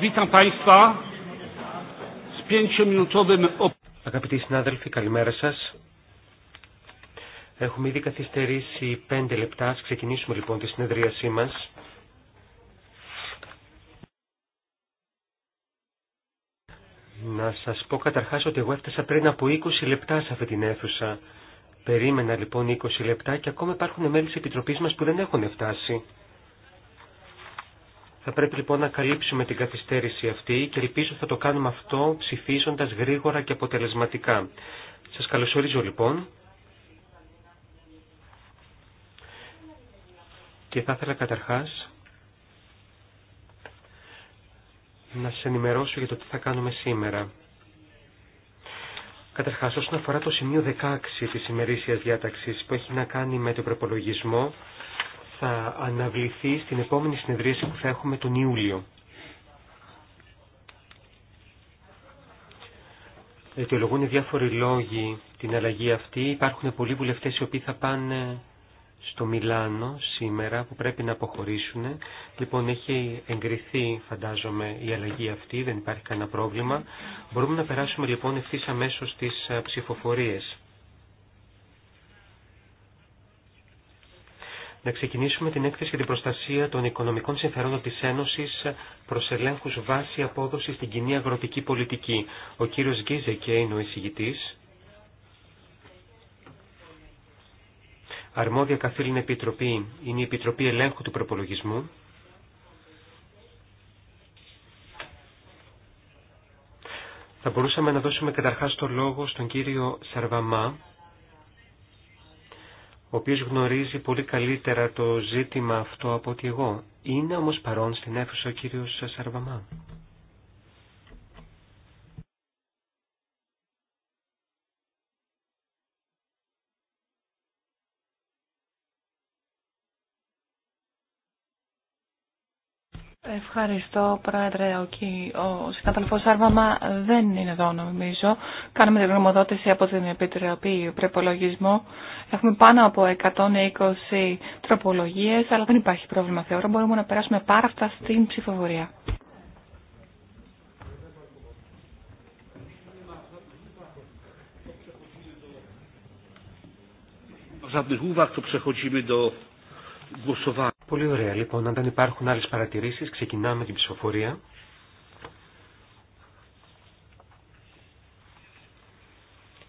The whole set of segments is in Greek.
Witam Państwa z Αγαπητοί συνάδελφοι, καλημέρα σας. Έχουμε ήδη καθυστερήσει πέντε λεπτά. Ας ξεκινήσουμε λοιπόν τη συνεδρίασή μας. Να σας πω καταρχάς ότι εγώ έφτασα πριν από 20 λεπτά σε αυτή την αίθουσα. Περίμενα λοιπόν 20 λεπτά και ακόμα υπάρχουν μέλη της Επιτροπής μας που δεν έχουν φτάσει. Θα πρέπει λοιπόν να καλύψουμε την καθυστέρηση αυτή και ελπίζω θα το κάνουμε αυτό ψηφίζοντας γρήγορα και αποτελεσματικά. Σας καλωσορίζω λοιπόν. Και θα ήθελα καταρχάς να σας ενημερώσω για το τι θα κάνουμε σήμερα. Καταρχάς, όσον αφορά το σημείο 16 της ημερήσιας διάταξης που έχει να κάνει με τον προπολογισμό, θα αναβληθεί στην επόμενη συνεδρίαση που θα έχουμε τον Ιούλιο. Αιτιολογούν διάφοροι λόγοι την αλλαγή αυτή. Υπάρχουν πολλοί βουλευτές οι οποίοι θα πάνε στο Μιλάνο σήμερα που πρέπει να αποχωρήσουν. Λοιπόν, έχει εγκριθεί, φαντάζομαι, η αλλαγή αυτή, δεν υπάρχει κανένα πρόβλημα. Μπορούμε να περάσουμε λοιπόν ευθύ αμέσω στις ε, ψηφοφορίες. να ξεκινήσουμε την έκθεση για την προστασία των οικονομικών συμφερόντων της Ένωσης προς ελέγχους βάση απόδοση στην κοινή αγροτική πολιτική. Ο κύριος και είναι ο εισηγητής. Αρμόδια καθήλυν επιτροπή είναι η Επιτροπή Ελέγχου του Προπολογισμού. Θα μπορούσαμε να δώσουμε καταρχάς το λόγο στον κύριο Σαρβαμά, ο οποίος γνωρίζει πολύ καλύτερα το ζήτημα αυτό από ότι εγώ. Είναι όμως παρόν στην αίθουσα ο κύριος Σαρβαμά. Ευχαριστώ, Πρόεδρε. Ο, ο συνάδελφο Άρβαμα δεν είναι εδώ, νομίζω. Κάνουμε την γνωμοδότηση από την Επιτροπή Προπολογισμού. Έχουμε πάνω από 120 τροπολογίες, αλλά δεν υπάρχει πρόβλημα, θεωρώ. Μπορούμε να περάσουμε πάρα αυτά στην ψηφοφορία. Πολύ ωραία. Λοιπόν, αν δεν υπάρχουν άλλε παρατηρήσει ξεκινάμε την ψηφοφορία.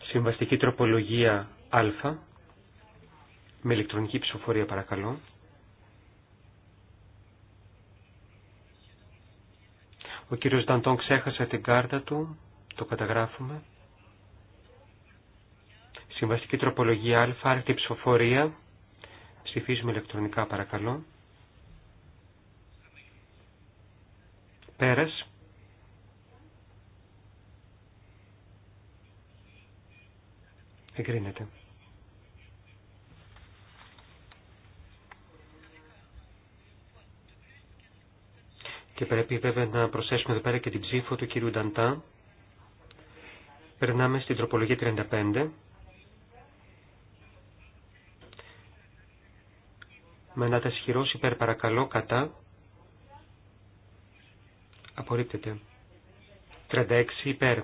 Συμβαστική τροπολογία Α, με ηλεκτρονική ψηφοφορία παρακαλώ. Ο κύριος Νταντών ξέχασε την κάρτα του, το καταγράφουμε. Συμβαστική τροπολογία Α, άρχεται ψηφοφορία. Ψηφίζουμε ηλεκτρονικά παρακαλώ. Πέρας. Εγκρίνεται. Και πρέπει βέβαια να προσθέσουμε εδώ πέρα και την ψήφο του κύριου Νταντά. Περνάμε στην τροπολογία 35. με τα σχηρώσει υπέρ παρακαλώ κατά απορρίπτεται 36 υπέρ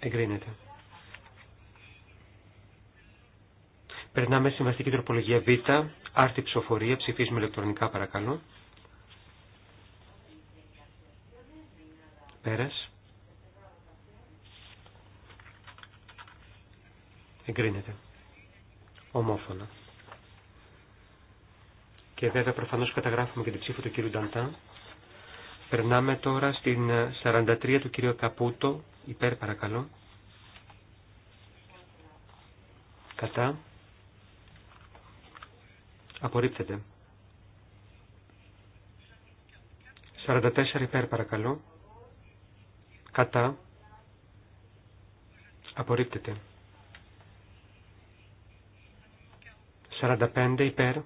εγκρίνεται Περνάμε στη βασική τροπολογία Β, άρτη ψηφοφορία, ψηφίζουμε ηλεκτρονικά παρακαλώ. Πέρας. Εγκρίνεται ομόφωνα. Και βέβαια προφανώς καταγράφουμε και την ψήφο του κύριου Νταντά. Περνάμε τώρα στην 43 ε, του κύριου Καπούτο, υπέρ παρακαλώ. Κατά. Απορρίπτεται. 44 υπέρ παρακαλώ. Κατά. Απορρίπτεται. 45 υπέρ.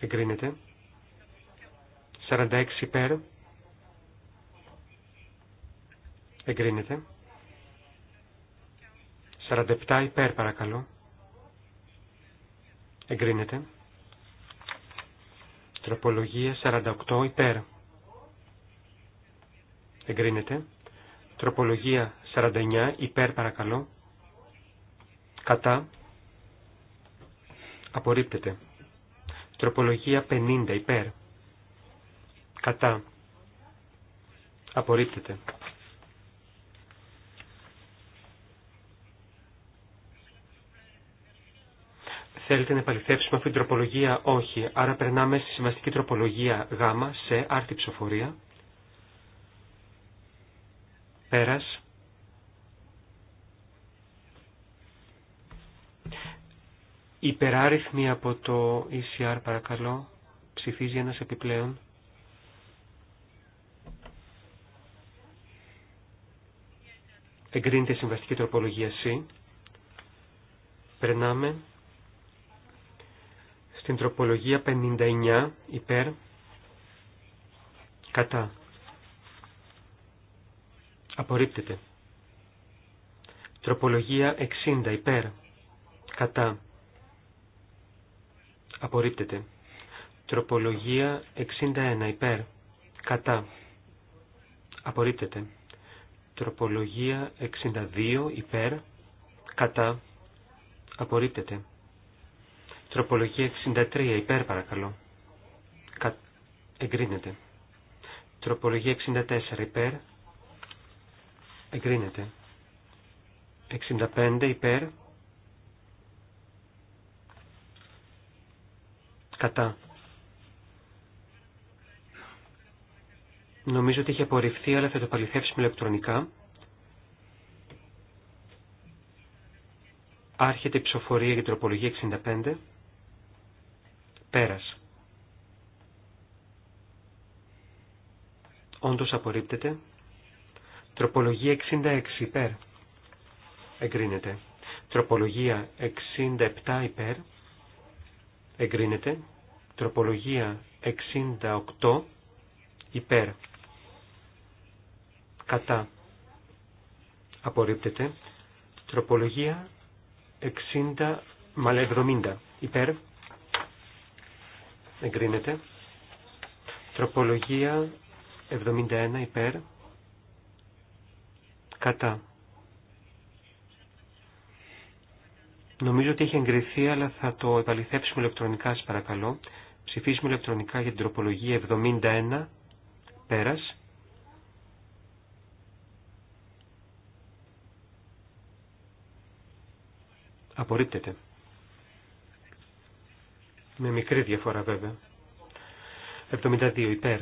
Εγκρίνεται. 46 υπέρ. Εγκρίνεται. 47 υπέρ παρακαλώ. Εγκρίνεται. Τροπολογία 48 υπέρ. Εγκρίνεται. Τροπολογία 49 υπέρ παρακαλώ κατά, απορρίπτεται. Τροπολογία 50 υπέρ, κατά, απορρίπτεται. Θέλετε να επαληθεύσουμε αυτή την τροπολογία, όχι. Άρα περνάμε στη συμβαστική τροπολογία Γ σε άρτη ψηφοφορία. Πέρας. Υπεράριθμοι από το ECR παρακαλώ. Ψηφίζει ένας επιπλέον. Εγκρίνεται η συμβαστική τροπολογία C. Περνάμε στην τροπολογία 59 υπέρ κατά. Απορρίπτεται. Τροπολογία 60 υπέρ κατά Απορρίπτεται. Τροπολογία 61 υπέρ. Κατά. Απορρίπτεται. Τροπολογία 62 υπέρ. Κατά. Απορρίπτεται. Τροπολογία 63 υπέρ παρακαλώ. Κα... Εγκρίνεται. Τροπολογία 64 υπέρ. Εγκρίνεται. 65 υπέρ. Κατά. Νομίζω ότι έχει απορριφθεί, αλλά θα το παληθεύσουμε ηλεκτρονικά. Άρχεται η ψηφοφορία για τροπολογία 65. Πέρας. Όντως απορρίπτεται. Τροπολογία 66 υπέρ. Εγκρίνεται. Τροπολογία 67 υπέρ εγκρίνεται. Τροπολογία 68 υπέρ κατά απορρίπτεται. Τροπολογία 60 μαλε 70 υπέρ εγκρίνεται. Τροπολογία 71 υπέρ κατά Νομίζω ότι έχει εγκριθεί, αλλά θα το επαληθεύσουμε ηλεκτρονικά, σας παρακαλώ. Ψηφίσουμε ηλεκτρονικά για την τροπολογία 71, πέρας. Απορρίπτεται. Με μικρή διαφορά βέβαια. 72 υπέρ.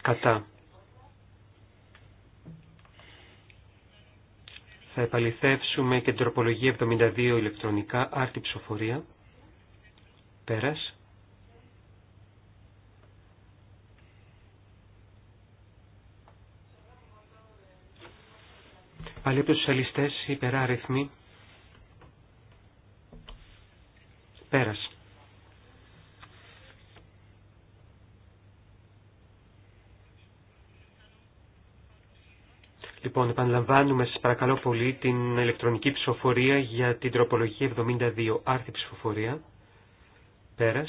Κατά. Θα επαληθεύσουμε και την τροπολογία 72 ηλεκτρονικά, άρτη ψηφοφορία. Πέρας. Πάλι από τους σοσιαλιστές υπεράριθμοι. Πέρας. Λοιπόν, επαναλαμβάνουμε σα παρακαλώ πολύ την ηλεκτρονική ψηφοφορία για την τροπολογία 72. Άρθη ψηφοφορία. Πέρα.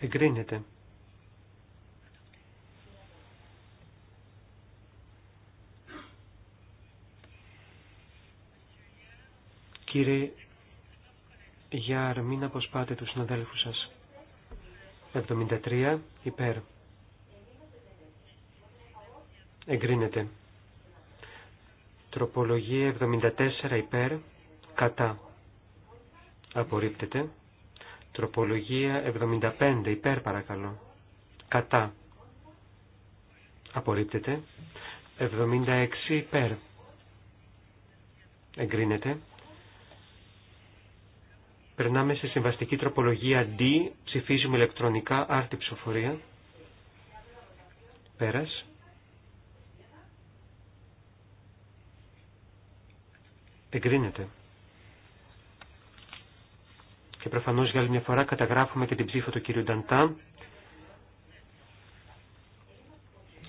Εγκρίνεται. Κύριε για μην αποσπάτε τους συναδέλφους σας. 73 υπέρ. Εγκρίνεται. Τροπολογία 74 υπέρ. Κατά. Απορρίπτεται. Τροπολογία 75 υπέρ παρακαλώ. Κατά. Απορρίπτεται. 76 υπέρ. Εγκρίνεται. Περνάμε σε συμβαστική τροπολογία D. Ψηφίζουμε ηλεκτρονικά άρτη ψηφοφορία. Πέρας. Εγκρίνεται. Και προφανώς για άλλη μια φορά καταγράφουμε και την ψήφο του κύριου Νταντά.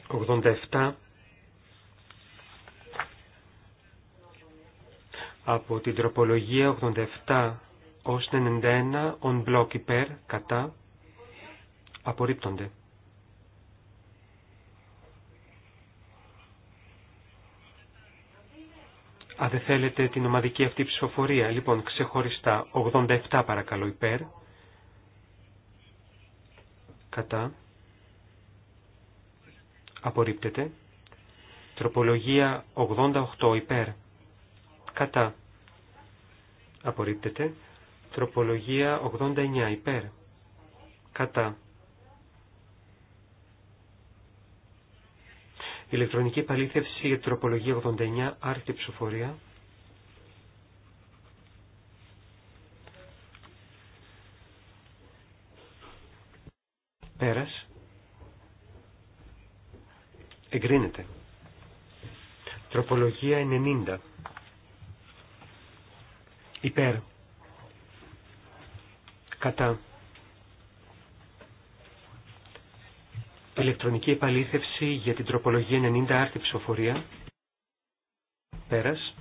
87 από την τροπολογία 87 ως 91 on block υπέρ κατά απορρίπτονται. Αν δεν θέλετε την ομαδική αυτή ψηφοφορία, λοιπόν, ξεχωριστά, 87 παρακαλώ υπέρ, κατά, απορρίπτεται, τροπολογία 88 υπέρ, κατά, απορρίπτεται, Τροπολογία 89 υπέρ. Κατά. Ηλεκτρονική επαλήθευση για τροπολογία 89 άρχιτη ψηφοφορία. Πέρας. Εγκρίνεται. Τροπολογία 90. Υπέρ κατά. Ηλεκτρονική επαλήθευση για την τροπολογία 90 άρτη ψηφοφορία. Πέρας.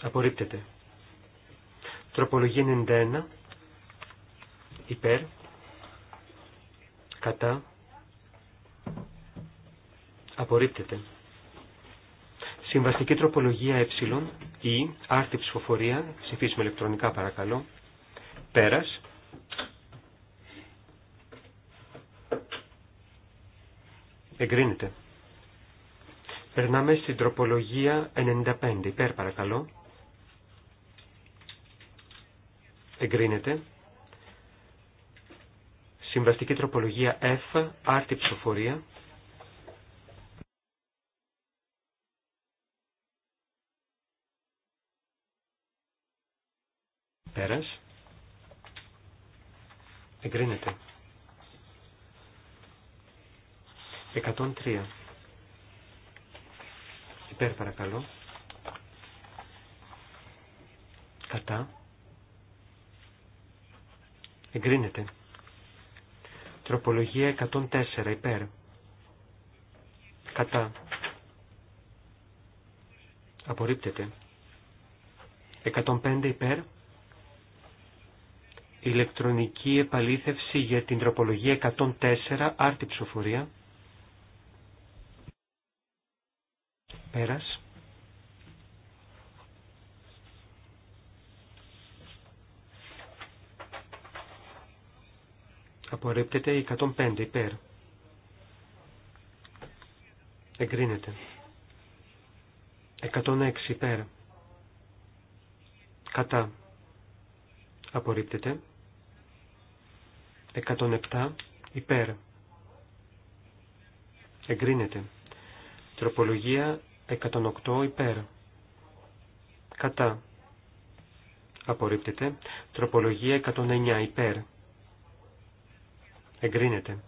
Απορρίπτεται. Τροπολογία 91. Υπέρ. Κατά. Απορρίπτεται. Συμβαστική τροπολογία ε ή άρτη ψηφοφορία. Ψηφίσουμε ηλεκτρονικά παρακαλώ. Πέρας. Εγκρίνεται. Περνάμε στην τροπολογία 95. Υπέρ παρακαλώ. Εγκρίνεται. Συμβαστική τροπολογία F, άρτη ψηφοφορία. Εγκρίνεται. 103. Υπέρ παρακαλώ. Κατά. Εγκρίνεται. Τροπολογία 104. Υπέρ. Κατά. Απορρίπτεται. 105 υπέρ ηλεκτρονική επαλήθευση για την τροπολογία 104, άρτη ψηφοφορία. Πέρας. Απορρίπτεται 105 υπέρ. Εγκρίνεται. 106 υπέρ. Κατά. Απορρίπτεται. 107 υπέρ. Εγκρίνεται. Τροπολογία 108 υπέρ. Κατά. Απορρίπτεται. Τροπολογία 109 υπέρ. Εγκρίνεται.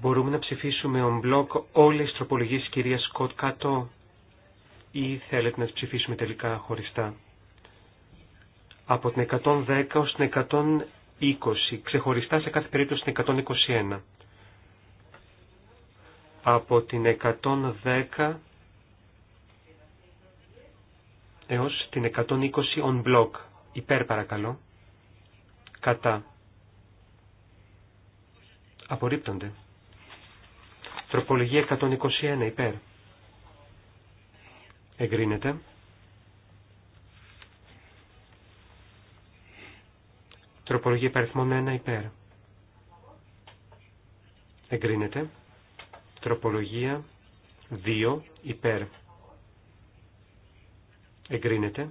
Μπορούμε να ψηφίσουμε ομπλόκ block όλες τις τροπολογίες κυρίας Σκοτ κάτω ή θέλετε να τις ψηφίσουμε τελικά χωριστά. Από την 110 ως την 120, ξεχωριστά σε κάθε περίπτωση την 121. Από την 110 έως την 120 on block. Υπέρ παρακαλώ. Κατά. Απορρίπτονται. Τροπολογία 121 υπέρ. Εγκρίνεται. Τροπολογία υπαριθμών 1 υπέρ. Εγκρίνεται. Τροπολογία 2 υπέρ. Εγκρίνεται.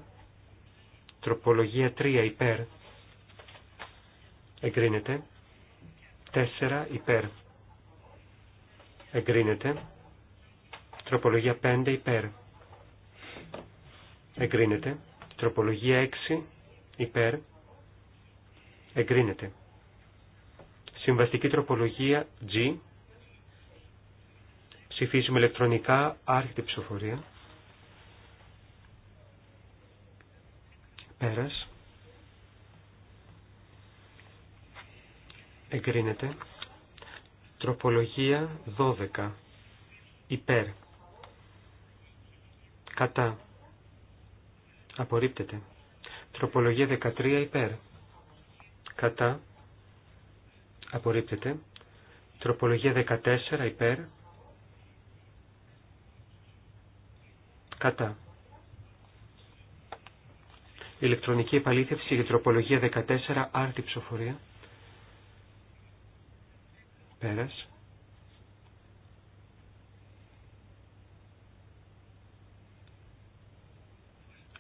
Τροπολογία 3 υπέρ. Εγκρίνεται. 4 υπέρ. Εγκρίνεται. Τροπολογία 5 υπέρ. Εγκρίνεται. Τροπολογία 6. Υπέρ. Εγκρίνεται. Συμβαστική τροπολογία G. Ψηφίζουμε ηλεκτρονικά άρχιτη ψηφοφορία. Πέρας. Εγκρίνεται. Τροπολογία 12. Υπέρ. Κατά. Απορρίπτεται. Τροπολογία 13 υπέρ. Κατά. Απορρίπτεται. Τροπολογία 14 υπέρ. Κατά. Ηλεκτρονική επαλήθευση για τροπολογία 14 άρτη ψωφορία. Πέρας.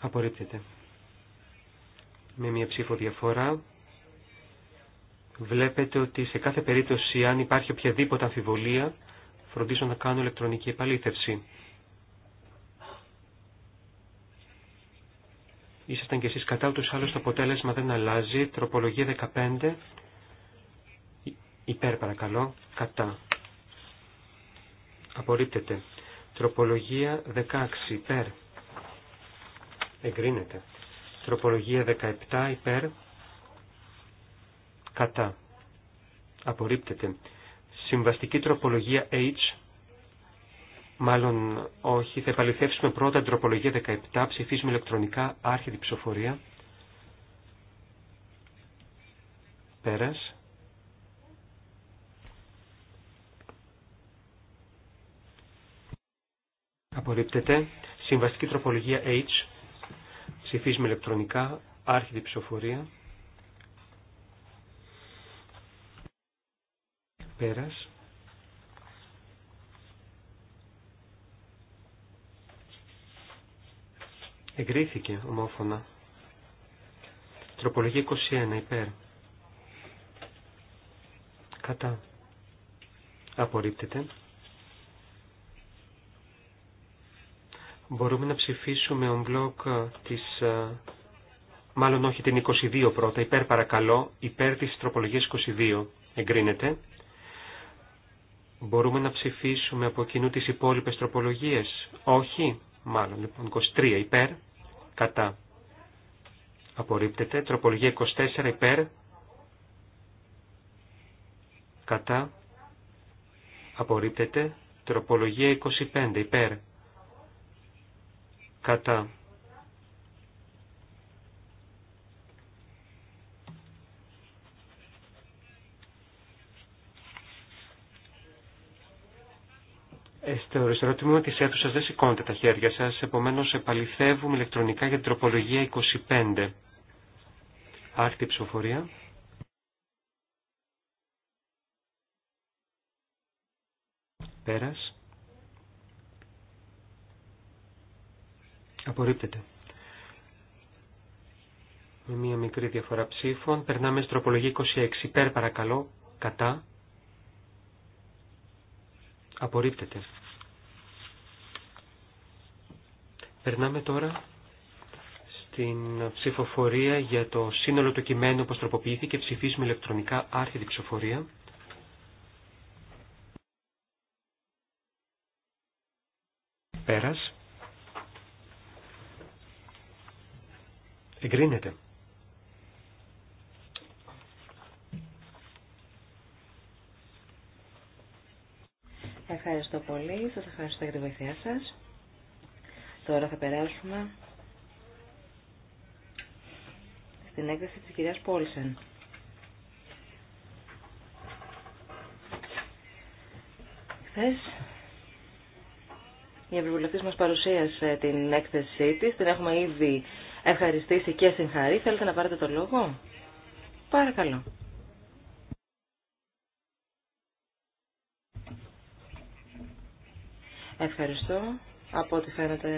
Απορρίπτεται. Με μία ψήφο διαφορά βλέπετε ότι σε κάθε περίπτωση αν υπάρχει οποιαδήποτε αμφιβολία φροντίζω να κάνω ηλεκτρονική επαλήθευση. Ήσασταν και εσείς κατά ούτως άλλως το αποτέλεσμα δεν αλλάζει. Τροπολογία 15. Υπέρ παρακαλώ. Κατά. Απορρίπτεται. Τροπολογία 16. Υπέρ εγκρίνεται. Τροπολογία 17 υπέρ κατά απορρίπτεται. Συμβαστική τροπολογία H μάλλον όχι. Θα επαληθεύσουμε πρώτα την τροπολογία 17. Ψηφίζουμε ηλεκτρονικά άρχιδη ψηφοφορία. Πέρας. Απορρίπτεται. Συμβαστική τροπολογία H Ψηφίζουμε ηλεκτρονικά. Άρχιδη ψηφοφορία. Πέρας. Εγκρίθηκε ομόφωνα. Τροπολογία 21 υπέρ. Κατά. Απορρίπτεται. Μπορούμε να ψηφίσουμε on μπλοκ ε, της... Ε, μάλλον όχι την 22 πρώτα, υπέρ παρακαλώ, υπέρ της τροπολογίας 22 εγκρίνεται. Μπορούμε να ψηφίσουμε από κοινού τις υπόλοιπες τροπολογίες. Όχι, μάλλον λοιπόν 23 υπέρ, κατά. Απορρίπτεται. Τροπολογία 24 υπέρ, κατά. Απορρίπτεται. Τροπολογία 25 υπέρ, κατά Θεωρήσω τμήμα τη αίθουσα δεν σηκώνετε τα χέρια σα, επομένω επαληθεύουμε ηλεκτρονικά για την τροπολογία 25. Άρτη ψηφοφορία. Πέρας. Απορρίπτεται. Με μία μικρή διαφορά ψήφων. Περνάμε στην τροπολογία 26. Υπέρ παρακαλώ. Κατά. Απορρίπτεται. Περνάμε τώρα στην ψηφοφορία για το σύνολο του κειμένου όπως τροποποιήθηκε. Ψηφίσουμε ηλεκτρονικά άρχιδη ψηφοφορία. Εγκρίνεται. Ευχαριστώ πολύ. Σας ευχαριστώ για τη βοήθειά σας. Τώρα θα περάσουμε στην έκθεση της κυρίας Πόλσεν. Χθες η Ευρωβουλευτής μας παρουσίασε την έκθεσή της. Την έχουμε ήδη ευχαριστήσει και συγχαρεί. Θέλετε να πάρετε το λόγο. Παρακαλώ. Ευχαριστώ. Από ό,τι φαίνεται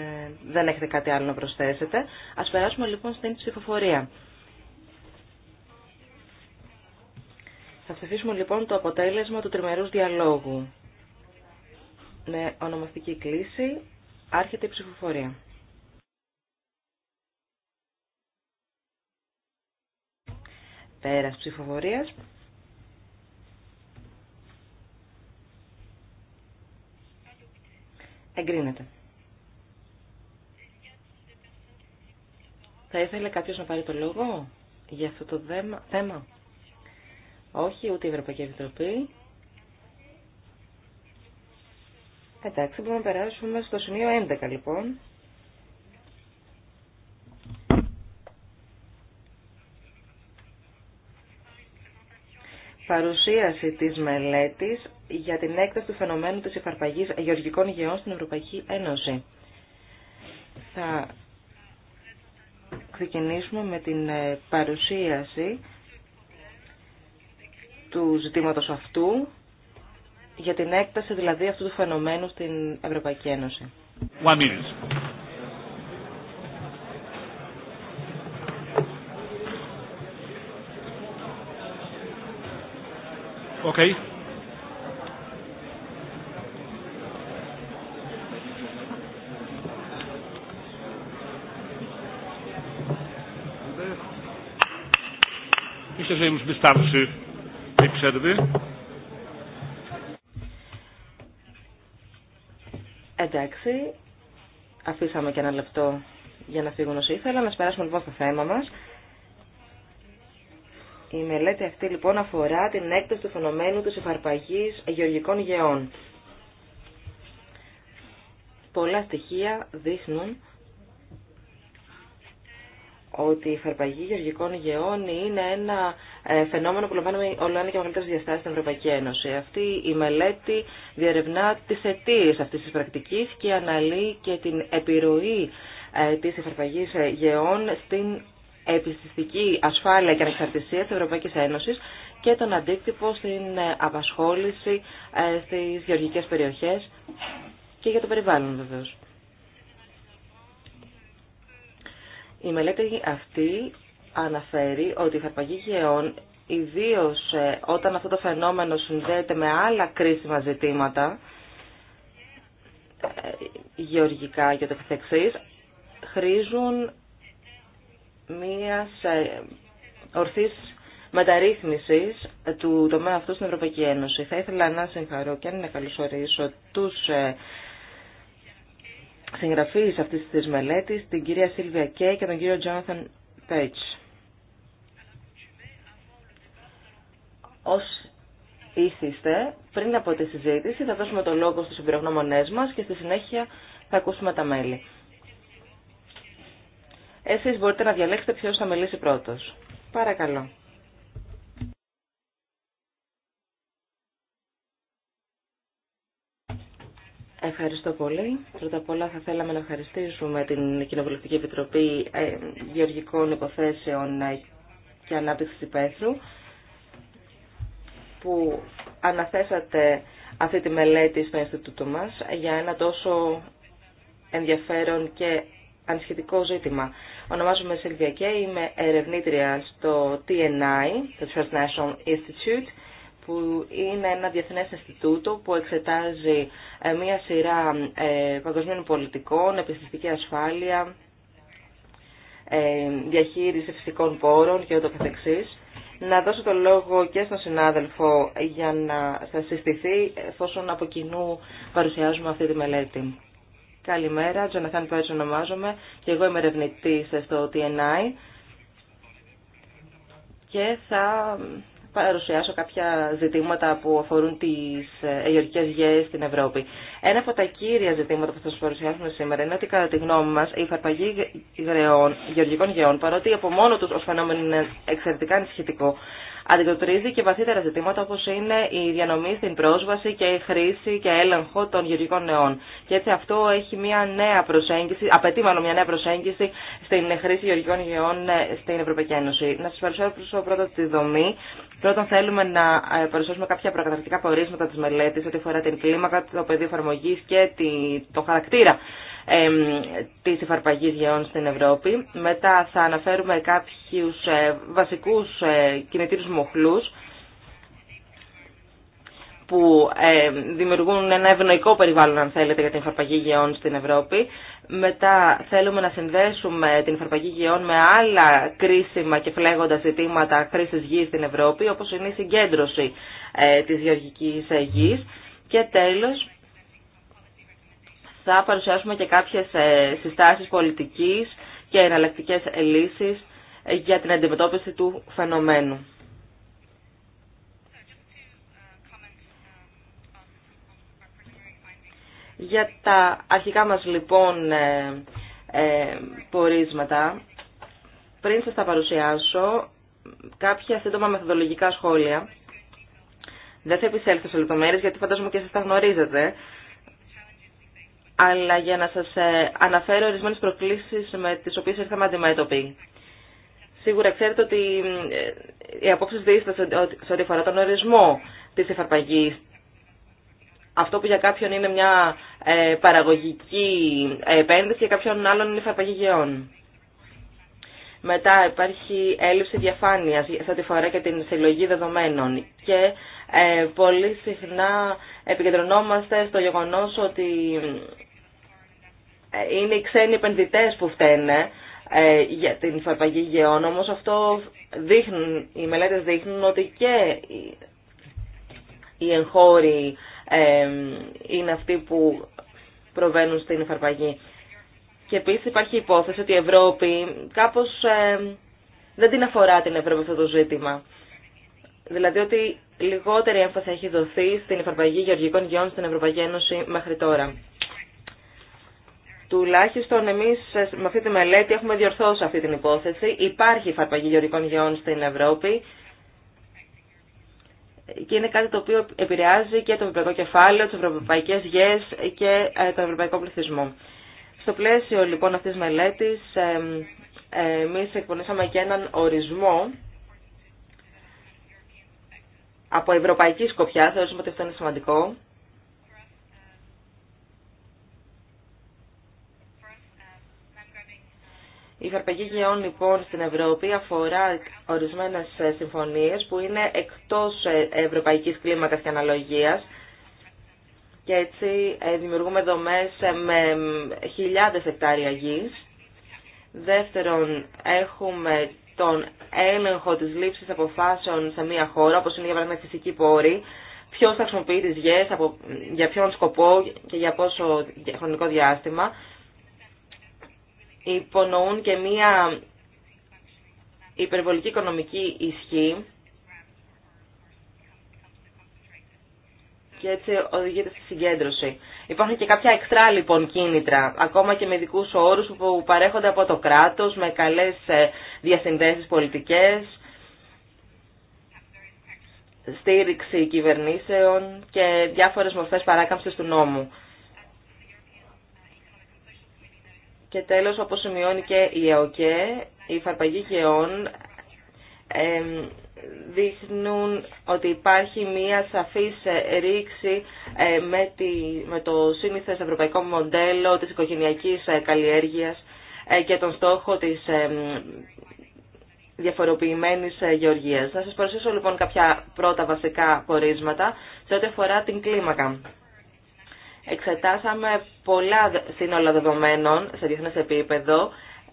δεν έχετε κάτι άλλο να προσθέσετε. Ας περάσουμε λοιπόν στην ψηφοφορία. Θα ψηφίσουμε λοιπόν το αποτέλεσμα του τριμερούς διαλόγου. Με ονομαστική κλίση άρχεται η ψηφοφορία. Πέρας ψηφοφορίας. Εγκρίνεται. Θα ήθελε κάποιος να πάρει το λόγο για αυτό το θέμα. Όχι, ούτε η Ευρωπαϊκή Επιτροπή. Εντάξει, μπορούμε να περάσουμε στο σημείο 11 λοιπόν. παρουσίαση της μελέτης για την έκταση του φαινομένου της υφαρπαγής γεωργικών γεών στην Ευρωπαϊκή Ένωση. Θα ξεκινήσουμε με την ε, παρουσίαση του ζητήματος αυτού για την έκταση δηλαδή αυτού του φαινομένου στην Ευρωπαϊκή Ένωση. Ok. Myślę, że już wystarczy tej Εντάξει, αφήσαμε και ένα λεπτό για να φύγουν όσοι ήθελα, να περάσουμε λοιπόν στο θέμα μας. Η μελέτη αυτή λοιπόν αφορά την έκταση του φαινομένου της εφαρπαγής γεωργικών γεών. Πολλά στοιχεία δείχνουν ότι η εφαρπαγή γεωργικών γεών είναι ένα ε, φαινόμενο που λαμβάνουμε όλο ένα και μεγαλύτερε διαστάσει στην Ευρωπαϊκή Ένωση. Αυτή η μελέτη διερευνά τι αιτίε αυτή τη πρακτική και αναλύει και την επιρροή ε, τη εφαρπαγή ε, γεών στην επιστηστική ασφάλεια και ανεξαρτησία της Ευρωπαϊκής Ένωσης και τον αντίκτυπο στην απασχόληση ε, στις γεωργικές περιοχές και για το περιβάλλον βεβαίως. Η μελέτη αυτή αναφέρει ότι η χαρπαγή γεών, ιδίως ε, όταν αυτό το φαινόμενο συνδέεται με άλλα κρίσιμα ζητήματα, ε, γεωργικά και το καθεξής, χρήζουν Μία ε, ορθής μεταρρύθμισης του τομέα αυτού στην Ευρωπαϊκή Ένωση. Θα ήθελα να συγχαρώ και να καλωσορίσω τους ε, συγγραφεί αυτής της μελέτης, την κυρία Σίλβια Κέι και τον κύριο Τζόναθαν Πέιτς. Ως ήθιστε, πριν από τη συζήτηση θα δώσουμε το λόγο στους εμπειρογνώμονές μας και στη συνέχεια θα ακούσουμε τα μέλη. Εσείς μπορείτε να διαλέξετε ποιος θα μιλήσει πρώτος. Παρακαλώ. Ευχαριστώ πολύ. Πρώτα απ' όλα θα θέλαμε να ευχαριστήσουμε την Κοινοβουλευτική Επιτροπή ε, Γεωργικών Υποθέσεων ε, και Ανάπτυξης Υπαίθρου που αναθέσατε αυτή τη μελέτη στο Ινστιτούτο μας για ένα τόσο ενδιαφέρον και ανησυχητικό ζήτημα. Ονομάζομαι Σιλβία είμαι ερευνήτρια στο TNI, το Transnational Institute, που είναι ένα διεθνές αισθητούτο που εξετάζει ε, μία σειρά ε, παγκοσμίων πολιτικών, επιστημική ασφάλεια, ε, διαχείριση φυσικών πόρων και ούτω καθεξής. Να δώσω το λόγο και στον συνάδελφο για να σας συστηθεί, εφόσον από κοινού παρουσιάζουμε αυτή τη μελέτη. Καλημέρα, Τζοναθάν Πέτσο ονομάζομαι και εγώ είμαι ερευνητή στο TNI και θα παρουσιάσω κάποια ζητήματα που αφορούν τις ε, γεωργικές γέες στην Ευρώπη. Ένα από τα κύρια ζητήματα που θα σας παρουσιάσουμε σήμερα είναι ότι κατά τη γνώμη μας η υφαρπαγή γεωργικών γεών, παρότι από μόνο τους ως φαινόμενο είναι εξαιρετικά ανησυχητικό, αντιμετωπίζει και βαθύτερα ζητήματα όπω είναι η διανομή στην πρόσβαση και η χρήση και έλεγχο των γεωργικών νεών. Και έτσι αυτό έχει μια νέα προσέγγιση, απαιτεί μάλλον μια νέα προσέγγιση στην χρήση γεωργικών νεών ε, στην Ευρωπαϊκή Ένωση. Να σα παρουσιάσω πρώτα τη δομή. Πρώτον θέλουμε να ε, παρουσιάσουμε κάποια προκαταρκτικά πορίσματα τη μελέτη, ό,τι αφορά την κλίμακα, το πεδίο εφαρμογή και το χαρακτήρα της υφαρπαγής γεών στην Ευρώπη. Μετά θα αναφέρουμε κάποιους ε, βασικούς ε, κινητήρους μοχλούς που ε, δημιουργούν ένα ευνοϊκό περιβάλλον, αν θέλετε, για την υφαρπαγή γεών στην Ευρώπη. Μετά θέλουμε να συνδέσουμε την υφαρπαγή γεών με άλλα κρίσιμα και φλέγοντα ζητήματα χρήση γης στην Ευρώπη, όπως είναι η συγκέντρωση της γεωργικής γης. Και τέλος, θα παρουσιάσουμε και κάποιες ε, συστάσεις πολιτικής και εναλλακτικέ λύσεις ε, για την αντιμετώπιση του φαινομένου. Για τα αρχικά μας λοιπόν ε, πορίσματα, πριν σας τα παρουσιάσω, κάποια σύντομα μεθοδολογικά σχόλια. Δεν θα επισέλθω σε λεπτομέρειε γιατί φαντάζομαι και σας τα γνωρίζετε αλλά για να σας ε, αναφέρω ορισμένες προκλήσεις με τις οποίες ήρθαμε αντιμέτωποι. Σίγουρα ξέρετε ότι ε, οι απόψεις δείστε σε ό,τι αφορά τον ορισμό της εφαρπαγής. Αυτό που για κάποιον είναι μια ε, παραγωγική επένδυση, για κάποιον άλλον είναι εφαρπαγή γεών. Μετά υπάρχει έλλειψη διαφάνειας σε ό,τι φορά και την συλλογή δεδομένων και πολύ συχνά επικεντρωνόμαστε στο γεγονός ότι ε, είναι οι ξένοι επενδυτέ που φταίνε ε, για την φαρπαγή γεών, όμω, αυτό δείχνουν, οι μελέτες δείχνουν ότι και οι εγχώροι ε, είναι αυτοί που προβαίνουν στην φαρπαγή. Και επίση υπάρχει υπόθεση ότι η Ευρώπη κάπως δεν την αφορά την Ευρώπη αυτό το ζήτημα. Δηλαδή ότι λιγότερη έμφαση έχει δοθεί στην υφαρπαγή γεωργικών γεών στην Ευρωπαϊκή Ένωση μέχρι τώρα. Τουλάχιστον εμεί με αυτή τη μελέτη έχουμε διορθώσει αυτή την υπόθεση. Υπάρχει φαρπαγή γεωρικών γεών στην Ευρώπη και είναι κάτι το οποίο επηρεάζει και το ευρωπαϊκό κεφάλαιο, τι ευρωπαϊκέ γέ και ε, τον ευρωπαϊκό πληθυσμό. Στο πλαίσιο λοιπόν αυτή τη μελέτη εμεί εκπονήσαμε και έναν ορισμό από ευρωπαϊκή σκοπιά, θεωρούμε ότι αυτό είναι σημαντικό. Η χαρπαγή γεών λοιπόν στην Ευρώπη αφορά ορισμένες ε, συμφωνίες που είναι εκτός ε, ευρωπαϊκής κλίμακας και αναλογίας και έτσι ε, δημιουργούμε δομές με χιλιάδες εκτάρια γης. Δεύτερον, έχουμε τον έλεγχο της λήψης αποφάσεων σε μία χώρα, όπως είναι για παράδειγμα φυσική πόρη, ποιος θα χρησιμοποιεί τις για ποιον σκοπό και για πόσο χρονικό διάστημα υπονοούν και μία υπερβολική οικονομική ισχύ και έτσι οδηγείται στη συγκέντρωση. Υπάρχουν και κάποια εξτρά λοιπόν κίνητρα, ακόμα και με δικού όρου που παρέχονται από το κράτο, με καλέ ε, διασυνδέσει πολιτικέ, στήριξη κυβερνήσεων και διάφορες μορφές παράκαμψη του νόμου. Και τέλος, όπως σημειώνει και η ΕΟΚΕ, η φαρπαγή γεών δείχνουν ότι υπάρχει μία σαφής ρήξη ε, με, με το σύνηθες ευρωπαϊκό μοντέλο της οικογενειακής ε, καλλιέργειας ε, και τον στόχο της διαφοροποιημένης γεωργίας. Να σας παρουσιάσω λοιπόν κάποια πρώτα βασικά πορίσματα σε ό,τι αφορά την κλίμακα. Εξετάσαμε πολλά σύνολα δεδομένων σε διεθνές επίπεδο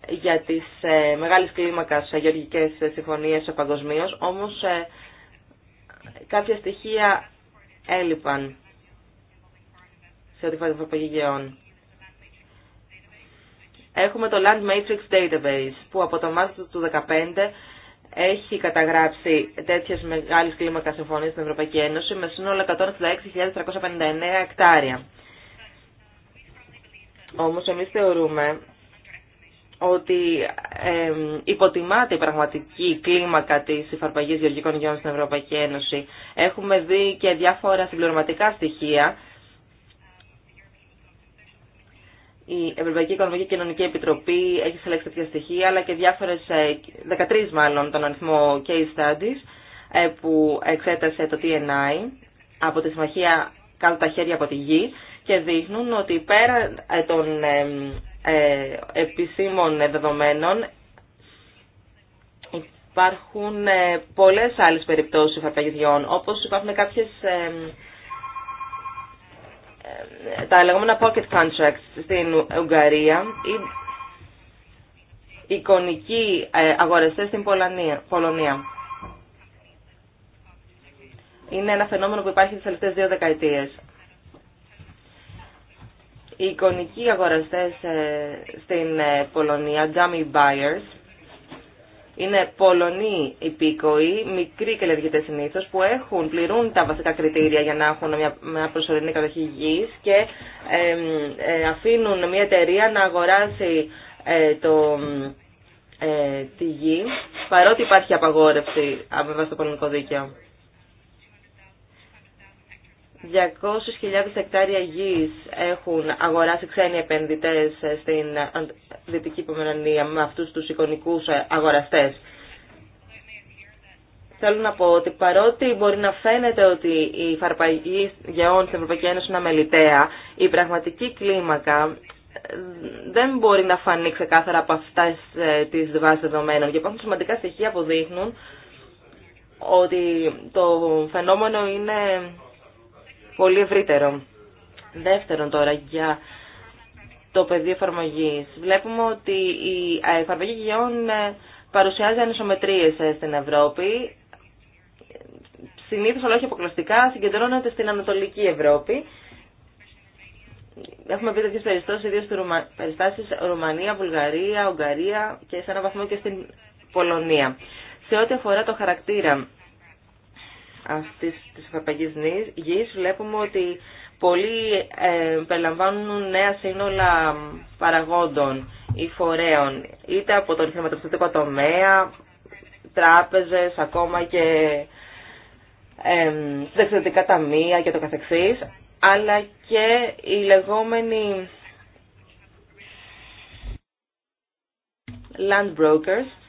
για τις ε, μεγάλες κλίμακες ε, γεωργικές ε, συμφωνίες ε, παγκοσμίω, όμως κάποια στοιχεία έλειπαν σε ό,τι φορά την Ευρωπαϊκή Έχουμε το Land Matrix Database που από το Μάρτιο του 2015 έχει καταγράψει τέτοιες μεγάλες κλίμακες συμφωνίες στην Ευρωπαϊκή Ένωση με σύνολο 166.359 εκτάρια. Όμως εμείς θεωρούμε ότι ε, υποτιμάται η πραγματική κλίμακα της υφαρπαγής γεωργικών γεών στην Ευρωπαϊκή Ένωση. Έχουμε δει και διάφορα συμπληρωματικά στοιχεία. Η Ευρωπαϊκή Οικονομική Κοινωνική Επιτροπή έχει συλλέξει τέτοια στοιχεία, αλλά και διάφορες, 13 ε, μάλλον τον αριθμό case studies, ε, που εξέτασε το TNI από τη Συμμαχία Κάτω τα Χέρια από τη Γη και δείχνουν ότι πέρα ε, των ε, ε, επισήμων δεδομένων υπάρχουν πολλές άλλες περιπτώσεις φαρπαγιδιών, όπως υπάρχουν κάποιες τα λεγόμενα pocket contracts στην Ουγγαρία ή εικονικοί αγοραστές στην Πολωνία. Είναι ένα φαινόμενο που υπάρχει τις τελευταίες δύο δεκαετίες. Οι εικονικοί αγοραστές ε, στην ε, Πολωνία, dummy buyers, είναι Πολωνοί υπήκοοι, μικροί καλλιεργητές συνήθως, που έχουν, πληρούν τα βασικά κριτήρια για να έχουν μια, μια προσωρινή κατοχή γης και ε, αφήνουν μια εταιρεία να αγοράσει το, τη γη, παρότι υπάρχει απαγόρευση με βάση το πολωνικό δίκαιο. 200.000 εκτάρια γης έχουν αγοράσει ξένοι επενδυτές στην Δυτική Πομερανία με αυτούς τους εικονικούς αγοραστές. Θέλω να πω ότι παρότι μπορεί να φαίνεται ότι η φαρπαγή γεών στην Ευρωπαϊκή Ένωση είναι αμεληταία, η πραγματική κλίμακα δεν μπορεί να φανεί ξεκάθαρα από αυτά ε, τις βάσεις δεδομένων. Και υπάρχουν σημαντικά στοιχεία που δείχνουν ότι το φαινόμενο είναι πολύ ευρύτερο. Δεύτερον τώρα, για το πεδίο εφαρμογή. Βλέπουμε ότι η εφαρμογή γεών ε, παρουσιάζει ανισομετρίες ε, στην Ευρώπη. Συνήθως, αλλά όχι αποκλειστικά, συγκεντρώνονται στην Ανατολική Ευρώπη. Έχουμε πει τέτοιε περιστάσεις, ιδίω περιστάσεις Ρουμανία, Βουλγαρία, Ουγγαρία και σε έναν βαθμό και στην Πολωνία. Σε ό,τι αφορά το χαρακτήρα αυτής της ευρωπαϊκής γης βλέπουμε ότι πολλοί ε, περιλαμβάνουν νέα σύνολα παραγόντων ή φορέων, είτε από τον χρηματοπιστωτικό τομέα, τράπεζες, ακόμα και ε, δεξιωτικά ταμεία και το καθεξής, αλλά και οι λεγόμενοι land brokers,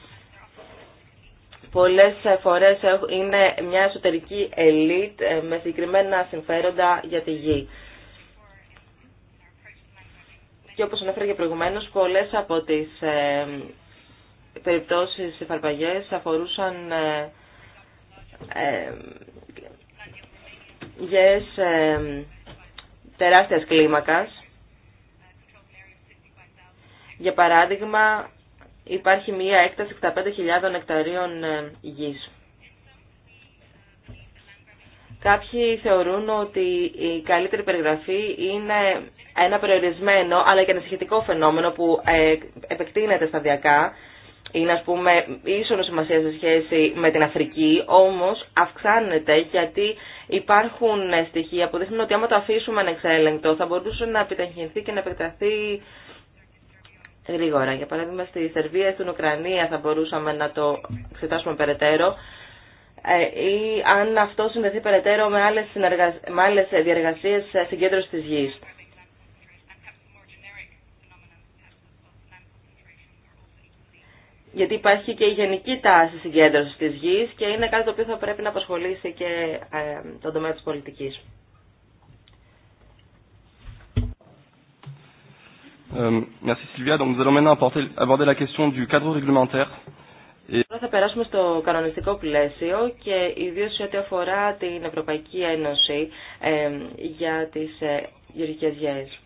πολλές φορές είναι μια εσωτερική ελίτ ε, με συγκεκριμένα συμφέροντα για τη γη. Και όπως ανέφερα και προηγουμένως, πολλές από τις ε, περιπτώσεις εφαρπαγές αφορούσαν ε, γεές τεράστιας κλίμακας. Για παράδειγμα, υπάρχει μία έκταση 65.000 νεκταρίων ε, γης. Κάποιοι θεωρούν ότι η καλύτερη περιγραφή είναι ένα περιορισμένο αλλά και ανησυχητικό φαινόμενο που ε, επεκτείνεται σταδιακά. Είναι ας πούμε ίσονο σημασία σε σχέση με την Αφρική, όμως αυξάνεται γιατί υπάρχουν στοιχεία που δείχνουν ότι άμα το αφήσουμε ανεξέλεγκτο θα μπορούσε να επιταχυνθεί και να επεκταθεί γρήγορα. Για παράδειγμα, στη Σερβία, στην Ουκρανία θα μπορούσαμε να το εξετάσουμε περαιτέρω ε, ή αν αυτό συνδεθεί περαιτέρω με άλλε συνεργασ... με άλλες διεργασίες συγκέντρωσης Γιατί υπάρχει και η γενική τάση συγκέντρωση τη γη και είναι κάτι το οποίο θα πρέπει να απασχολήσει και ε, τον τομέα τη πολιτική. Euh, merci Sylvia. Donc nous allons maintenant aborder la question du cadre réglementaire. Τώρα θα περάσουμε στο κανονιστικό πλαίσιο και ιδίως σε ό,τι αφορά την Ευρωπαϊκή Ένωση ε, για τις ε, γεωργικές γέες.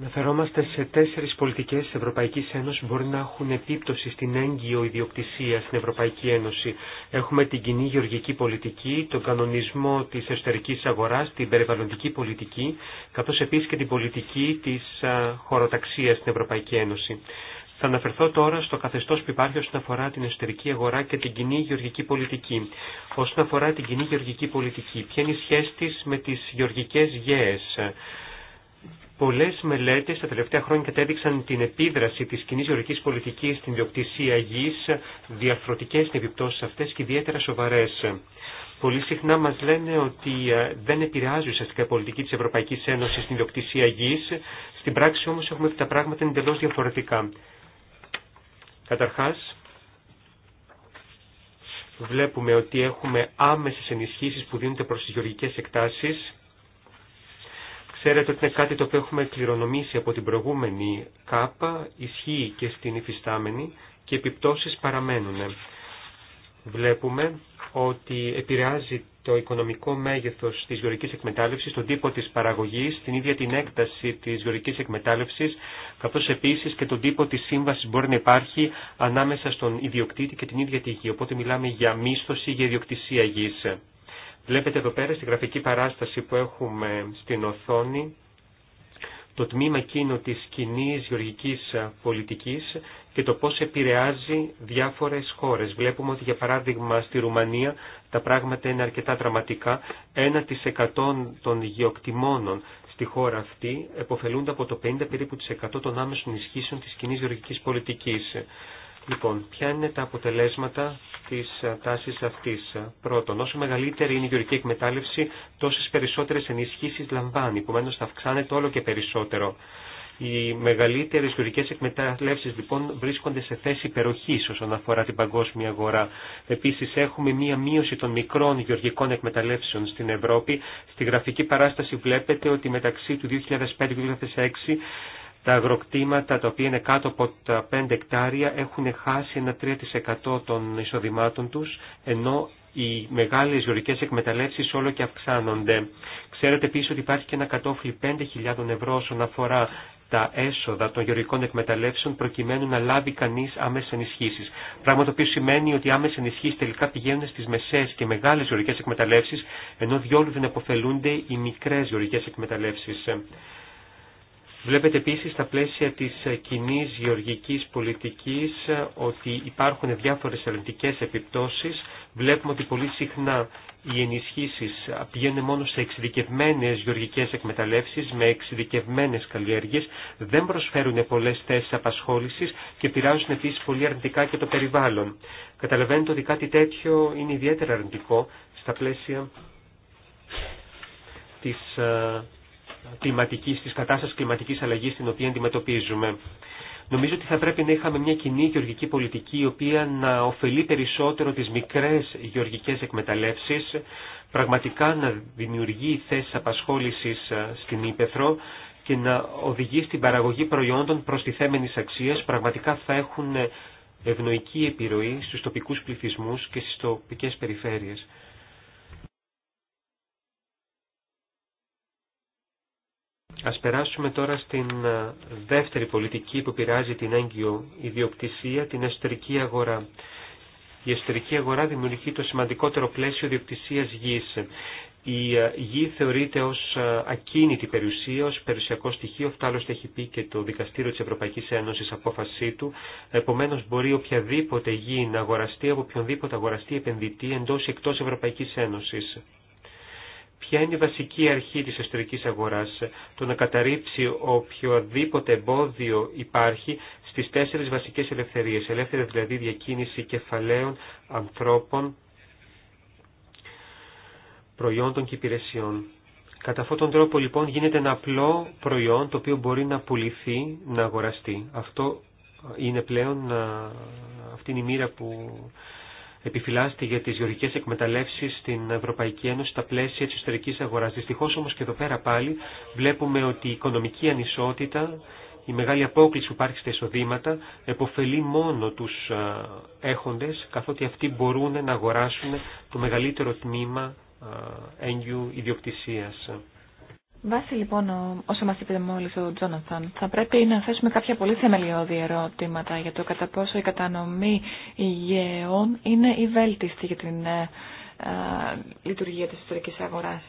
Αναφερόμαστε σε τέσσερι πολιτικέ τη Ευρωπαϊκή Ένωση που μπορεί να έχουν επίπτωση στην έγκυο ιδιοκτησία στην Ευρωπαϊκή Ένωση. Έχουμε την κοινή γεωργική πολιτική, τον κανονισμό τη εσωτερική αγορά, την περιβαλλοντική πολιτική, καθώ επίση και την πολιτική τη χωροταξία στην Ευρωπαϊκή Ένωση. Θα αναφερθώ τώρα στο καθεστώ που υπάρχει όσον αφορά την εσωτερική αγορά και την κοινή γεωργική πολιτική. Όσον αφορά την κοινή γεωργική πολιτική, ποια είναι η σχέση με τι γεωργικέ γέε Πολλέ μελέτε τα τελευταία χρόνια κατέδειξαν την επίδραση τη κοινή γεωργική πολιτική στην διοκτησία γης, διαφορετικές επιπτώσει αυτέ και ιδιαίτερα σοβαρέ. Πολύ συχνά μα λένε ότι ε, δεν επηρεάζει ουσιαστικά η πολιτική τη Ευρωπαϊκή Ένωση στην διοκτησία γη. στην πράξη όμω έχουμε τα πράγματα εντελώ διαφορετικά. Καταρχά βλέπουμε ότι έχουμε άμεσε ενισχύσει που δίνονται προ τι γεωργικέ εκτάσει. Ξέρετε ότι είναι κάτι το οποίο έχουμε κληρονομήσει από την προηγούμενη ΚΑΠΑ, ισχύει και στην υφιστάμενη και επιπτώσεις παραμένουν. Βλέπουμε ότι επηρεάζει το οικονομικό μέγεθος της γεωρικής εκμετάλλευσης, τον τύπο της παραγωγής, την ίδια την έκταση της γεωρικής εκμετάλλευσης, καθώς επίσης και τον τύπο της σύμβασης μπορεί να υπάρχει ανάμεσα στον ιδιοκτήτη και την ίδια τη γη. Οπότε μιλάμε για μίσθωση, για ιδιοκτησία γης. Βλέπετε εδώ πέρα στη γραφική παράσταση που έχουμε στην οθόνη το τμήμα εκείνο της κοινή γεωργικής πολιτικής και το πώς επηρεάζει διάφορες χώρες. Βλέπουμε ότι για παράδειγμα στη Ρουμανία τα πράγματα είναι αρκετά δραματικά. 1% των γεωκτημόνων στη χώρα αυτή εποφελούνται από το 50 περίπου των άμεσων ισχύσεων της κοινή γεωργικής πολιτικής. Λοιπόν, ποια είναι τα αποτελέσματα της ε, τάσης αυτής. Πρώτον, όσο μεγαλύτερη είναι η γεωργική εκμετάλλευση, τόσες περισσότερες ενισχύσεις λαμβάνει, επομένω θα αυξάνεται όλο και περισσότερο. Οι μεγαλύτερε γεωργικέ εκμεταλλεύσει λοιπόν βρίσκονται σε θέση υπεροχή όσον αφορά την παγκόσμια αγορά. Επίση, έχουμε μία μείωση των μικρών γεωργικών εκμεταλλεύσεων στην Ευρώπη. Στη γραφική παράσταση βλέπετε ότι μεταξύ του 2005 και του 2006 τα αγροκτήματα τα οποία είναι κάτω από τα 5 εκτάρια έχουν χάσει ένα 3% των εισοδημάτων τους, ενώ οι μεγάλες ζωρικές εκμεταλλεύσεις όλο και αυξάνονται. Ξέρετε επίσης ότι υπάρχει και ένα κατόφλι 5.000 ευρώ όσον αφορά τα έσοδα των γεωργικών εκμεταλλεύσεων προκειμένου να λάβει κανεί άμεσε ενισχύσει. Πράγμα το οποίο σημαίνει ότι οι άμεσε ενισχύσει τελικά πηγαίνουν στι μεσαίε και μεγάλε γεωργικέ εκμεταλλεύσει, ενώ διόλου δεν αποφελούνται οι μικρέ γεωργικέ εκμεταλλεύσει. Βλέπετε επίση στα πλαίσια της κοινή γεωργικής πολιτικής ότι υπάρχουν διάφορες αρνητικές επιπτώσεις. Βλέπουμε ότι πολύ συχνά οι ενισχύσει πηγαίνουν μόνο σε εξειδικευμένες γεωργικές εκμεταλλεύσεις με εξειδικευμένες καλλιέργειες, δεν προσφέρουν πολλές θέσει απασχόληση και πειράζουν επίση πολύ αρνητικά και το περιβάλλον. Καταλαβαίνετε ότι κάτι τέτοιο είναι ιδιαίτερα αρνητικό στα πλαίσια της ε, κλιματικής, της κατάστασης κλιματικής αλλαγής την οποία αντιμετωπίζουμε. Νομίζω ότι θα πρέπει να είχαμε μια κοινή γεωργική πολιτική η οποία να ωφελεί περισσότερο τις μικρές γεωργικές εκμεταλλεύσεις, πραγματικά να δημιουργεί θέσεις απασχόλησης ε, στην Ήπεθρο και να οδηγεί στην παραγωγή προϊόντων τη προστιθέμενης αξίας, πραγματικά θα έχουν ευνοϊκή επιρροή στους τοπικούς πληθυσμούς και στις τοπικές περιφέρειες. Ας περάσουμε τώρα στην ε, δεύτερη πολιτική που πειράζει την έγκυο ιδιοκτησία, την εσωτερική αγορά. Η εσωτερική αγορά δημιουργεί το σημαντικότερο πλαίσιο ιδιοκτησίας γης. Η ε, γη θεωρείται ως ε, ακίνητη περιουσία, ως περιουσιακό στοιχείο, αυτά άλλωστε έχει πει και το Δικαστήριο της Ευρωπαϊκής Ένωσης απόφασή του. Επομένως μπορεί οποιαδήποτε γη να αγοραστεί από οποιονδήποτε αγοραστεί επενδυτή εντός ή εκτός Ευρωπαϊκής Ένωσης. Ποια είναι η βασική αρχή της εσωτερικής αγοράς, το να καταρρύψει οποιοδήποτε εμπόδιο υπάρχει στις τέσσερις βασικές ελευθερίες. Ελεύθερη δηλαδή διακίνηση κεφαλαίων, ανθρώπων, προϊόντων και υπηρεσιών. Κατά αυτόν τον τρόπο λοιπόν γίνεται ένα απλό προϊόν το οποίο μπορεί να πουληθεί, να αγοραστεί. Αυτό είναι πλέον, αυτή είναι η μοίρα που επιφυλάσσεται για τις γεωργικές εκμεταλλεύσεις στην Ευρωπαϊκή Ένωση στα πλαίσια της ιστορικής αγοράς. Δυστυχώς όμως και εδώ πέρα πάλι βλέπουμε ότι η οικονομική ανισότητα, η μεγάλη απόκληση που υπάρχει στα εισοδήματα επωφελεί μόνο τους ε, έχοντες καθότι αυτοί μπορούν να αγοράσουν το μεγαλύτερο τμήμα ε, έγκυου ιδιοκτησίας. Βάσει λοιπόν όσο μας είπε μόλις ο Τζόναθαν, θα πρέπει να θέσουμε κάποια πολύ θεμελιώδη ερώτηματα για το κατά πόσο η κατανομή υγεών είναι η βέλτιστη για την ε, ε, λειτουργία της ιστορικής αγοράς.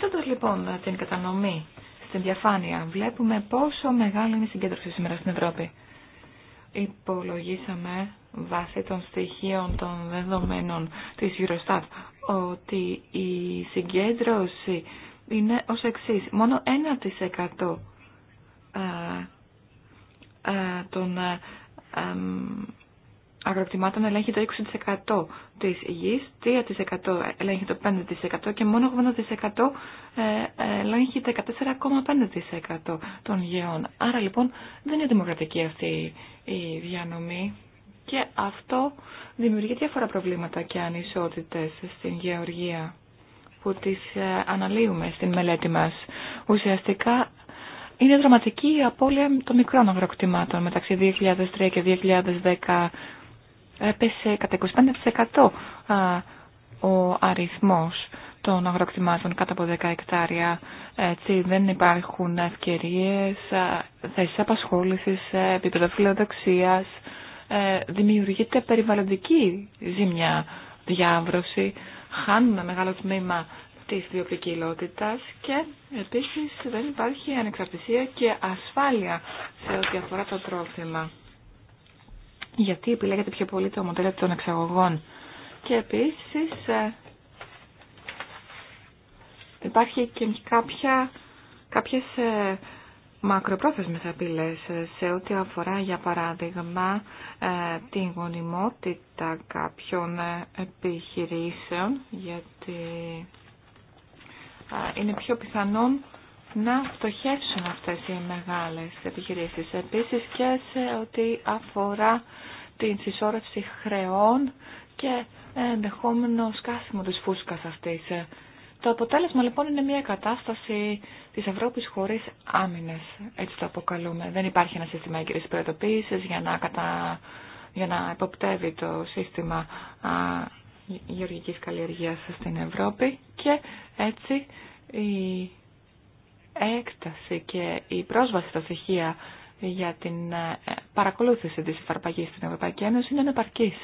τότε λοιπόν την κατανομή στην διαφάνεια, βλέπουμε πόσο μεγάλη είναι η συγκέντρωση σήμερα στην Ευρώπη. Υπολογίσαμε βάσει των στοιχείων των δεδομένων της Eurostat ότι η συγκέντρωση είναι ως εξής. Μόνο 1% ε, ε, των ε, αγροκτημάτων ελέγχει το 20% της γης, 3% ελέγχει το 5% και μόνο 80% ελέγχει το 14,5% των γεών. Άρα λοιπόν δεν είναι δημοκρατική αυτή η διανομή και αυτό δημιουργεί διάφορα προβλήματα και ανισότητες στην γεωργία που τις ε, αναλύουμε στην μελέτη μας. Ουσιαστικά είναι δραματική η απώλεια των μικρών αγροκτημάτων. Μεταξύ 2003 και 2010 έπεσε κατά 25% ο αριθμός των αγροκτημάτων κάτω από 10 εκτάρια. Έτσι δεν υπάρχουν ευκαιρίες, θέσεις απασχόλησης, ε, επίπεδο φιλοδοξίας. Ε, δημιουργείται περιβαλλοντική ζημιά διάβρωση χάνουν ένα μεγάλο τμήμα της βιοπικιλότητας και επίσης δεν υπάρχει ανεξαρτησία και ασφάλεια σε ό,τι αφορά το τρόφιμα. Γιατί επιλέγεται πιο πολύ το μοντέλο των εξαγωγών. Και επίσης ε, υπάρχει και κάποια, κάποιες ε, μακροπρόθεσμες απειλές σε ό,τι αφορά για παράδειγμα ε, την γονιμότητα κάποιων ε, επιχειρήσεων γιατί ε, είναι πιο πιθανόν να φτωχεύσουν αυτές οι μεγάλες επιχειρήσεις. Επίσης και σε ό,τι αφορά την συσσόρευση χρεών και ενδεχόμενο σκάσιμο της φούσκας αυτής το αποτέλεσμα λοιπόν είναι μια κατάσταση της Ευρώπης χωρίς άμυνες, έτσι το αποκαλούμε. Δεν υπάρχει ένα σύστημα έγκυρης προειδοποίησης για να, κατα... για να εποπτεύει το σύστημα α, γεωργικής καλλιεργίας στην Ευρώπη και έτσι η έκταση και η πρόσβαση στα στοιχεία για την ε, παρακολούθηση της εφαρπαγής στην Ευρωπαϊκή Ένωση είναι επαρκής.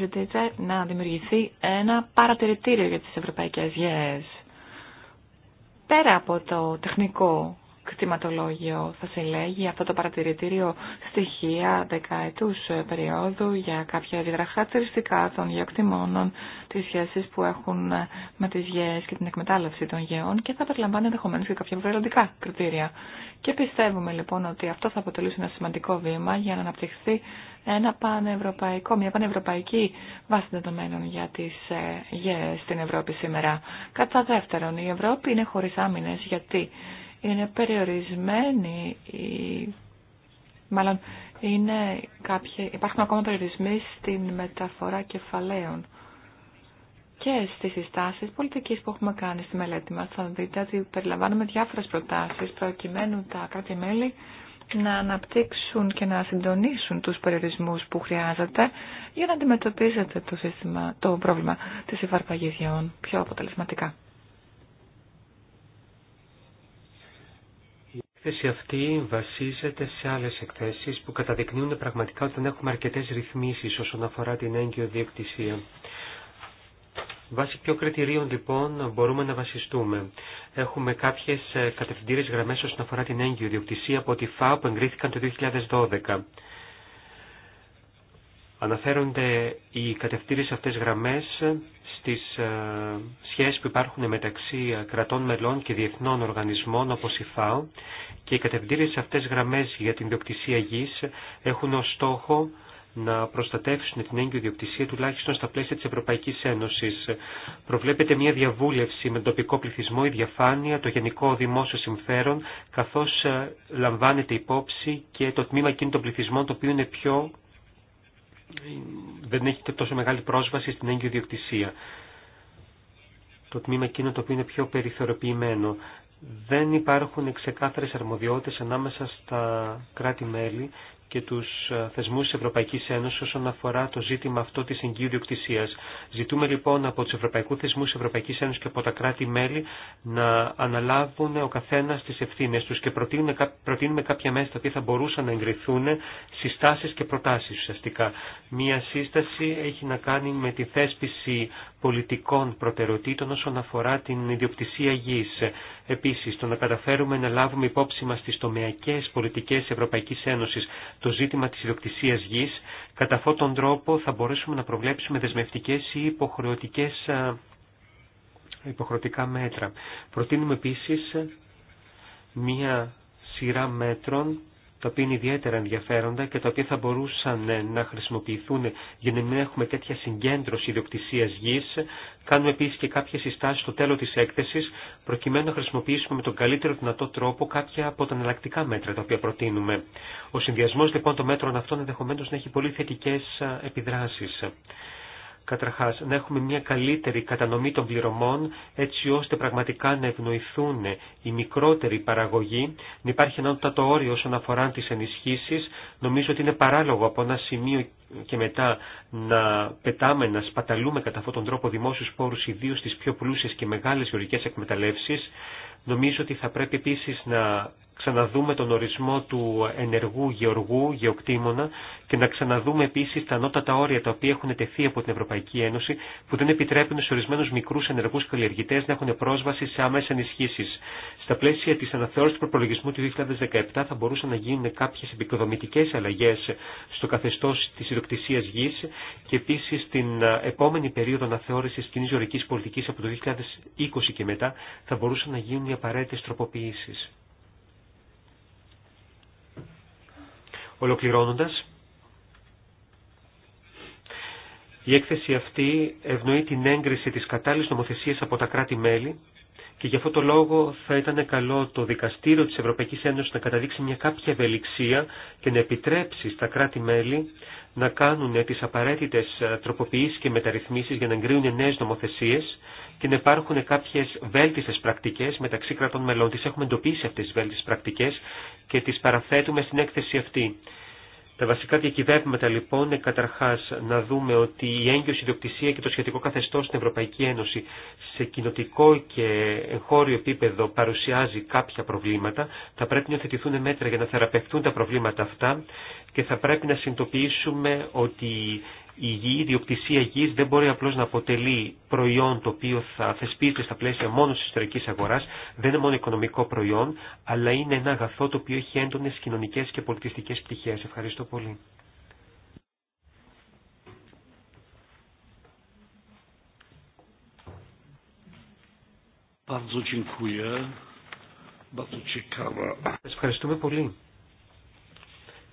ζητείτε να δημιουργηθεί ένα παρατηρητήριο για τις ευρωπαϊκές γέες. Πέρα από το τεχνικό κτηματολόγιο θα σε λέγει αυτό το παρατηρητήριο στοιχεία δεκαετούς περίοδου για κάποια ιδιαίτερα χαρακτηριστικά των γεωκτημόνων, τις σχέσεις που έχουν με τις γεές και την εκμετάλλευση των γεών και θα περιλαμβάνει ενδεχομένω και κάποια βρελοντικά κριτήρια. Και πιστεύουμε λοιπόν ότι αυτό θα αποτελούσε ένα σημαντικό βήμα για να αναπτυχθεί ένα πανευρωπαϊκό, μια πανευρωπαϊκή βάση δεδομένων για τις ε, γεές στην Ευρώπη σήμερα. Κατά δεύτερον, η Ευρώπη είναι χωρί άμυνε γιατί είναι περιορισμένοι, Μάλλον είναι υπάρχουν ακόμα περιορισμοί στην μεταφορά κεφαλαίων και στις συστάσεις πολιτικής που έχουμε κάνει στη μελέτη μας. Θα δείτε ότι περιλαμβάνουμε διάφορες προτάσεις προκειμένου τα κάτι μέλη να αναπτύξουν και να συντονίσουν τους περιορισμούς που χρειάζεται για να αντιμετωπίζετε το, πρόβλημα της υφαρπαγής πιο αποτελεσματικά. θέση αυτή βασίζεται σε άλλες εκθέσεις που καταδεικνύουν πραγματικά ότι δεν έχουμε αρκετές ρυθμίσεις όσον αφορά την έγκυο διεκτησία. Βάσει ποιο κριτηρίων λοιπόν μπορούμε να βασιστούμε. Έχουμε κάποιες ε, κατευθυντήρες γραμμές όσον αφορά την έγκυο διεκτησία από τη ΦΑΟ που εγκρίθηκαν το 2012. Αναφέρονται οι κατευθύνσεις αυτές γραμμές στις ε, σχέσεις που υπάρχουν μεταξύ κρατών μελών και διεθνών οργανισμών όπως η ΦΑΟ και οι σε αυτές γραμμές για την διοκτησία γης έχουν ως στόχο να προστατεύσουν την έγκυο διοκτησία τουλάχιστον στα πλαίσια της Ευρωπαϊκής Ένωσης. Προβλέπεται μια διαβούλευση με τον τοπικό πληθυσμό, η διαφάνεια, το γενικό δημόσιο συμφέρον, καθώς ε, λαμβάνεται υπόψη και το τμήμα εκείνων των πληθυσμών το οποίο είναι πιο δεν έχει τόσο μεγάλη πρόσβαση στην έγκυο διοκτησία. Το τμήμα εκείνο το οποίο είναι πιο περιθωριοποιημένο. Δεν υπάρχουν ξεκάθαρες αρμοδιότητες ανάμεσα στα κράτη-μέλη και του ε, θεσμού της Ευρωπαϊκής Ένωσης όσον αφορά το ζήτημα αυτό τη εγκύου διοκτησία. Ζητούμε λοιπόν από του Ευρωπαϊκού θεσμού της Ευρωπαϊκής Ένωσης και από τα κράτη-μέλη να αναλάβουν ο καθένα τι ευθύνε του και προτείνουμε κάποια μέσα τα οποία θα μπορούσαν να εγκριθούν συστάσεις και προτάσει ουσιαστικά. Μία σύσταση έχει να κάνει με τη θέσπιση πολιτικών προτεραιοτήτων όσον αφορά την ιδιοκτησία γη. Επίση, το να καταφέρουμε να λάβουμε υπόψη μα τις τομεακές πολιτικέ Ευρωπαϊκή Ένωση το ζήτημα της ιδιοκτησίας γης. Κατά αυτόν τον τρόπο θα μπορέσουμε να προβλέψουμε δεσμευτικές ή υποχρεωτικές, υποχρεωτικά μέτρα. Προτείνουμε επίσης μία σειρά μέτρων τα οποία είναι ιδιαίτερα ενδιαφέροντα και τα οποία θα μπορούσαν ε, να χρησιμοποιηθούν για να μην έχουμε τέτοια συγκέντρωση ιδιοκτησία γη. Κάνουμε επίση και κάποιε συστάσει στο τέλο τη έκθεση, προκειμένου να χρησιμοποιήσουμε με τον καλύτερο δυνατό τρόπο κάποια από τα εναλλακτικά μέτρα τα οποία προτείνουμε. Ο συνδυασμό λοιπόν των μέτρων αυτών ενδεχομένω να έχει πολύ θετικέ ε, επιδράσει. Καταρχάς, να έχουμε μια καλύτερη κατανομή των πληρωμών, έτσι ώστε πραγματικά να ευνοηθούν οι μικρότεροι παραγωγοί, να υπάρχει ένα το όριο όσον αφορά τις ενισχύσεις. Νομίζω ότι είναι παράλογο από ένα σημείο και μετά να πετάμε, να σπαταλούμε κατά αυτόν τον τρόπο δημόσιους πόρους, ιδίως στις πιο πλούσιες και μεγάλες γεωργικές εκμεταλλεύσεις. Νομίζω ότι θα πρέπει επίσης να ξαναδούμε τον ορισμό του ενεργού γεωργού, γεωκτήμονα και να ξαναδούμε επίση τα ανώτατα όρια τα οποία έχουν τεθεί από την Ευρωπαϊκή Ένωση που δεν επιτρέπουν σε ορισμένου μικρού ενεργού καλλιεργητέ να έχουν πρόσβαση σε άμεσε ενισχύσει. Στα πλαίσια τη αναθεώρηση του προπολογισμού του 2017 θα μπορούσαν να γίνουν κάποιε επικοδομητικέ αλλαγέ στο καθεστώ τη ιδιοκτησία γη και επίση στην επόμενη περίοδο αναθεώρηση κοινή ζωρική πολιτική από το 2020 και μετά θα μπορούσαν να γίνουν οι απαραίτητε τροποποιήσει. Ολοκληρώνοντας, η έκθεση αυτή ευνοεί την έγκριση της κατάλληλης νομοθεσίας από τα κράτη-μέλη και γι' αυτό το λόγο θα ήταν καλό το Δικαστήριο της Ευρωπαϊκής Ένωσης να καταδείξει μια κάποια ευελιξία και να επιτρέψει στα κράτη-μέλη να κάνουν τις απαραίτητες τροποποιήσεις και μεταρρυθμίσεις για να εγκρίνουν νέες νομοθεσίες και να υπάρχουν κάποιε βέλτιστε πρακτικέ μεταξύ κρατών μελών. Τι έχουμε εντοπίσει αυτέ τι βέλτιστε πρακτικέ και τι παραθέτουμε στην έκθεση αυτή. Τα βασικά διακυβεύματα λοιπόν είναι καταρχά να δούμε ότι η έγκυο ιδιοκτησία και το σχετικό καθεστώ στην Ευρωπαϊκή Ένωση σε κοινοτικό και εγχώριο επίπεδο παρουσιάζει κάποια προβλήματα. Θα πρέπει να θετηθούν μέτρα για να θεραπευτούν τα προβλήματα αυτά και θα πρέπει να συνειδητοποιήσουμε ότι η γη, η διοκτησία γης δεν μπορεί απλώς να αποτελεί προϊόν το οποίο θα θεσπίζεται στα πλαίσια μόνο τη ιστορική αγοράς, δεν είναι μόνο οικονομικό προϊόν, αλλά είναι ένα αγαθό το οποίο έχει έντονες κοινωνικές και πολιτιστικές πτυχέ. Ευχαριστώ πολύ. Σας ευχαριστούμε πολύ.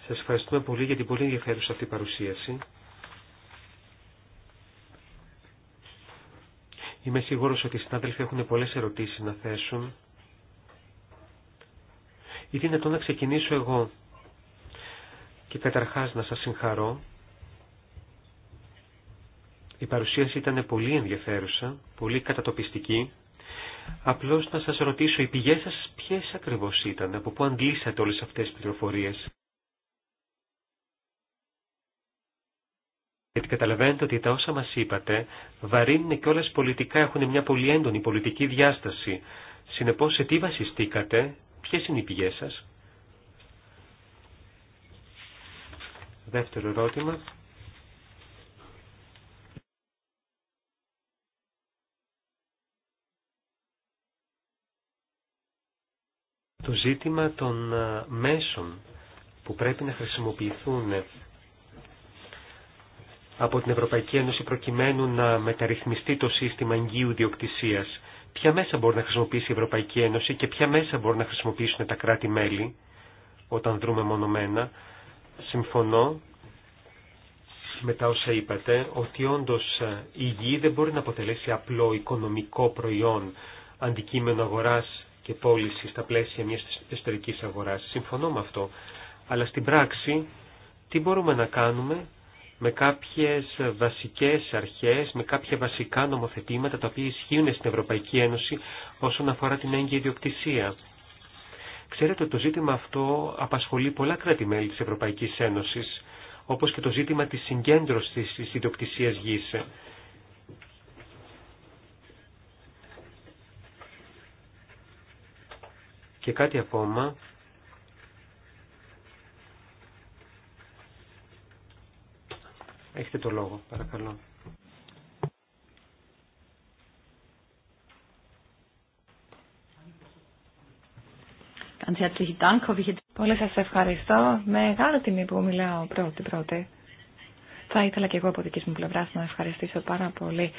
Σας ευχαριστούμε πολύ για την πολύ ενδιαφέρουσα αυτή παρουσίαση. Είμαι σίγουρος ότι οι συνάδελφοι έχουν πολλές ερωτήσεις να θέσουν. Ή δυνατόν να ξεκινήσω εγώ. Και καταρχάς να σας συγχαρώ. Η παρουσίαση ήταν πολύ ενδιαφέρουσα, πολύ κατατοπιστική. Απλώς να σας ρωτήσω, οι πηγές σας ποιες ακριβώς ήταν, από πού αντλήσατε όλες αυτές τις πληροφορίες. γιατί καταλαβαίνετε ότι τα όσα μας είπατε βαρύνουν και όλες πολιτικά έχουν μια πολύ έντονη πολιτική διάσταση. Συνεπώς σε τι βασιστήκατε, ποιες είναι οι πηγές σας. Δεύτερο ερώτημα. Το ζήτημα των μέσων που πρέπει να χρησιμοποιηθούν από την Ευρωπαϊκή Ένωση προκειμένου να μεταρρυθμιστεί το σύστημα εγγύου διοκτησίας. Ποια μέσα μπορεί να χρησιμοποιήσει η Ευρωπαϊκή Ένωση και ποια μέσα μπορεί να χρησιμοποιήσουν τα κράτη-μέλη όταν δρούμε μονομένα. Συμφωνώ με τα όσα είπατε ότι όντως ε, η γη δεν μπορεί να αποτελέσει απλό οικονομικό προϊόν αντικείμενο αγοράς και πώληση στα πλαίσια μιας εσωτερικής αγοράς. Συμφωνώ με αυτό. Αλλά στην πράξη τι μπορούμε να κάνουμε με κάποιες βασικές αρχές, με κάποια βασικά νομοθετήματα τα οποία ισχύουν στην Ευρωπαϊκή Ένωση όσον αφορά την έγκυη ιδιοκτησία. Ξέρετε ότι το ζήτημα αυτό απασχολεί πολλά κράτη-μέλη της Ευρωπαϊκής Ένωσης, όπως και το ζήτημα της συγκέντρωσης της ιδιοκτησίας γης. Και κάτι ακόμα, Έχετε το λόγο, παρακαλώ. Πολύ σας ευχαριστώ. Μεγάλη τιμή που μιλάω πρώτη-πρώτη. Θα ήθελα και εγώ από δική μου πλευρά να ευχαριστήσω πάρα πολύ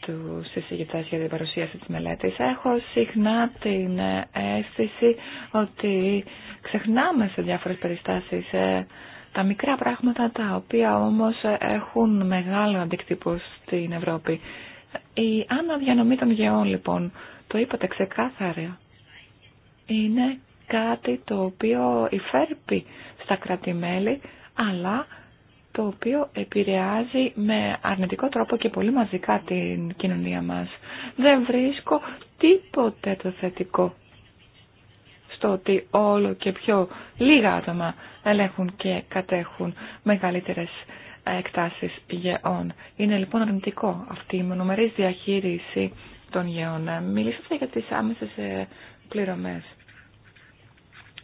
του συζητητέ για την παρουσίαση τη μελέτη. Έχω συχνά την αίσθηση ότι ξεχνάμε σε διάφορε περιστάσει ε, τα μικρά πράγματα τα οποία όμως έχουν μεγάλο αντικτύπο στην Ευρώπη. Η αναδιανομή των γεών λοιπόν, το είπατε ξεκάθαρα, είναι κάτι το οποίο υφέρπει στα κρατημέλη, αλλά το οποίο επηρεάζει με αρνητικό τρόπο και πολύ μαζικά την κοινωνία μας. Δεν βρίσκω τίποτε το θετικό στο ότι όλο και πιο λίγα άτομα ελέγχουν και κατέχουν μεγαλύτερες εκτάσεις γεών. Είναι λοιπόν αρνητικό αυτή η μονομερής διαχείριση των γεών. Μιλήσατε για τις άμεσες ε, πληρωμές.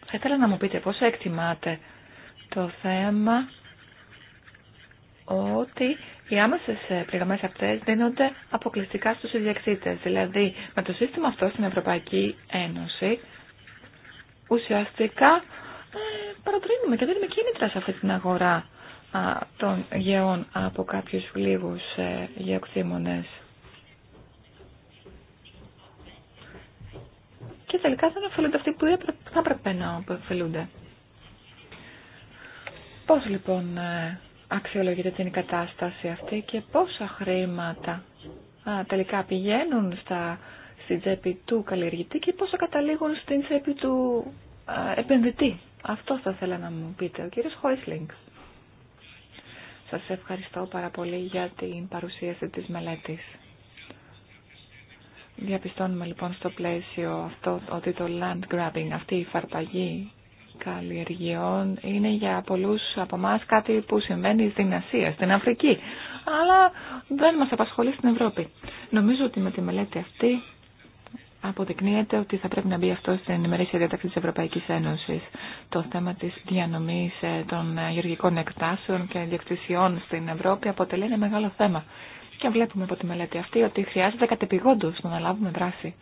Θα ήθελα να μου πείτε πώς εκτιμάτε το θέμα ότι οι άμεσε ε, πληρωμές αυτέ δίνονται αποκλειστικά στους ιδιοκτήτε. Δηλαδή, με το σύστημα αυτό στην Ευρωπαϊκή Ένωση ουσιαστικά ε, παρατρύνουμε και δίνουμε κίνητρα σε αυτή την αγορά των γεών από κάποιους λίγους ε, γεωκτήμονες. Και τελικά δεν ωφελούνται αυτοί που θα έπρεπε να ωφελούνται. Πώς λοιπόν ε, αξιολογείται την κατάσταση αυτή και πόσα χρήματα τελικά πηγαίνουν στα στην τσέπη του καλλιεργητή και πόσα καταλήγουν στην τσέπη του επενδυτή. Αυτό θα ήθελα να μου πείτε, ο κύριος Χόισλινγκ. Σας ευχαριστώ πάρα πολύ για την παρουσίαση της μελέτης. Διαπιστώνουμε λοιπόν στο πλαίσιο αυτό ότι το land grabbing, αυτή η φαρπαγή καλλιεργειών είναι για πολλούς από εμά κάτι που συμβαίνει στην Ασία, στην Αφρική, αλλά δεν μας απασχολεί στην Ευρώπη. Νομίζω ότι με τη μελέτη αυτή αποδεικνύεται ότι θα πρέπει να μπει αυτό στην ημερήσια διάταξη της Ευρωπαϊκής Ένωσης. Το θέμα της διανομής ε, των ε, γεωργικών εκτάσεων και διοκτησιών στην Ευρώπη αποτελεί ένα μεγάλο θέμα. Και βλέπουμε από τη μελέτη αυτή ότι χρειάζεται κατεπηγόντως να αναλάβουμε δράση.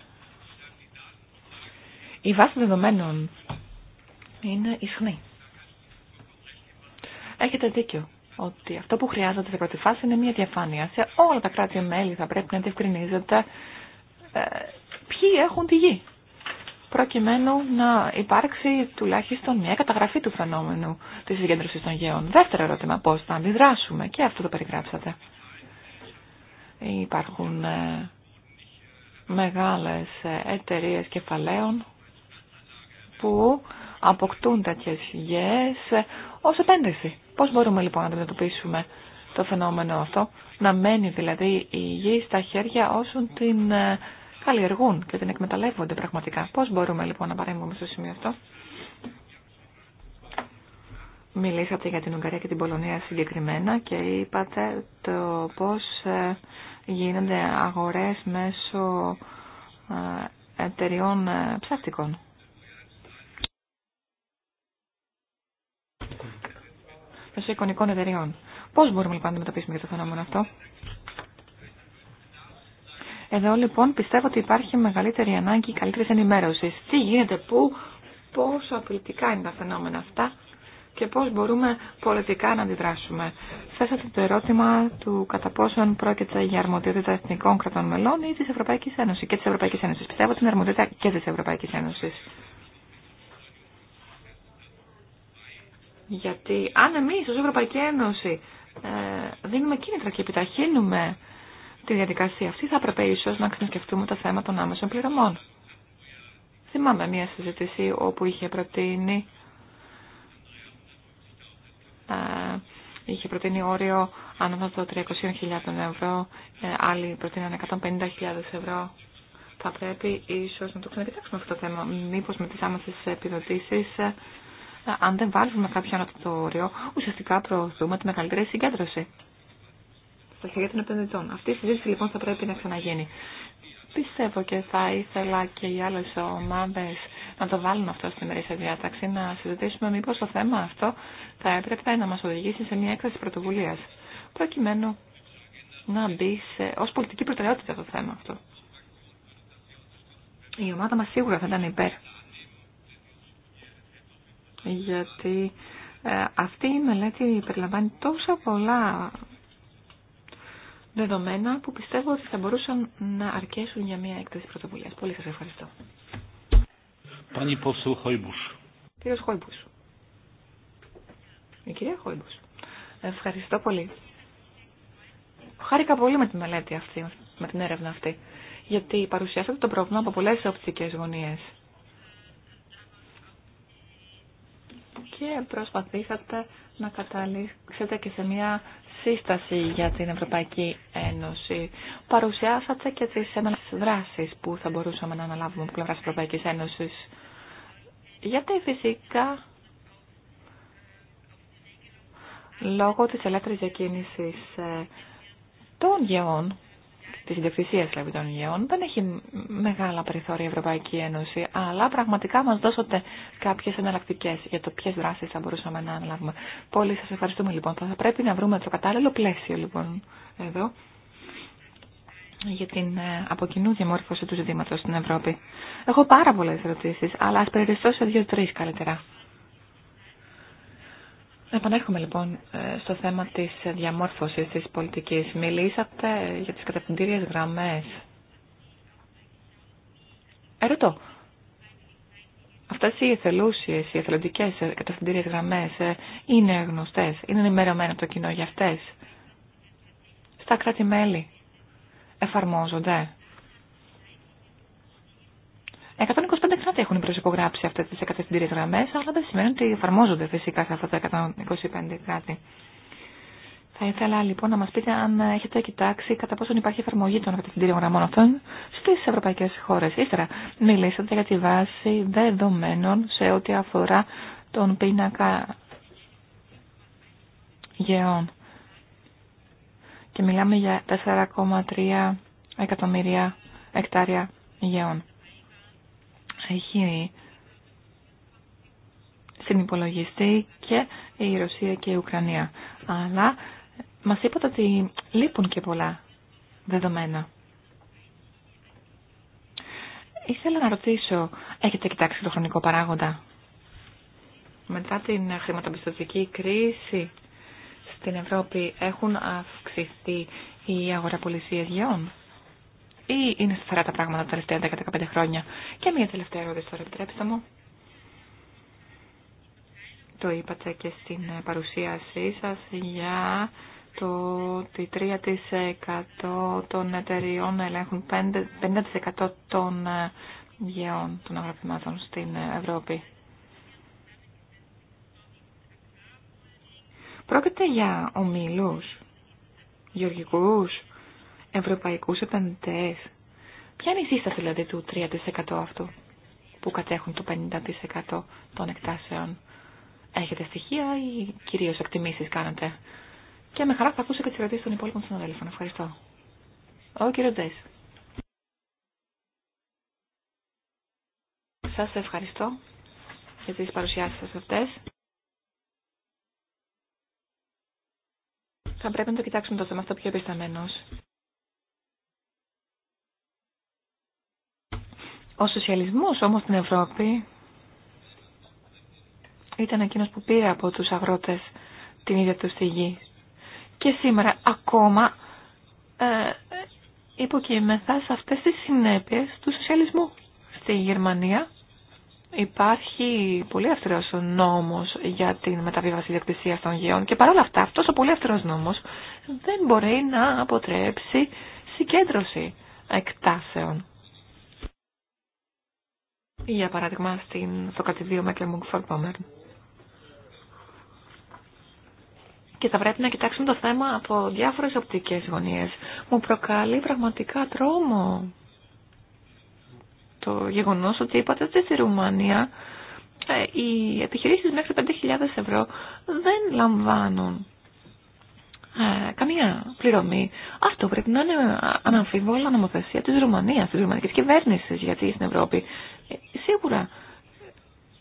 Η βάση δεδομένων είναι ισχνή. Έχετε δίκιο ότι αυτό που χρειάζεται σε πρώτη φάση είναι μια διαφάνεια. Σε όλα τα κράτη-μέλη θα πρέπει να διευκρινίζεται ε, ποιοι έχουν τη γη προκειμένου να υπάρξει τουλάχιστον μια καταγραφή του φαινόμενου της συγκέντρωσης των γεών. Δεύτερο ερώτημα, πώς θα αντιδράσουμε και αυτό το περιγράψατε. Υπάρχουν ε, μεγάλες ε, εταιρείε κεφαλαίων που αποκτούν τέτοιε γεές ε, ως επένδυση. Πώς μπορούμε λοιπόν να αντιμετωπίσουμε το φαινόμενο αυτό, να μένει δηλαδή η γη στα χέρια όσων την καλλιεργούν και την εκμεταλλεύονται πραγματικά. Πώς μπορούμε λοιπόν να παρέμβουμε στο σημείο αυτό. Μιλήσατε για την Ουγγαρία και την Πολωνία συγκεκριμένα και είπατε το πώς ε, γίνονται αγορές μέσω ε, εταιριών ε, ψεύτικων. Μέσω εικονικών εταιριών. Πώς μπορούμε λοιπόν να αντιμετωπίσουμε για το φαινόμενο αυτό. Εδώ λοιπόν πιστεύω ότι υπάρχει μεγαλύτερη ανάγκη καλύτερη ενημέρωση. Τι γίνεται, πού, πόσο απειλητικά είναι τα φαινόμενα αυτά και πώς μπορούμε πολιτικά να αντιδράσουμε. Θέσατε το ερώτημα του κατά πόσον πρόκειται για αρμοδιότητα εθνικών κρατών μελών ή της Ευρωπαϊκής Ένωσης και της Ευρωπαϊκής Ένωσης. Πιστεύω ότι είναι αρμοδιότητα και της Ευρωπαϊκής Ένωσης. Γιατί αν εμείς ως Ευρωπαϊκή Ένωση ε, δίνουμε κίνητρα και επιταχύνουμε τη διαδικασία αυτή θα έπρεπε ίσω να ξανασκεφτούμε το θέμα των άμεσων πληρωμών. Θυμάμαι μια συζήτηση όπου είχε προτείνει, α, ε, είχε προτείνει όριο ανάμεσα 300.000 ευρώ, ε, άλλοι προτείνανε 150.000 ευρώ. Θα πρέπει ίσως να το ξανακοιτάξουμε αυτό το θέμα. Μήπως με τις άμεσες επιδοτήσεις ε, αν δεν βάλουμε κάποιο ανώτατο όριο, ουσιαστικά προωθούμε τη μεγαλύτερη συγκέντρωση στα χέρια των επενδυτών. Αυτή η συζήτηση λοιπόν θα πρέπει να ξαναγίνει. Πιστεύω και θα ήθελα και οι άλλε ομάδε να το βάλουν αυτό στη μερίσια διάταξη, να συζητήσουμε μήπω το θέμα αυτό θα έπρεπε να μα οδηγήσει σε μια έκθεση πρωτοβουλία, προκειμένου να μπει σε, ως πολιτική προτεραιότητα το θέμα αυτό. Η ομάδα μας σίγουρα θα ήταν υπέρ. Γιατί ε, αυτή η μελέτη περιλαμβάνει τόσα πολλά δεδομένα που πιστεύω ότι θα μπορούσαν να αρκέσουν για μια έκθεση πρωτοβουλία. Πολύ σα ευχαριστώ. Πάνη Πόσου Χόιμπους. Κύριος Η κυρία Χόιμπου. Ευχαριστώ πολύ. Χάρηκα πολύ με τη μελέτη αυτή, με την έρευνα αυτή, γιατί παρουσιάσατε το πρόβλημα από πολλέ οπτικές γωνίε. Και προσπαθήσατε να καταλήξετε και σε μια σύσταση για την Ευρωπαϊκή Ένωση. Παρουσιάσατε και τις δράσει δράσεις που θα μπορούσαμε να αναλάβουμε από τη ευρωπαϊκή Ένωση. Γιατί φυσικά λόγω της ελεύθερης διακίνησης ε, των γεών Τη ιδιοκτησία δηλαδή, των Υγεών Δεν έχει μεγάλα περιθώρια η Ευρωπαϊκή Ένωση, αλλά πραγματικά μα δώσατε κάποιε εναλλακτικέ για το ποιε δράσει θα μπορούσαμε να αναλάβουμε. Πολύ σα ευχαριστούμε λοιπόν. Θα πρέπει να βρούμε το κατάλληλο πλαίσιο λοιπόν εδώ για την ε, αποκοινού διαμόρφωση του ζήτηματο στην Ευρώπη. Έχω πάρα πολλέ ερωτήσει, αλλά α περιοριστώ σε δυο τρει καλύτερα. Επανέρχομαι λοιπόν ε, στο θέμα της διαμόρφωσης της πολιτικής. Μιλήσατε για τις κατευθυντήριες γραμμές. Ερωτώ, αυτές οι εθελούσιες, οι εθελοντικές κατευθυντήριες γραμμές ε, είναι γνωστές, είναι ενημερωμένα το κοινό για αυτές. Στα κράτη-μέλη εφαρμόζονται. 125 κράτη έχουν προσυπογράψει αυτέ τι εκατευθυντήριε γραμμέ, αλλά δεν σημαίνει ότι εφαρμόζονται φυσικά σε αυτά τα 125 κράτη. Θα ήθελα λοιπόν να μα πείτε αν έχετε κοιτάξει κατά πόσον υπάρχει εφαρμογή των κατευθυντήριων γραμμών αυτών στι ευρωπαϊκέ χώρε. Ύστερα, μιλήσατε για τη βάση δεδομένων σε ό,τι αφορά τον πίνακα γεών. Και μιλάμε για 4,3 εκατομμύρια εκτάρια γεών έχει συνυπολογιστεί και η Ρωσία και η Ουκρανία. Αλλά μας είπατε ότι λείπουν και πολλά δεδομένα. Ήθελα να ρωτήσω, έχετε κοιτάξει το χρονικό παράγοντα. Μετά την χρηματοπιστωτική κρίση στην Ευρώπη έχουν αυξηθεί οι αγοραπολισίες γεών ή είναι σταθερά τα πράγματα τα τελευταία 10-15 χρόνια. Και μια τελευταία ερώτηση τώρα, επιτρέψτε μου. Το είπατε και στην παρουσίασή σας για το ότι 3% των εταιριών ελέγχουν 50% των ε, γεών των αγροπημάτων στην Ευρώπη. Πρόκειται για ομίλους, γεωργικούς, ευρωπαϊκούς επενδυτές. Ποια είναι η σύσταση δηλαδή του 3% αυτού που κατέχουν το 50% των εκτάσεων. Έχετε στοιχεία ή κυρίως εκτιμήσεις κάνετε. Και με χαρά θα ακούσω και τις ερωτήσεις των υπόλοιπων συναδέλφων. Ευχαριστώ. Ο κύριο Ντές. Σας ευχαριστώ για τις παρουσιάσεις σας αυτές. Θα πρέπει να το κοιτάξουμε το θέμα αυτό πιο επισταμένος. Ο σοσιαλισμός όμως στην Ευρώπη ήταν εκείνος που πήρε από τους αγρότες την ίδια του στη γη. Και σήμερα ακόμα ε, υποκείμεθα σε αυτές τις συνέπειες του σοσιαλισμού. Στη Γερμανία υπάρχει πολύ αυστηρός νόμος για την μεταβίβαση διακτησίας των γεών και παρόλα αυτά αυτός ο πολύ αυστηρός νόμος δεν μπορεί να αποτρέψει συγκέντρωση εκτάσεων. Για παράδειγμα, στην, στο κατηδίο Μέκλεμουγκ Πάμερ. Και θα πρέπει να κοιτάξουμε το θέμα από διάφορες οπτικές γωνίες. Μου προκαλεί πραγματικά τρόμο το γεγονός ότι είπατε ότι στη Ρουμανία ε, οι επιχειρήσεις μέχρι 5.000 ευρώ δεν λαμβάνουν ε, καμία πληρωμή. Αυτό πρέπει να είναι αναμφίβολα νομοθεσία της Ρουμανίας, της ρουμανικής κυβέρνησης, γιατί στην Ευρώπη σίγουρα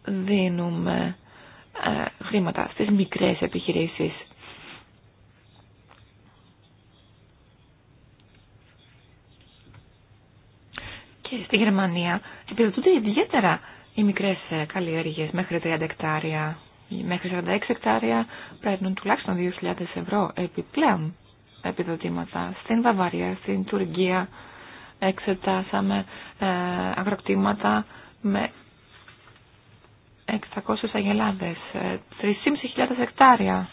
δίνουμε ε, χρήματα στις μικρές επιχειρήσεις. Και στη Γερμανία επιδοτούνται ιδιαίτερα οι μικρές ε, καλλιέργειες μέχρι 30 εκτάρια. Μέχρι 46 εκτάρια πρέπει να τουλάχιστον 2.000 ευρώ επιπλέον επιδοτήματα. Στην Βαβαρία, στην Τουρκία εξετάσαμε ε, αγροκτήματα με 600 αγελάδες, 3.500 ε, εκτάρια.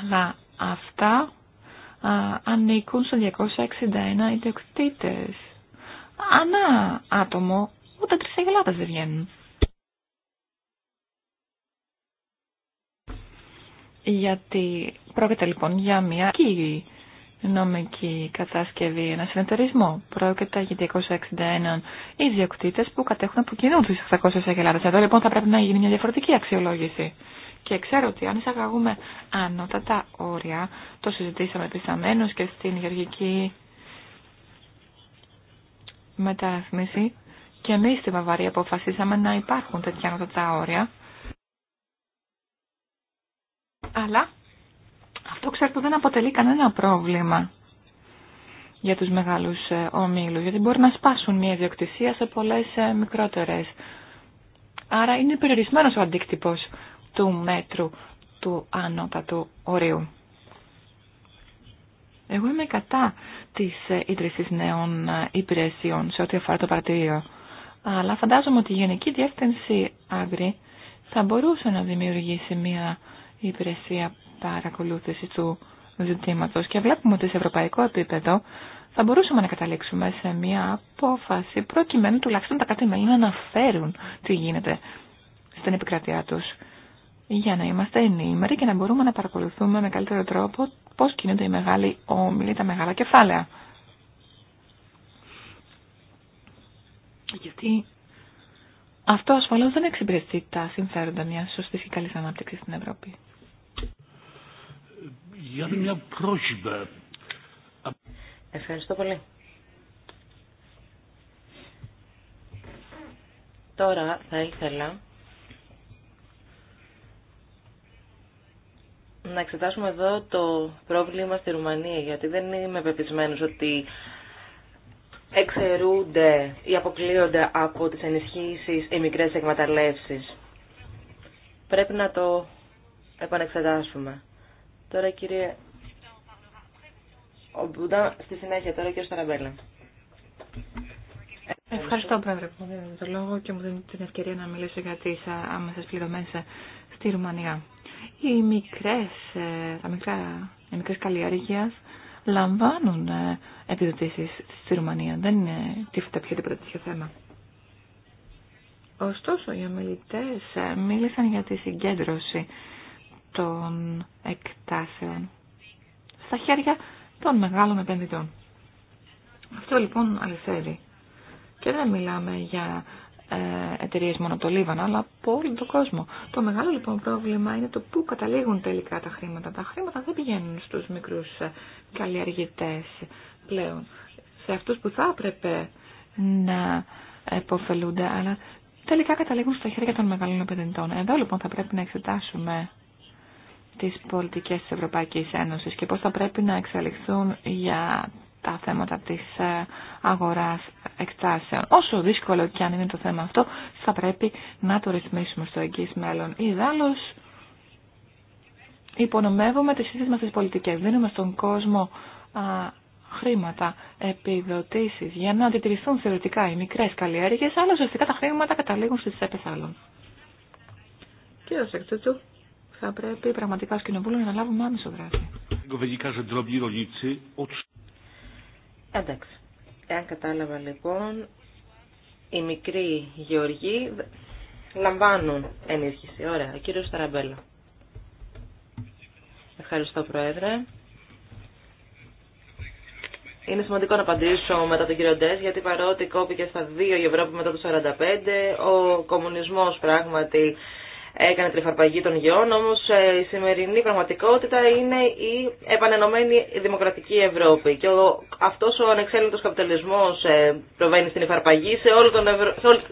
Αλλά αυτά α, ανήκουν σε 261 ιδιοκτήτες. Ανά άτομο, ούτε τρεις αγελάδες δεν βγαίνουν. Γιατί πρόκειται λοιπόν για μια κύριη νομική κατάσκευη, ένα συνεταιρισμό. Πρόκειται για 261 ιδιοκτήτε που κατέχουν από κοινού του 800 αγελάδε. Εδώ λοιπόν θα πρέπει να γίνει μια διαφορετική αξιολόγηση. Και ξέρω ότι αν εισαγαγούμε ανώτατα όρια, το συζητήσαμε επισταμένω και στην γεωργική μεταρρυθμίση, και εμεί στη Βαβαρία αποφασίσαμε να υπάρχουν τέτοια ανώτατα όρια. Αλλά αυτό ξέρετε δεν αποτελεί κανένα πρόβλημα για τους μεγάλους ε, ομίλους, γιατί μπορεί να σπάσουν μια ιδιοκτησία σε πολλές ε, μικρότερες. Άρα είναι περιορισμένος ο αντίκτυπος του μέτρου του ανώτατου ορίου. Εγώ είμαι κατά της ε, ίδρυσης νέων υπηρεσιών σε ό,τι αφορά το παρατηρείο. Αλλά φαντάζομαι ότι η Γενική Διεύθυνση Άγκρη θα μπορούσε να δημιουργήσει μια υπηρεσία παρακολούθηση του ζητήματος και βλέπουμε ότι σε ευρωπαϊκό επίπεδο θα μπορούσαμε να καταλήξουμε σε μια απόφαση προκειμένου τουλάχιστον τα κάτι μέλη να αναφέρουν τι γίνεται στην επικρατεία τους για να είμαστε ενήμεροι και να μπορούμε να παρακολουθούμε με καλύτερο τρόπο πώς κινούνται οι μεγάλοι όμιλοι, τα μεγάλα κεφάλαια. Γιατί αυτό ασφαλώς δεν εξυπηρετεί τα συμφέροντα μιας σωστής και καλής ανάπτυξης στην Ευρώπη. Ευχαριστώ πολύ. Τώρα θα ήθελα να εξετάσουμε εδώ το πρόβλημα στη Ρουμανία, γιατί δεν είμαι πεπισμένος ότι εξαιρούνται ή αποκλείονται από τις ενισχύσεις οι μικρές εκμεταλλεύσεις. Πρέπει να το επανεξετάσουμε. Τώρα κύριε Ομπούντα, στη συνέχεια τώρα κύριε Σταραμπέλα. Ευχαριστώ πρόεδρε που μου δίνετε το λόγο και μου δίνετε την ευκαιρία να μιλήσω για τις ε, άμεσες πληρωμές ε, στη Ρουμανία. Οι μικρές, ε, τα μικρά, οι μικρές καλλιέργειας λαμβάνουν επιδοτήσεις στη Ρουμανία. Δεν τίποτα πιο τίποτα τέτοιο θέμα. Ωστόσο, οι ομιλητές μίλησαν για τη συγκέντρωση των εκτάσεων στα χέρια των μεγάλων επενδυτών. Αυτό λοιπόν αληθεύει. Και δεν μιλάμε για ε, εταιρείε μόνο από το Λίβανο, αλλά από όλο τον κόσμο. Το μεγάλο λοιπόν πρόβλημα είναι το πού καταλήγουν τελικά τα χρήματα. Τα χρήματα δεν πηγαίνουν στους μικρούς ε, καλλιεργητές πλέον. Σε αυτούς που θα έπρεπε να υποφελούνται, αλλά τελικά καταλήγουν στα χέρια των μεγάλων επενδυτών. Εδώ λοιπόν θα πρέπει να εξετάσουμε τις πολιτικές της Ευρωπαϊκής Ένωσης και πώς θα πρέπει να εξελιχθούν για τα θέματα της ε, αγοράς εκτάσεων. Όσο δύσκολο και αν είναι το θέμα αυτό, θα πρέπει να το ρυθμίσουμε στο εγγύς μέλλον. Ιδάλλως, υπονομεύουμε τις ίδιες μας τις πολιτικές. Δίνουμε στον κόσμο α, χρήματα, επιδοτήσεις για να αντιτηρηθούν θεωρητικά οι μικρές καλλιέργειες, αλλά ουσιαστικά τα χρήματα καταλήγουν στις τσέπες άλλων. Κύριε θα πρέπει πραγματικά ως κοινοβούλιο να λάβουμε άμεσο δράση. Εντάξει. Εάν κατάλαβα λοιπόν, οι μικροί γεωργοί λαμβάνουν ενίσχυση. Ωραία. Ο κύριος Σταραμπέλα. Ευχαριστώ Πρόεδρε. Είναι σημαντικό να απαντήσω μετά τον κύριο Ντέ, γιατί παρότι κόπηκε στα δύο η Ευρώπη μετά το 1945, ο κομμουνισμός πράγματι έκανε την εφαρπαγή των γεών, όμω, ε, η σημερινή πραγματικότητα είναι η επανενωμένη δημοκρατική Ευρώπη. Και αυτό ο ανεξέλεγκτο καπιταλισμό ε, προβαίνει στην εφαρπαγή σε όλο τον,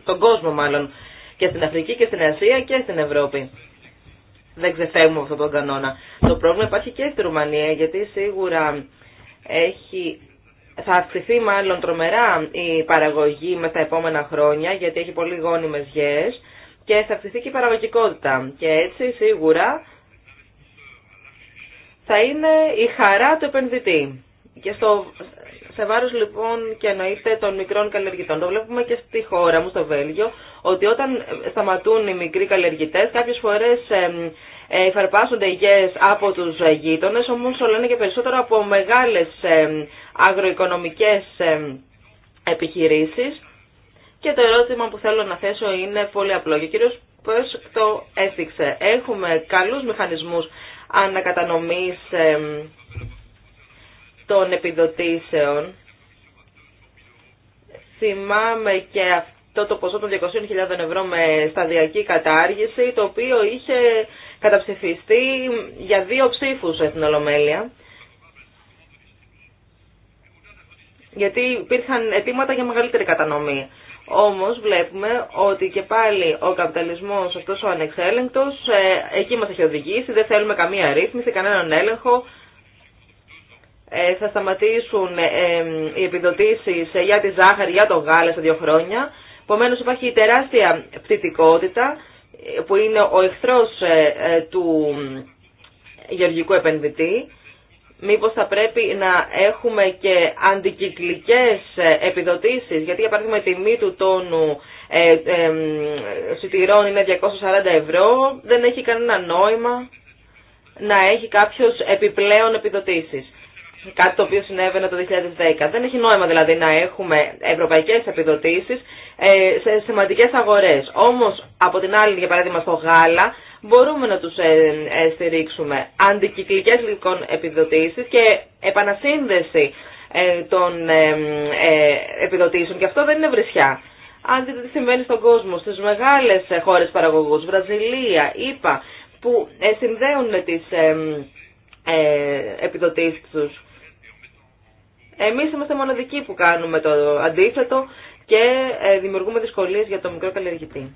τον κόσμο μάλλον, και στην Αφρική και στην Ασία και στην Ευρώπη. Δεν ξεφεύγουμε αυτόν τον κανόνα. Το πρόβλημα υπάρχει και στη Ρουμανία, γιατί σίγουρα έχει θα αυξηθεί μάλλον τρομερά η παραγωγή με τα επόμενα χρόνια, γιατί έχει πολύ γόνιμες γέες και θα αυξηθεί και η παραγωγικότητα. Και έτσι σίγουρα θα είναι η χαρά του επενδυτή. Και στο, σε βάρος λοιπόν και εννοείται των μικρών καλλιεργητών. Το βλέπουμε και στη χώρα μου, στο Βέλγιο, ότι όταν σταματούν οι μικροί καλλιεργητές, κάποιες φορές ε, υφαρπάσσονται υγιές από τους γείτονε, όμως όλα είναι και περισσότερο από μεγάλες αγροοικονομικές επιχειρήσεις και το ερώτημα που θέλω να θέσω είναι πολύ απλό. Και ο κύριος το έθιξε. Έχουμε καλούς μηχανισμούς ανακατανομής των επιδοτήσεων. Θυμάμαι και αυτό το ποσό των 200.000 ευρώ με σταδιακή κατάργηση, το οποίο είχε καταψηφιστεί για δύο ψήφους στην Ολομέλεια. Γιατί υπήρχαν αιτήματα για μεγαλύτερη κατανομή. Όμως βλέπουμε ότι και πάλι ο καπιταλισμός αυτός ο ανεξέλεγκτος, ε, εκεί μας έχει οδηγήσει, δεν θέλουμε καμία ρύθμιση, κανέναν έλεγχο. Ε, θα σταματήσουν ε, οι επιδοτήσεις για τη ζάχαρη, για το γάλα σε δύο χρόνια. Επομένω υπάρχει η τεράστια πτυτικότητα που είναι ο εχθρός του γεωργικού επενδυτή Μήπως θα πρέπει να έχουμε και αντικυκλικές ε, επιδοτήσεις, γιατί για παράδειγμα η τιμή του τόνου ε, ε σιτηρών είναι 240 ευρώ, δεν έχει κανένα νόημα να έχει κάποιος επιπλέον επιδοτήσεις. Κάτι το οποίο συνέβαινε το 2010. Δεν έχει νόημα δηλαδή να έχουμε ευρωπαϊκές επιδοτήσεις ε, σε σημαντικές αγορές. Όμως από την άλλη για παράδειγμα στο γάλα μπορούμε να τους ε, ε, στηρίξουμε. Αντικυκλικές λοιπόν επιδοτήσεις και επανασύνδεση ε, των επιδοτήσεων και αυτό δεν είναι βρισιά. Αν δείτε τι συμβαίνει στον κόσμο, στις μεγάλες χώρες παραγωγούς, Βραζιλία, ΙΠΑ, που συνδέουν τις επιδοτήσεις τους. Εμείς είμαστε μοναδικοί που κάνουμε το αντίθετο και δημιουργούμε δυσκολίες για το μικρό καλλιεργητή.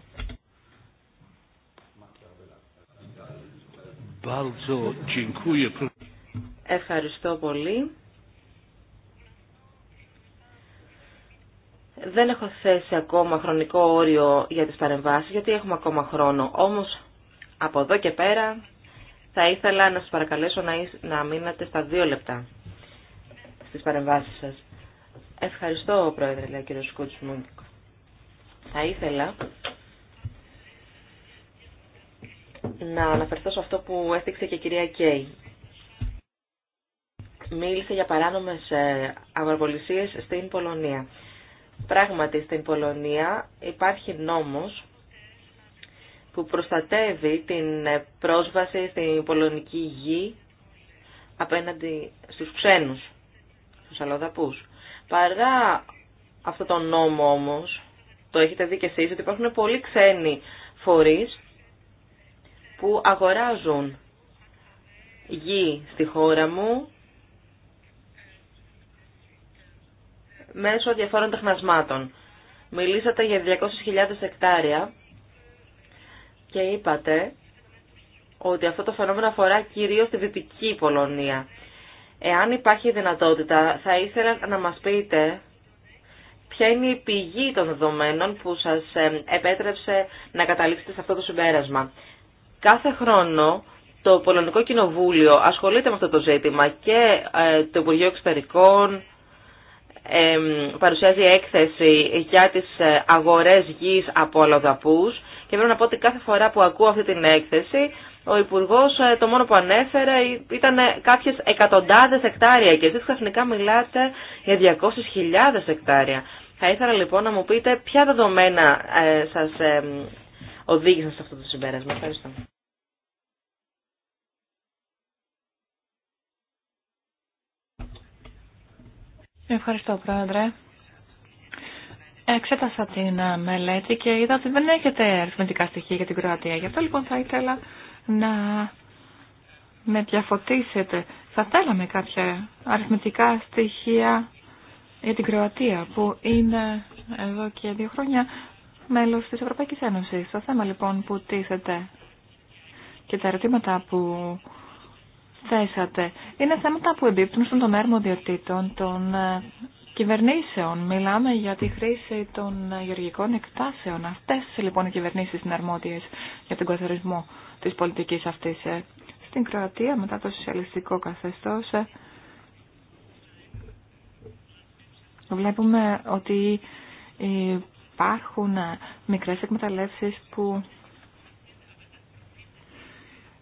Ευχαριστώ πολύ. Δεν έχω θέσει ακόμα χρονικό όριο για τις παρεμβάσεις, γιατί έχουμε ακόμα χρόνο. Όμως, από εδώ και πέρα, θα ήθελα να σας παρακαλέσω να, να μείνατε στα δύο λεπτά στις παρεμβάσεις σας. Ευχαριστώ, Πρόεδρε, λέει ο Θα ήθελα να αναφερθώ σε αυτό που έθιξε και η κυρία Κέι. Μίλησε για παράνομες ε, αγοραπολισίες στην Πολωνία. Πράγματι, στην Πολωνία υπάρχει νόμος που προστατεύει την ε, πρόσβαση στην πολωνική γη απέναντι στους ξένους, στους αλλοδαπούς. Παρά αυτό το νόμο όμως, το έχετε δει και εσείς, ότι υπάρχουν πολλοί ξένοι φορείς που αγοράζουν γη στη χώρα μου μέσω διαφόρων τεχνασμάτων. Μιλήσατε για 200.000 εκτάρια και είπατε ότι αυτό το φαινόμενο αφορά κυρίως τη Δυτική Πολωνία. Εάν υπάρχει δυνατότητα, θα ήθελα να μας πείτε ποια είναι η πηγή των δεδομένων που σας επέτρεψε να καταλήξετε σε αυτό το συμπέρασμα. Κάθε χρόνο το Πολωνικό Κοινοβούλιο ασχολείται με αυτό το ζήτημα και ε, το Υπουργείο Εξωτερικών παρουσιάζει έκθεση για τις ε, αγορές γης από αλλοδαπούς και πρέπει να πω ότι κάθε φορά που ακούω αυτή την έκθεση ο Υπουργός ε, το μόνο που ανέφερε ήταν κάποιες εκατοντάδες εκτάρια και εσείς ξαφνικά μιλάτε για 200.000 εκτάρια. Θα ήθελα λοιπόν να μου πείτε ποια δεδομένα σας οδήγησαν σε αυτό το συμπέρασμα. Ευχαριστώ. Ευχαριστώ, Πρόεδρε. Εξέτασα την μελέτη και είδα ότι δεν έχετε αριθμητικά στοιχεία για την Κροατία. Γι' αυτό λοιπόν θα ήθελα να με διαφωτίσετε. Θα θέλαμε κάποια αριθμητικά στοιχεία για την Κροατία που είναι εδώ και δύο χρόνια μέλος της Ευρωπαϊκής Ένωσης. Το θέμα λοιπόν που τίθεται και τα ερωτήματα που θέσατε είναι θέματα που εμπίπτουν στον τομέα αρμοδιοτήτων των ε, κυβερνήσεων. Μιλάμε για τη χρήση των γεωργικών εκτάσεων. Αυτές λοιπόν οι κυβερνήσεις είναι αρμόδιες για τον καθορισμό της πολιτικής αυτής. Ε, στην Κροατία μετά το σοσιαλιστικό καθεστώς ε, βλέπουμε ότι η υπάρχουν ε, μικρές εκμεταλλεύσεις που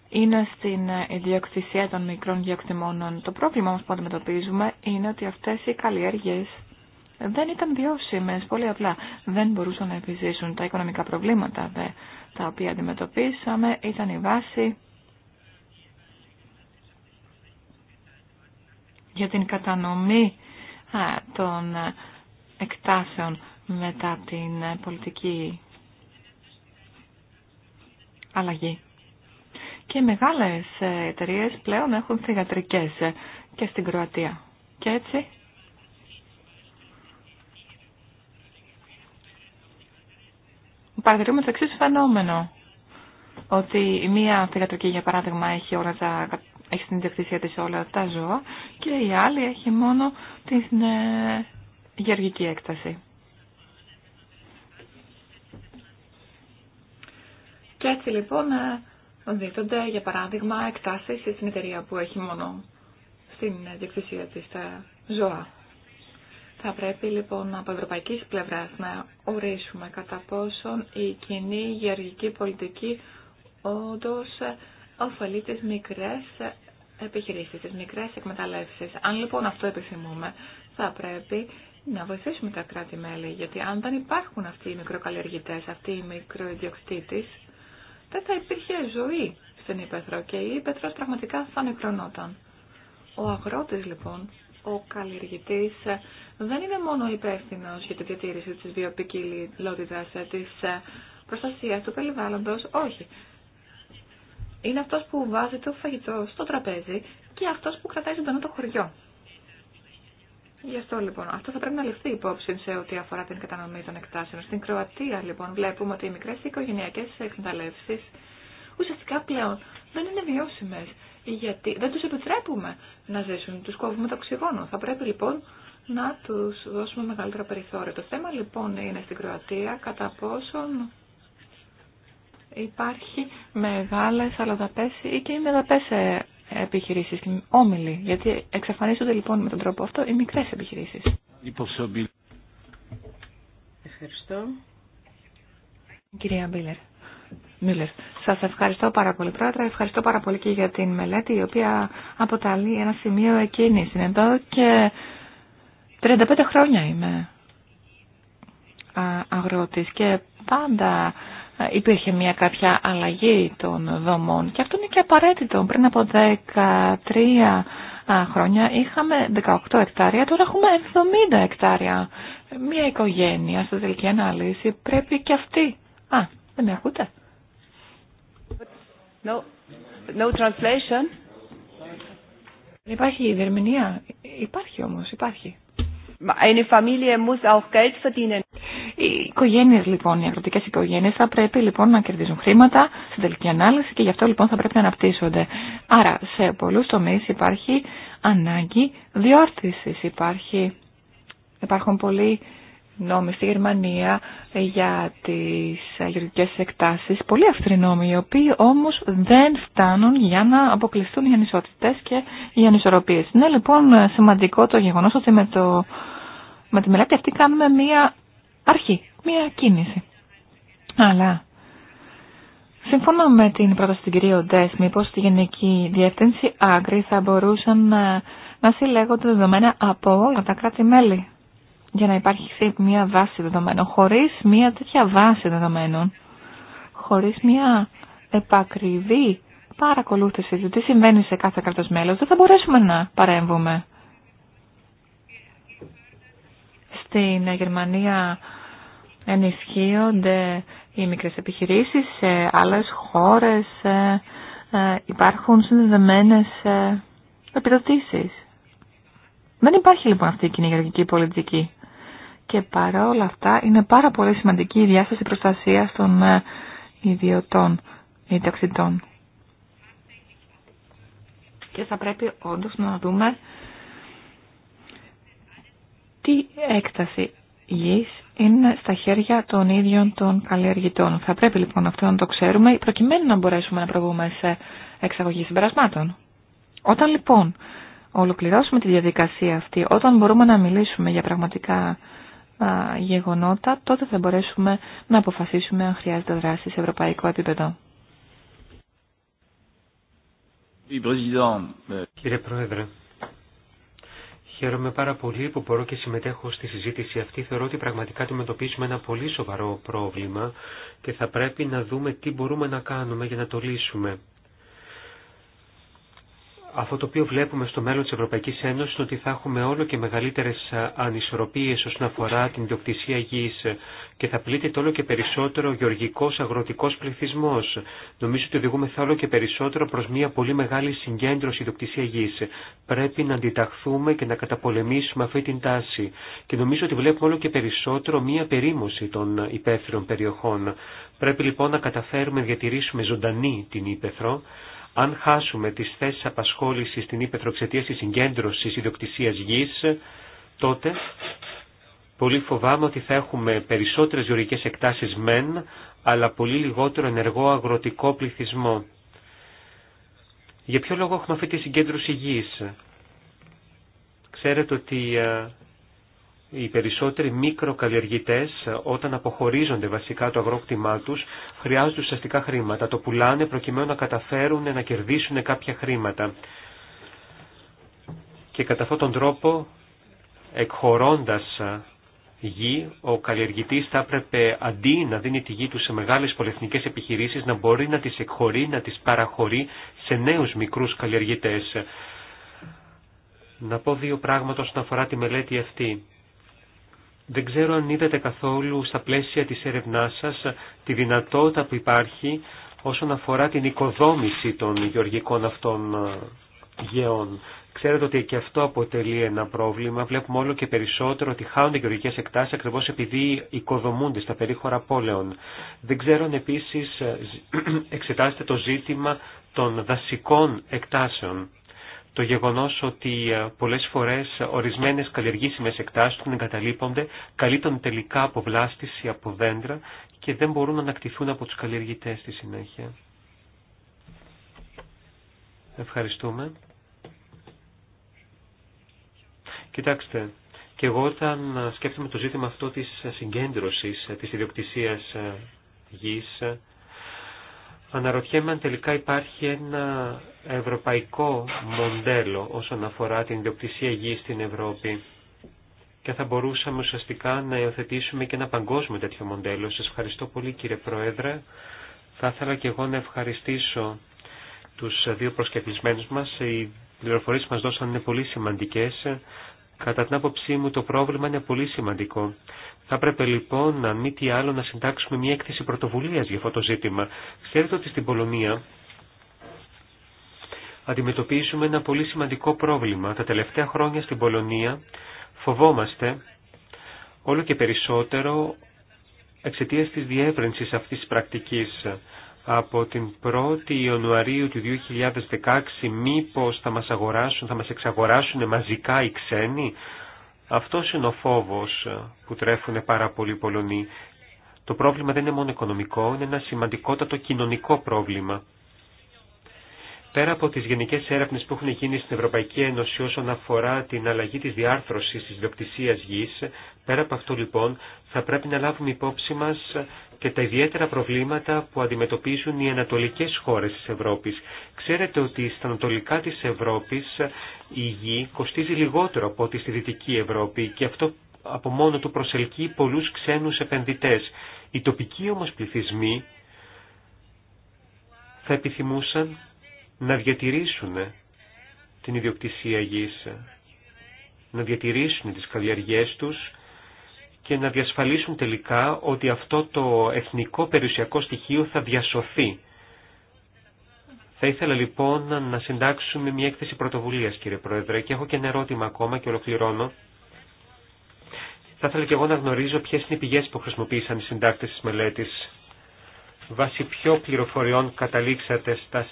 είναι στην ε, ιδιοκτησία των μικρών γεωκτημόνων. Το πρόβλημα όμως που αντιμετωπίζουμε είναι ότι αυτές οι καλλιέργειες δεν ήταν βιώσιμες, πολύ απλά. Δεν μπορούσαν να επιζήσουν τα οικονομικά προβλήματα δε, τα οποία αντιμετωπίσαμε, ήταν η βάση για την κατανομή των ε, εκτάσεων μετά την πολιτική αλλαγή. Και μεγάλες εταιρείε πλέον έχουν θηγατρικές και στην Κροατία. Και έτσι παρατηρούμε το εξή φαινόμενο. Ότι μία θηγατρική, για παράδειγμα, έχει, όλα τα, έχει στην της όλα τα ζώα και η άλλη έχει μόνο την ε, γεωργική έκταση. Και έτσι λοιπόν ε, δίδονται για παράδειγμα εκτάσεις στην εταιρεία που έχει μόνο στην διεκτησία της τα ζώα. Θα πρέπει λοιπόν από ευρωπαϊκή πλευρά να ορίσουμε κατά πόσον η κοινή γεωργική πολιτική όντω ωφελεί τι μικρέ επιχειρήσει, τι μικρέ εκμεταλλεύσει. Αν λοιπόν αυτό επιθυμούμε, θα πρέπει να βοηθήσουμε τα κράτη-μέλη, γιατί αν δεν υπάρχουν αυτοί οι μικροκαλλιεργητέ, αυτοί οι μικροειδιοκτήτε, δεν θα υπήρχε ζωή στην Ήπεθρο και η Ήπεθρος πραγματικά θα νεκρονόταν. Ο αγρότης λοιπόν, ο καλλιεργητής, δεν είναι μόνο υπεύθυνο για τη διατήρηση της βιοπικιλότητας, ε, της ε, προστασίας του περιβάλλοντος, όχι. Είναι αυτός που βάζει το φαγητό στο τραπέζι και αυτός που κρατάει ζωντανό το χωριό. Γι' αυτό λοιπόν, αυτό θα πρέπει να ληφθεί υπόψη σε ό,τι αφορά την κατανομή των εκτάσεων. Στην Κροατία λοιπόν βλέπουμε ότι οι μικρέ οικογενειακέ εκμεταλλεύσει ουσιαστικά πλέον δεν είναι βιώσιμε. Γιατί δεν του επιτρέπουμε να ζήσουν, του κόβουμε το οξυγόνο. Θα πρέπει λοιπόν να του δώσουμε μεγαλύτερο περιθώριο. Το θέμα λοιπόν είναι στην Κροατία κατά πόσον υπάρχει μεγάλε αλλοδαπέ ή και οι μεδαπέ ε, Επιχειρήσει και όμιλοι, γιατί εξαφανίζονται λοιπόν με τον τρόπο αυτό οι μικρέ επιχειρήσεις. Ευχαριστώ. Κυρία Μπίλερ. Μίλες. Σας ευχαριστώ πάρα πολύ πρόεδρε, ευχαριστώ πάρα πολύ και για την μελέτη η οποία αποτελεί ένα σημείο εκείνη. Είναι εδώ και 35 χρόνια είμαι αγρότης και πάντα υπήρχε μια κάποια αλλαγή των δομών και αυτό είναι και απαραίτητο. Πριν από 13 χρόνια είχαμε 18 εκτάρια, τώρα έχουμε 70 εκτάρια. Μια οικογένεια στο τελική ανάλυση πρέπει και αυτή. Α, δεν με ακούτε. No, no translation. Υπάρχει όμω, Υπάρχει όμως, υπάρχει. Eine Familie muss auch Geld verdienen. Οι οικογένειε λοιπόν, οι αγροτικέ οικογένειε θα πρέπει λοιπόν να κερδίζουν χρήματα στην τελική ανάλυση και γι' αυτό λοιπόν θα πρέπει να αναπτύσσονται. Άρα σε πολλού τομεί υπάρχει ανάγκη διόρθωση. υπάρχουν πολλοί νόμοι στη Γερμανία για τι αγροτικέ εκτάσει, πολλοί αυστηροί νόμοι, οι οποίοι όμω δεν φτάνουν για να αποκλειστούν οι ανισότητε και οι ανισορροπίε. Είναι λοιπόν σημαντικό το γεγονός ότι με, το, με τη μελέτη αυτή κάνουμε μία αρχή, μία κίνηση. Αλλά σύμφωνα με την πρόταση του κυρίου Ντες, πως στη Γενική Διεύθυνση Άγκρη θα μπορούσαν να, να συλλέγονται δεδομένα από όλα τα κράτη-μέλη για να υπάρχει μια βάση δεδομένων. Χωρίς μια τέτοια βάση δεδομένων, χωρίς μια επακριβή παρακολούθηση του τι συμβαίνει σε κάθε κράτος μέλος, δεν θα μπορέσουμε να παρέμβουμε. Στην Γερμανία ενισχύονται οι μικρές επιχειρήσεις σε άλλες χώρες, ε, ε, υπάρχουν συνδεδεμένες ε, επιδοτήσεις. Δεν υπάρχει λοιπόν αυτή η κυνηγερική πολιτική. Και παρόλα αυτά είναι πάρα πολύ σημαντική η διάσταση προστασίας των ιδιωτών ή ταξιτών. Και θα πρέπει όντως να δούμε τι έκταση γης είναι στα χέρια των ίδιων των καλλιεργητών. Θα πρέπει λοιπόν αυτό να το ξέρουμε, προκειμένου να μπορέσουμε να προβούμε σε εξαγωγή συμπερασμάτων. Όταν λοιπόν ολοκληρώσουμε τη διαδικασία αυτή, όταν μπορούμε να μιλήσουμε για πραγματικά γεγονότα, τότε θα μπορέσουμε να αποφασίσουμε αν χρειάζεται δράση σε ευρωπαϊκό επίπεδο. Κύριε Πρόεδρε, Χαίρομαι πάρα πολύ που μπορώ και συμμετέχω στη συζήτηση αυτή. Θεωρώ ότι πραγματικά αντιμετωπίσουμε ένα πολύ σοβαρό πρόβλημα και θα πρέπει να δούμε τι μπορούμε να κάνουμε για να το λύσουμε αυτό το οποίο βλέπουμε στο μέλλον της Ευρωπαϊκής Ένωσης είναι ότι θα έχουμε όλο και μεγαλύτερες ανισορροπίες όσον αφορά την διοκτησία γης και θα πλήττεται όλο και περισσότερο γεωργικός αγροτικός πληθυσμός. Νομίζω ότι θα όλο και περισσότερο προς μια πολύ μεγάλη συγκέντρωση ιδιοκτησία γης. Πρέπει να αντιταχθούμε και να καταπολεμήσουμε αυτή την τάση. Και νομίζω ότι βλέπουμε όλο και περισσότερο μια περίμωση των υπαίθριων περιοχών. Πρέπει λοιπόν να καταφέρουμε να διατηρήσουμε ζωντανή την ύπεθρο αν χάσουμε τις θέσεις απασχόλησης στην ύπεθρο εξαιτίας της συγκέντρωσης ιδιοκτησίας γης, τότε πολύ φοβάμαι ότι θα έχουμε περισσότερες γεωργικές εκτάσεις μεν, αλλά πολύ λιγότερο ενεργό αγροτικό πληθυσμό. Για ποιο λόγο έχουμε αυτή τη συγκέντρωση γης. Ξέρετε ότι ε, οι περισσότεροι μικροκαλλιεργητές όταν αποχωρίζονται βασικά το αγρόκτημά τους χρειάζονται ουσιαστικά χρήματα. Το πουλάνε προκειμένου να καταφέρουν να κερδίσουν κάποια χρήματα. Και κατά αυτόν τον τρόπο εκχωρώντας γη, ο καλλιεργητής θα έπρεπε αντί να δίνει τη γη του σε μεγάλες πολυεθνικές επιχειρήσεις να μπορεί να τις εκχωρεί, να τις παραχωρεί σε νέους μικρούς καλλιεργητές. Να πω δύο πράγματα όσον αφορά τη μελέτη αυτή. Δεν ξέρω αν είδατε καθόλου στα πλαίσια της έρευνάς σας τη δυνατότητα που υπάρχει όσον αφορά την οικοδόμηση των γεωργικών αυτών ε, γεών. Ξέρετε ότι και αυτό αποτελεί ένα πρόβλημα. Βλέπουμε όλο και περισσότερο ότι χάνονται γεωργικές εκτάσεις ακριβώς επειδή οικοδομούνται στα περίχωρα πόλεων. Δεν ξέρω αν επίσης ε, εξετάσετε το ζήτημα των δασικών εκτάσεων το γεγονός ότι ε, πολλές φορές ορισμένες καλλιεργήσιμες εκτάσεις που εγκαταλείπονται καλύπτουν τελικά από βλάστηση, από δέντρα και δεν μπορούν να ανακτηθούν από τους καλλιεργητές στη συνέχεια. Ευχαριστούμε. Κοιτάξτε, και εγώ όταν ε, σκέφτομαι το ζήτημα αυτό της συγκέντρωσης, ε, της ιδιοκτησίας γης, Αναρωτιέμαι αν τελικά υπάρχει ένα ευρωπαϊκό μοντέλο όσον αφορά την ιδιοκτησία γη στην Ευρώπη και θα μπορούσαμε ουσιαστικά να υιοθετήσουμε και ένα παγκόσμιο τέτοιο μοντέλο. Σας ευχαριστώ πολύ κύριε Πρόεδρε. Θα ήθελα και εγώ να ευχαριστήσω τους δύο προσκεκλισμένους μας. Οι πληροφορίες μας δώσαν είναι πολύ σημαντικές. Κατά την άποψή μου το πρόβλημα είναι πολύ σημαντικό. Θα έπρεπε λοιπόν, να μη τι άλλο, να συντάξουμε μια έκθεση πρωτοβουλία για αυτό το ζήτημα. Ξέρετε ότι στην Πολωνία αντιμετωπίζουμε ένα πολύ σημαντικό πρόβλημα. Τα τελευταία χρόνια στην Πολωνία φοβόμαστε όλο και περισσότερο εξαιτία τη διεύρυνση αυτή τη πρακτική Από την 1η Ιανουαρίου του 2016 μήπως θα μα αγοράσουν, θα μας εξαγοράσουν μαζικά οι ξένοι. Αυτό είναι ο φόβος ε, που τρέφουν πάρα πολλοί Πολωνοί. Το πρόβλημα δεν είναι μόνο οικονομικό, είναι ένα σημαντικότατο κοινωνικό πρόβλημα. Πέρα από τις γενικές έρευνες που έχουν γίνει στην Ευρωπαϊκή Ένωση όσον αφορά την αλλαγή της διάρθρωσης της διοκτησίας γης, πέρα από αυτό λοιπόν θα πρέπει να λάβουμε υπόψη μας και τα ιδιαίτερα προβλήματα που αντιμετωπίζουν οι ανατολικές χώρες της Ευρώπης. Ξέρετε ότι στα ανατολικά της Ευρώπης η γη κοστίζει λιγότερο από ό,τι στη Δυτική Ευρώπη και αυτό από μόνο του προσελκύει πολλούς ξένους επενδυτές. Οι τοπικοί όμως πληθυσμοί θα επιθυμούσαν να διατηρήσουν την ιδιοκτησία γης, να διατηρήσουν τις καλλιεργίες τους και να διασφαλίσουν τελικά ότι αυτό το εθνικό περιουσιακό στοιχείο θα διασωθεί. Θα ήθελα λοιπόν να συντάξουμε μια έκθεση πρωτοβουλίας κύριε Πρόεδρε και έχω και ένα ερώτημα ακόμα και ολοκληρώνω. Θα ήθελα και εγώ να γνωρίζω ποιες είναι οι πηγές που χρησιμοποίησαν οι συντάκτες της μελέτης. Βάσει ποιο πληροφοριών καταλήξατε στα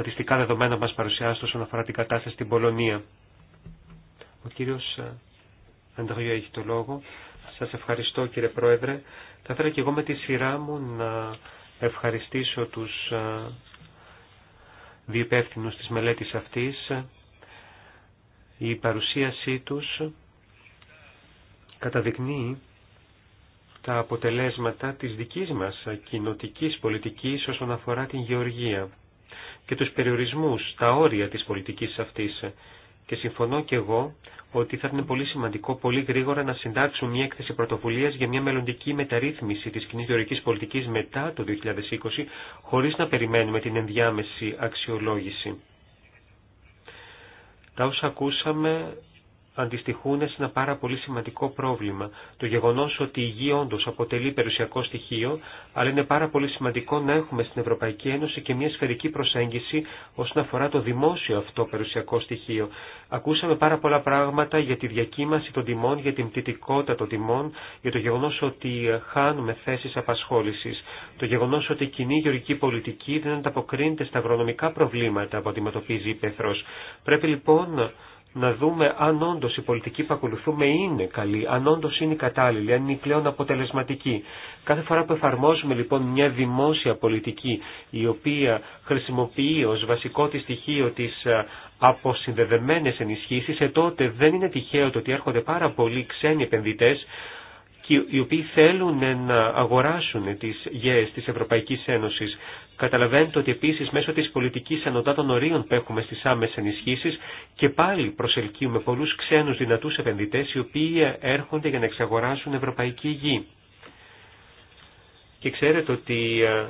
στατιστικά δεδομένα μας παρουσιάσετε όσον αφορά την κατάσταση στην Πολωνία. Ο κύριος ε, Ανταγωγιά έχει το λόγο. Σας ευχαριστώ κύριε Πρόεδρε. Θα ήθελα και εγώ με τη σειρά μου να ευχαριστήσω τους ε, δύο υπεύθυνους της μελέτης αυτής. Η παρουσίασή τους καταδεικνύει τα αποτελέσματα της δικής μας κοινοτικής πολιτικής όσον αφορά την γεωργία και τους περιορισμούς, τα όρια της πολιτικής αυτής. Και συμφωνώ και εγώ ότι θα είναι πολύ σημαντικό πολύ γρήγορα να συντάξουν μια έκθεση πρωτοβουλίας για μια μελλοντική μεταρρύθμιση της κοινή διορικής πολιτικής μετά το 2020, χωρίς να περιμένουμε την ενδιάμεση αξιολόγηση. Τα όσα ακούσαμε αντιστοιχούν σε ένα πάρα πολύ σημαντικό πρόβλημα. Το γεγονός ότι η γη όντως αποτελεί περιουσιακό στοιχείο, αλλά είναι πάρα πολύ σημαντικό να έχουμε στην Ευρωπαϊκή Ένωση και μια σφαιρική προσέγγιση όσον αφορά το δημόσιο αυτό περιουσιακό στοιχείο. Ακούσαμε πάρα πολλά πράγματα για τη διακύμαση των τιμών, για την πτυτικότητα των τιμών, για το γεγονός ότι ε, χάνουμε θέσεις απασχόλησης, το γεγονός ότι η κοινή γεωργική πολιτική δεν ανταποκρίνεται στα αγρονομικά προβλήματα που αντιμετωπίζει η Πεθρός. Πρέπει λοιπόν να δούμε αν όντω η πολιτική που ακολουθούμε είναι καλή, αν όντω είναι κατάλληλη, αν είναι πλέον αποτελεσματική. Κάθε φορά που εφαρμόζουμε λοιπόν μια δημόσια πολιτική η οποία χρησιμοποιεί ως βασικό τη στοιχείο της ε, αποσυνδεδεμένες ενισχύσεις, ε, τότε δεν είναι τυχαίο το ότι έρχονται πάρα πολλοί ξένοι επενδυτές οι οποίοι θέλουν να αγοράσουν τις γέες της Ευρωπαϊκής Ένωσης. Καταλαβαίνετε ότι επίσης μέσω της πολιτικής των ορίων που έχουμε στις άμεσες ενισχύσεις και πάλι προσελκύουμε πολλούς ξένους δυνατούς επενδυτές οι οποίοι έρχονται για να εξαγοράσουν ευρωπαϊκή γη. Και ξέρετε ότι ε,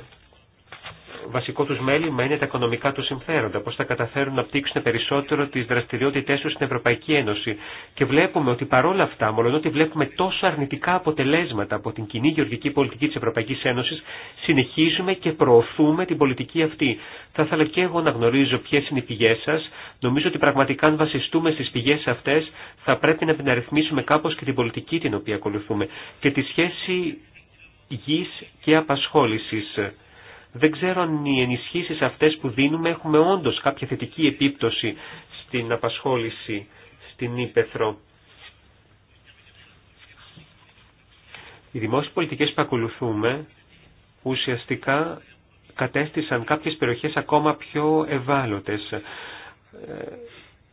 βασικό τους μέλημα είναι τα οικονομικά του συμφέροντα, πώς θα καταφέρουν να πτύξουν περισσότερο τις δραστηριότητές τους στην Ευρωπαϊκή Ένωση. Και βλέπουμε ότι παρόλα αυτά, μόλον ότι βλέπουμε τόσο αρνητικά αποτελέσματα από την κοινή γεωργική πολιτική της Ευρωπαϊκής Ένωσης, συνεχίζουμε και προωθούμε την πολιτική αυτή. Θα ήθελα και εγώ να γνωρίζω ποιες είναι οι πηγές σας. Νομίζω ότι πραγματικά αν βασιστούμε στις πηγές αυτές, θα πρέπει να επιναρρυθμίσουμε κάπως και την πολιτική την οποία ακολουθούμε και τη σχέση γης και απασχόλησης. Δεν ξέρω αν οι ενισχύσεις αυτές που δίνουμε έχουμε όντω κάποια θετική επίπτωση στην απασχόληση στην Ήπεθρο. Οι δημόσιες πολιτικές που ακολουθούμε ουσιαστικά κατέστησαν κάποιες περιοχές ακόμα πιο ευάλωτες. Ε,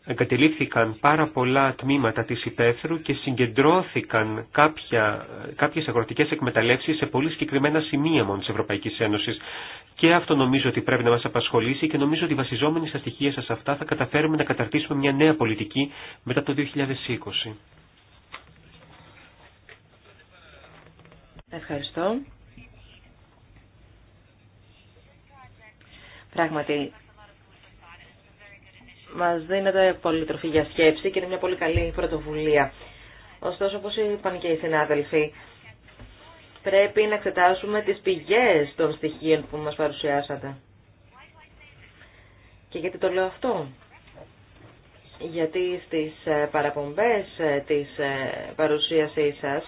εγκατελείφθηκαν πάρα πολλά τμήματα της υπαίθρου και συγκεντρώθηκαν κάποια, κάποιες αγροτικές εκμεταλλεύσεις σε πολύ συγκεκριμένα σημεία μόνο της Ευρωπαϊκής Ένωσης. Και αυτό νομίζω ότι πρέπει να μας απασχολήσει και νομίζω ότι βασιζόμενοι στα στοιχεία σας αυτά θα καταφέρουμε να καταρτήσουμε μια νέα πολιτική μετά το 2020. Ευχαριστώ μας δίνεται πολύ τροφή για σκέψη και είναι μια πολύ καλή πρωτοβουλία. Ωστόσο, όπως είπαν και οι συνάδελφοι, πρέπει να εξετάσουμε τις πηγές των στοιχείων που μας παρουσιάσατε. Και γιατί το λέω αυτό. Γιατί στις ε, παραπομπές ε, της ε, παρουσίασής σας,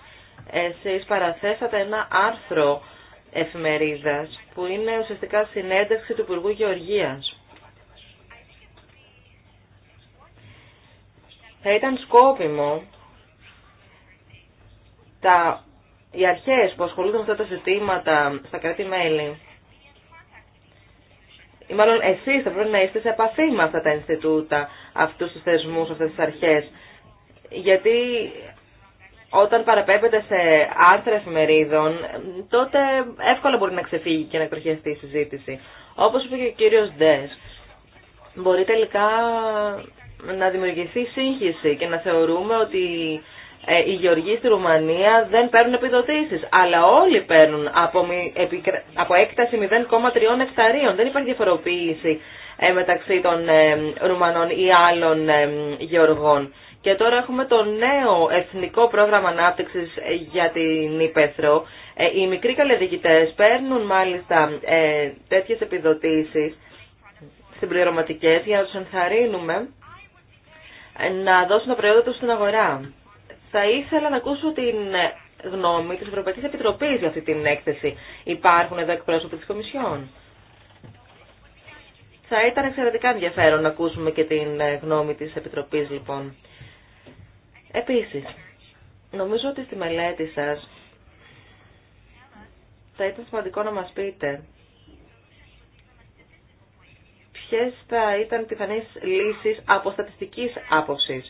εσείς παραθέσατε ένα άρθρο εφημερίδας που είναι ουσιαστικά συνέντευξη του Υπουργού Γεωργίας. θα ήταν σκόπιμο τα, οι αρχές που ασχολούνται με αυτά τα ζητήματα στα κράτη-μέλη ή μάλλον εσείς θα πρέπει να είστε σε επαφή με αυτά τα Ινστιτούτα, αυτούς τους θεσμούς, αυτές τις αρχές. Γιατί όταν παραπέμπεται σε άρθρα εφημερίδων, τότε εύκολα μπορεί να ξεφύγει και να εκτροχιαστεί η συζήτηση. Όπως είπε και ο κύριος Ντες, μπορεί τελικά να δημιουργηθεί σύγχυση και να θεωρούμε ότι ε, οι γεωργοί στη Ρουμανία δεν παίρνουν επιδοτήσεις, αλλά όλοι παίρνουν από, από έκταση 0,3 εκταρίων. Δεν υπάρχει διαφοροποίηση ε, μεταξύ των ε, Ρουμανών ή άλλων γεωργών. Και τώρα έχουμε το νέο Εθνικό Πρόγραμμα Ανάπτυξης για την Ήπεθρο. Οι μικροί καλλιεργητές παίρνουν μάλιστα τέτοιες επιδοτήσεις συμπληρωματικές για να τους ενθαρρύνουμε να δώσουν τα προϊόντα τους στην αγορά. Θα ήθελα να ακούσω την γνώμη της Ευρωπαϊκής Επιτροπής για αυτή την έκθεση. Υπάρχουν εδώ εκπρόσωποι της Κομισιόν. Θα ήταν εξαιρετικά ενδιαφέρον να ακούσουμε και την γνώμη της Επιτροπής λοιπόν. Επίσης, νομίζω ότι στη μελέτη σας θα ήταν σημαντικό να μας πείτε ποιες θα ήταν πιθανές λύσεις από στατιστικής άποψης.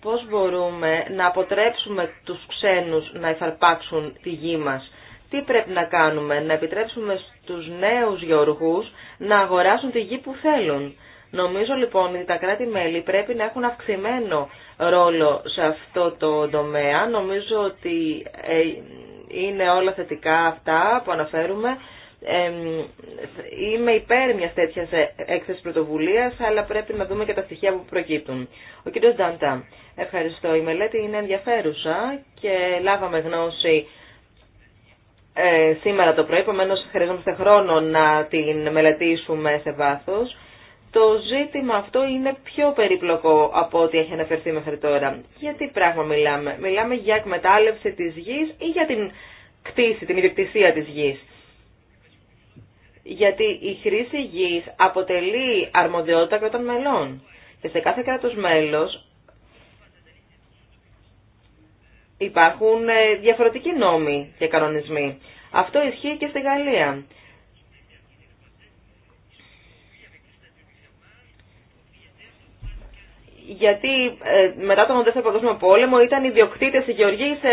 Πώς μπορούμε να αποτρέψουμε τους ξένους να εφαρπάξουν τη γη μας. Τι πρέπει να κάνουμε, να επιτρέψουμε στους νέους γεωργούς να αγοράσουν τη γη που θέλουν. Νομίζω λοιπόν ότι τα κράτη-μέλη πρέπει να έχουν αυξημένο ρόλο σε αυτό το τομέα. Νομίζω ότι ε, είναι όλα θετικά αυτά που αναφέρουμε είμαι υπέρ μια τέτοια ε, έκθεση πρωτοβουλία, αλλά πρέπει να δούμε και τα στοιχεία που προκύπτουν. Ο κ. Νταντά, ευχαριστώ. Η μελέτη είναι ενδιαφέρουσα και λάβαμε γνώση ε, σήμερα το πρωί, επομένω χρειαζόμαστε χρόνο να την μελετήσουμε σε βάθο. Το ζήτημα αυτό είναι πιο περίπλοκο από ό,τι έχει αναφερθεί μέχρι τώρα. Για τι πράγμα μιλάμε. Μιλάμε για εκμετάλλευση της γης ή για την κτίση, την ιδιοκτησία τη γη γιατί η χρήση γης αποτελεί αρμοδιότητα των μελών. Και σε κάθε κράτος μέλος υπάρχουν ε, διαφορετικοί νόμοι και κανονισμοί. Αυτό ισχύει και στη Γαλλία. γιατί ε, μετά τον δεύτερο Παγκόσμιο Πόλεμο ήταν ιδιοκτήτε οι Γεωργοί σε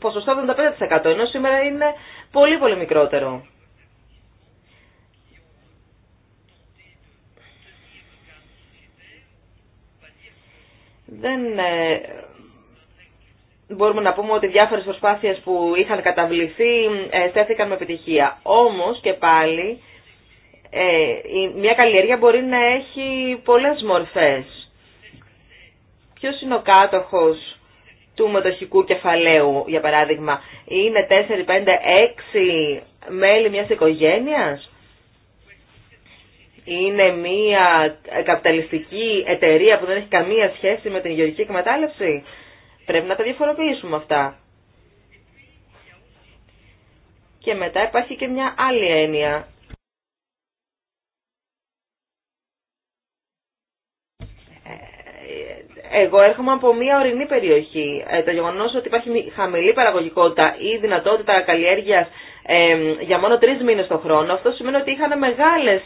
ποσοστό 75% ενώ σήμερα είναι πολύ πολύ μικρότερο. Δεν ε, μπορούμε να πούμε ότι διάφορες προσπάθειες που είχαν καταβληθεί ε, στέθηκαν με επιτυχία. Όμως και πάλι ε, μια καλλιέργεια μπορεί να έχει πολλές μορφές. Ποιος είναι ο κάτοχος του μετοχικού κεφαλαίου, για παράδειγμα. Είναι 4, 5, 6 μέλη μιας οικογένειας είναι μια καπιταλιστική εταιρεία που δεν έχει καμία σχέση με την γεωργική εκμετάλλευση. Πρέπει να τα διαφοροποιήσουμε αυτά. Και μετά υπάρχει και μια άλλη έννοια Εγώ έρχομαι από μια ορεινή περιοχή. Ε, το γεγονό ότι υπάρχει χαμηλή παραγωγικότητα ή δυνατότητα καλλιέργεια για μόνο τρει μήνε το χρόνο, αυτό σημαίνει ότι είχαν μεγάλε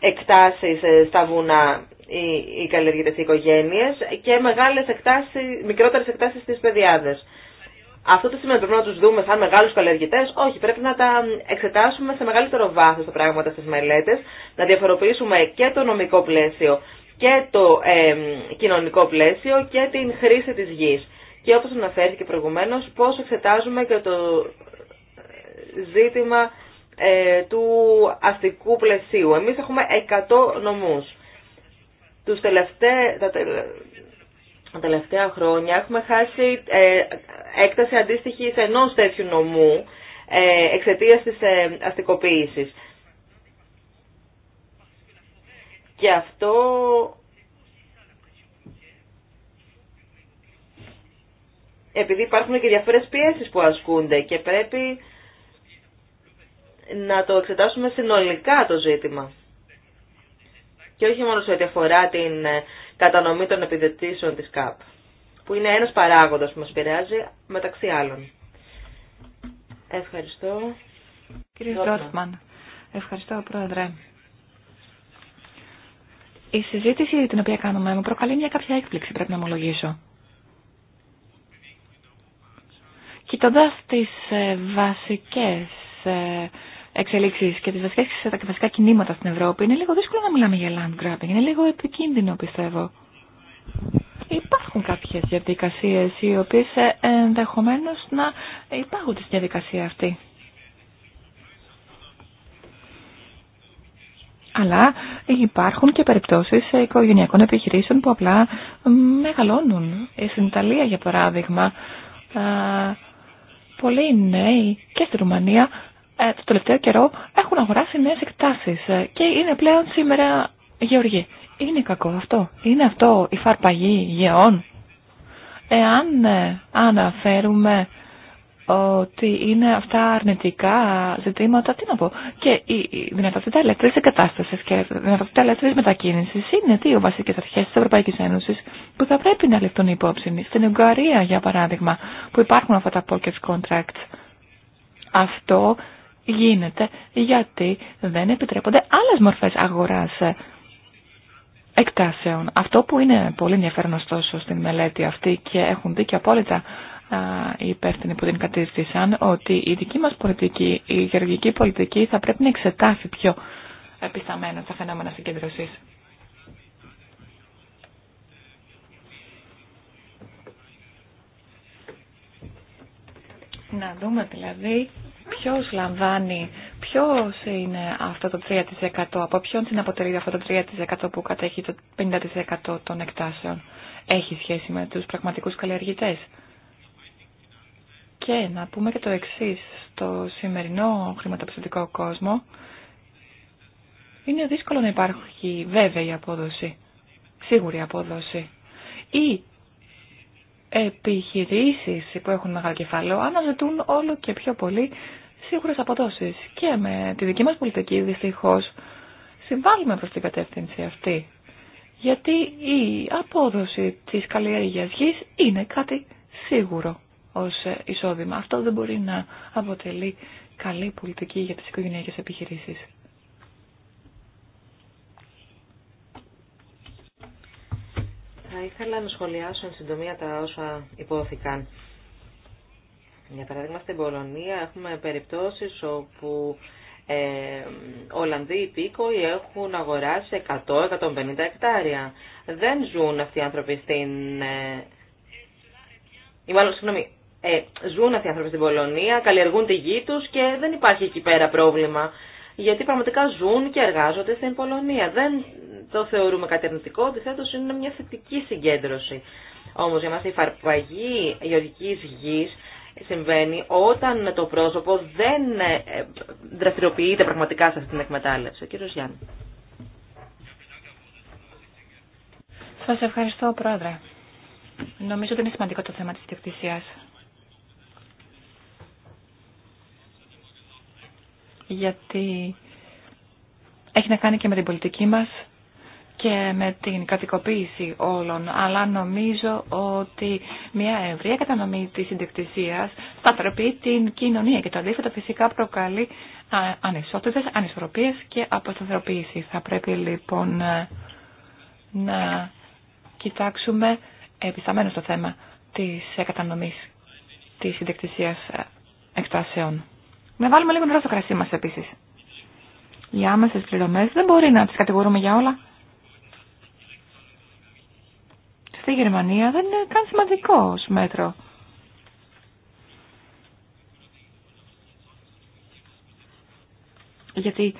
εκτάσει ε, στα βουνά οι, οι καλλιεργητέ οικογένειε και μικρότερε εκτάσει στι παιδιάδε. Αυτό το σημαίνει πρέπει να του δούμε σαν μεγάλου καλλιεργητέ. Όχι, πρέπει να τα εξετάσουμε σε μεγαλύτερο βάθο τα πράγματα στι μελέτε, να διαφοροποιήσουμε και το νομικό πλαίσιο και το ε, κοινωνικό πλαίσιο και την χρήση της γης. Και όπως αναφέρθηκε προηγουμένως, πώς εξετάζουμε και το ζήτημα ε, του αστικού πλαισίου. Εμείς έχουμε 100 νομούς. Τους τελευταί, τα, τελευταία χρόνια έχουμε χάσει ε, έκταση αντίστοιχη ενός τέτοιου νομού ε, εξαιτίας της ε, αστικοποίησης. Και αυτό επειδή υπάρχουν και διαφορετικές πιέσεις που ασκούνται και πρέπει να το εξετάσουμε συνολικά το ζήτημα. Και όχι μόνο σε ό,τι αφορά την ε, κατανομή των επιδετήσεων της ΚΑΠ, που είναι ένας παράγοντας που μας επηρεάζει μεταξύ άλλων. Ευχαριστώ. Κύριε Ντόρφμαν, ευχαριστώ Πρόεδρε. Η συζήτηση την οποία κάνουμε μου προκαλεί μια κάποια έκπληξη, πρέπει να ομολογήσω. Κοιτώντα τι ε, βασικέ ε, εξελίξει και τι τα βασικά κινήματα στην Ευρώπη, είναι λίγο δύσκολο να μιλάμε για land grabbing. Είναι λίγο επικίνδυνο, πιστεύω. Υπάρχουν κάποιε διαδικασίε οι οποίε ενδεχομένω να υπάρχουν στη διαδικασία αυτή. αλλά υπάρχουν και περιπτώσεις οικογενειακών επιχειρήσεων που απλά μεγαλώνουν. Στην Ιταλία, για παράδειγμα, πολλοί νέοι και στη Ρουμανία ε, το τελευταίο καιρό έχουν αγοράσει νέες εκτάσεις ε, και είναι πλέον σήμερα γεωργοί. Είναι κακό αυτό. Είναι αυτό η φαρπαγή γεών. Εάν ε, αναφέρουμε ότι είναι αυτά αρνητικά ζητήματα, τι να πω, και η δυνατότητα ελεύθερη εγκατάσταση και η δυνατότητα ελεύθερη μετακίνηση είναι δύο βασικέ αρχέ τη Ευρωπαϊκή Ένωση που θα πρέπει να ληφθούν υπόψη. Στην Ουγγαρία, για παράδειγμα, που υπάρχουν αυτά τα pocket contracts, αυτό γίνεται γιατί δεν επιτρέπονται άλλε μορφέ αγορά εκτάσεων. Αυτό που είναι πολύ ενδιαφέρον ωστόσο στην μελέτη αυτή και έχουν δει και απόλυτα οι υπεύθυνοι που την κατήρθησαν ότι η δική μας πολιτική, η γεωργική πολιτική θα πρέπει να εξετάσει πιο επισταμένα τα φαινόμενα συγκέντρωσης. Να δούμε δηλαδή ποιος λαμβάνει, ποιος είναι αυτό το 3%, από ποιον την αποτελεί αυτό το 3% που κατέχει το 50% των εκτάσεων. Έχει σχέση με τους πραγματικούς καλλιεργητές. Και να πούμε και το εξή στο σημερινό χρηματοπιστωτικό κόσμο είναι δύσκολο να υπάρχει βέβαιη απόδοση, σίγουρη απόδοση. Ή επιχειρήσεις που έχουν μεγάλο κεφάλαιο αναζητούν όλο και πιο πολύ σίγουρες αποδόσεις. Και με τη δική μας πολιτική δυστυχώς συμβάλλουμε προς την κατεύθυνση αυτή. Γιατί η απόδοση της καλλιέργειας γης είναι κάτι σίγουρο ως εισόδημα. Αυτό δεν μπορεί να αποτελεί καλή πολιτική για τις οικογενειακές επιχειρήσεις. Θα ήθελα να σχολιάσω εν συντομία τα όσα υπόθηκαν. Για παράδειγμα στην Πολωνία έχουμε περιπτώσεις όπου ε, Ολλανδοί υπήκοοι έχουν αγοράσει 100-150 εκτάρια. Δεν ζουν αυτοί οι άνθρωποι στην... Ε, ή μάλλον, συγγνώμη, ε, ζουν αυτοί οι άνθρωποι στην Πολωνία, καλλιεργούν τη γη τους και δεν υπάρχει εκεί πέρα πρόβλημα. Γιατί πραγματικά ζουν και εργάζονται στην Πολωνία. Δεν το θεωρούμε κάτι αρνητικό, αντιθέτω είναι μια θετική συγκέντρωση. Όμω για μα η φαρπαγή γεωργική γη συμβαίνει όταν το πρόσωπο δεν ε, δραστηριοποιείται πραγματικά σε αυτή την εκμετάλλευση. Κύριο Γιάννη. Σα ευχαριστώ, Πρόεδρε. Νομίζω ότι είναι σημαντικό το θέμα τη ιδιοκτησία. γιατί έχει να κάνει και με την πολιτική μας και με την κατοικοποίηση όλων, αλλά νομίζω ότι μια ευρεία κατανομή της συντεκτησίας σταθεροποιεί την κοινωνία και το αντίθετο φυσικά προκαλεί ανισότητες, ανισορροπίες και αποσταθεροποίηση. Θα πρέπει λοιπόν ε, να κοιτάξουμε επισταμένο στο θέμα της κατανομής της συντεκτησίας ε, εκτάσεων. Να βάλουμε λίγο νερό στο κρασί μας επίσης. Οι άμεσες πληρωμές δεν μπορεί να τις κατηγορούμε για όλα. Στη Γερμανία δεν είναι καν σημαντικό μέτρο. Γιατί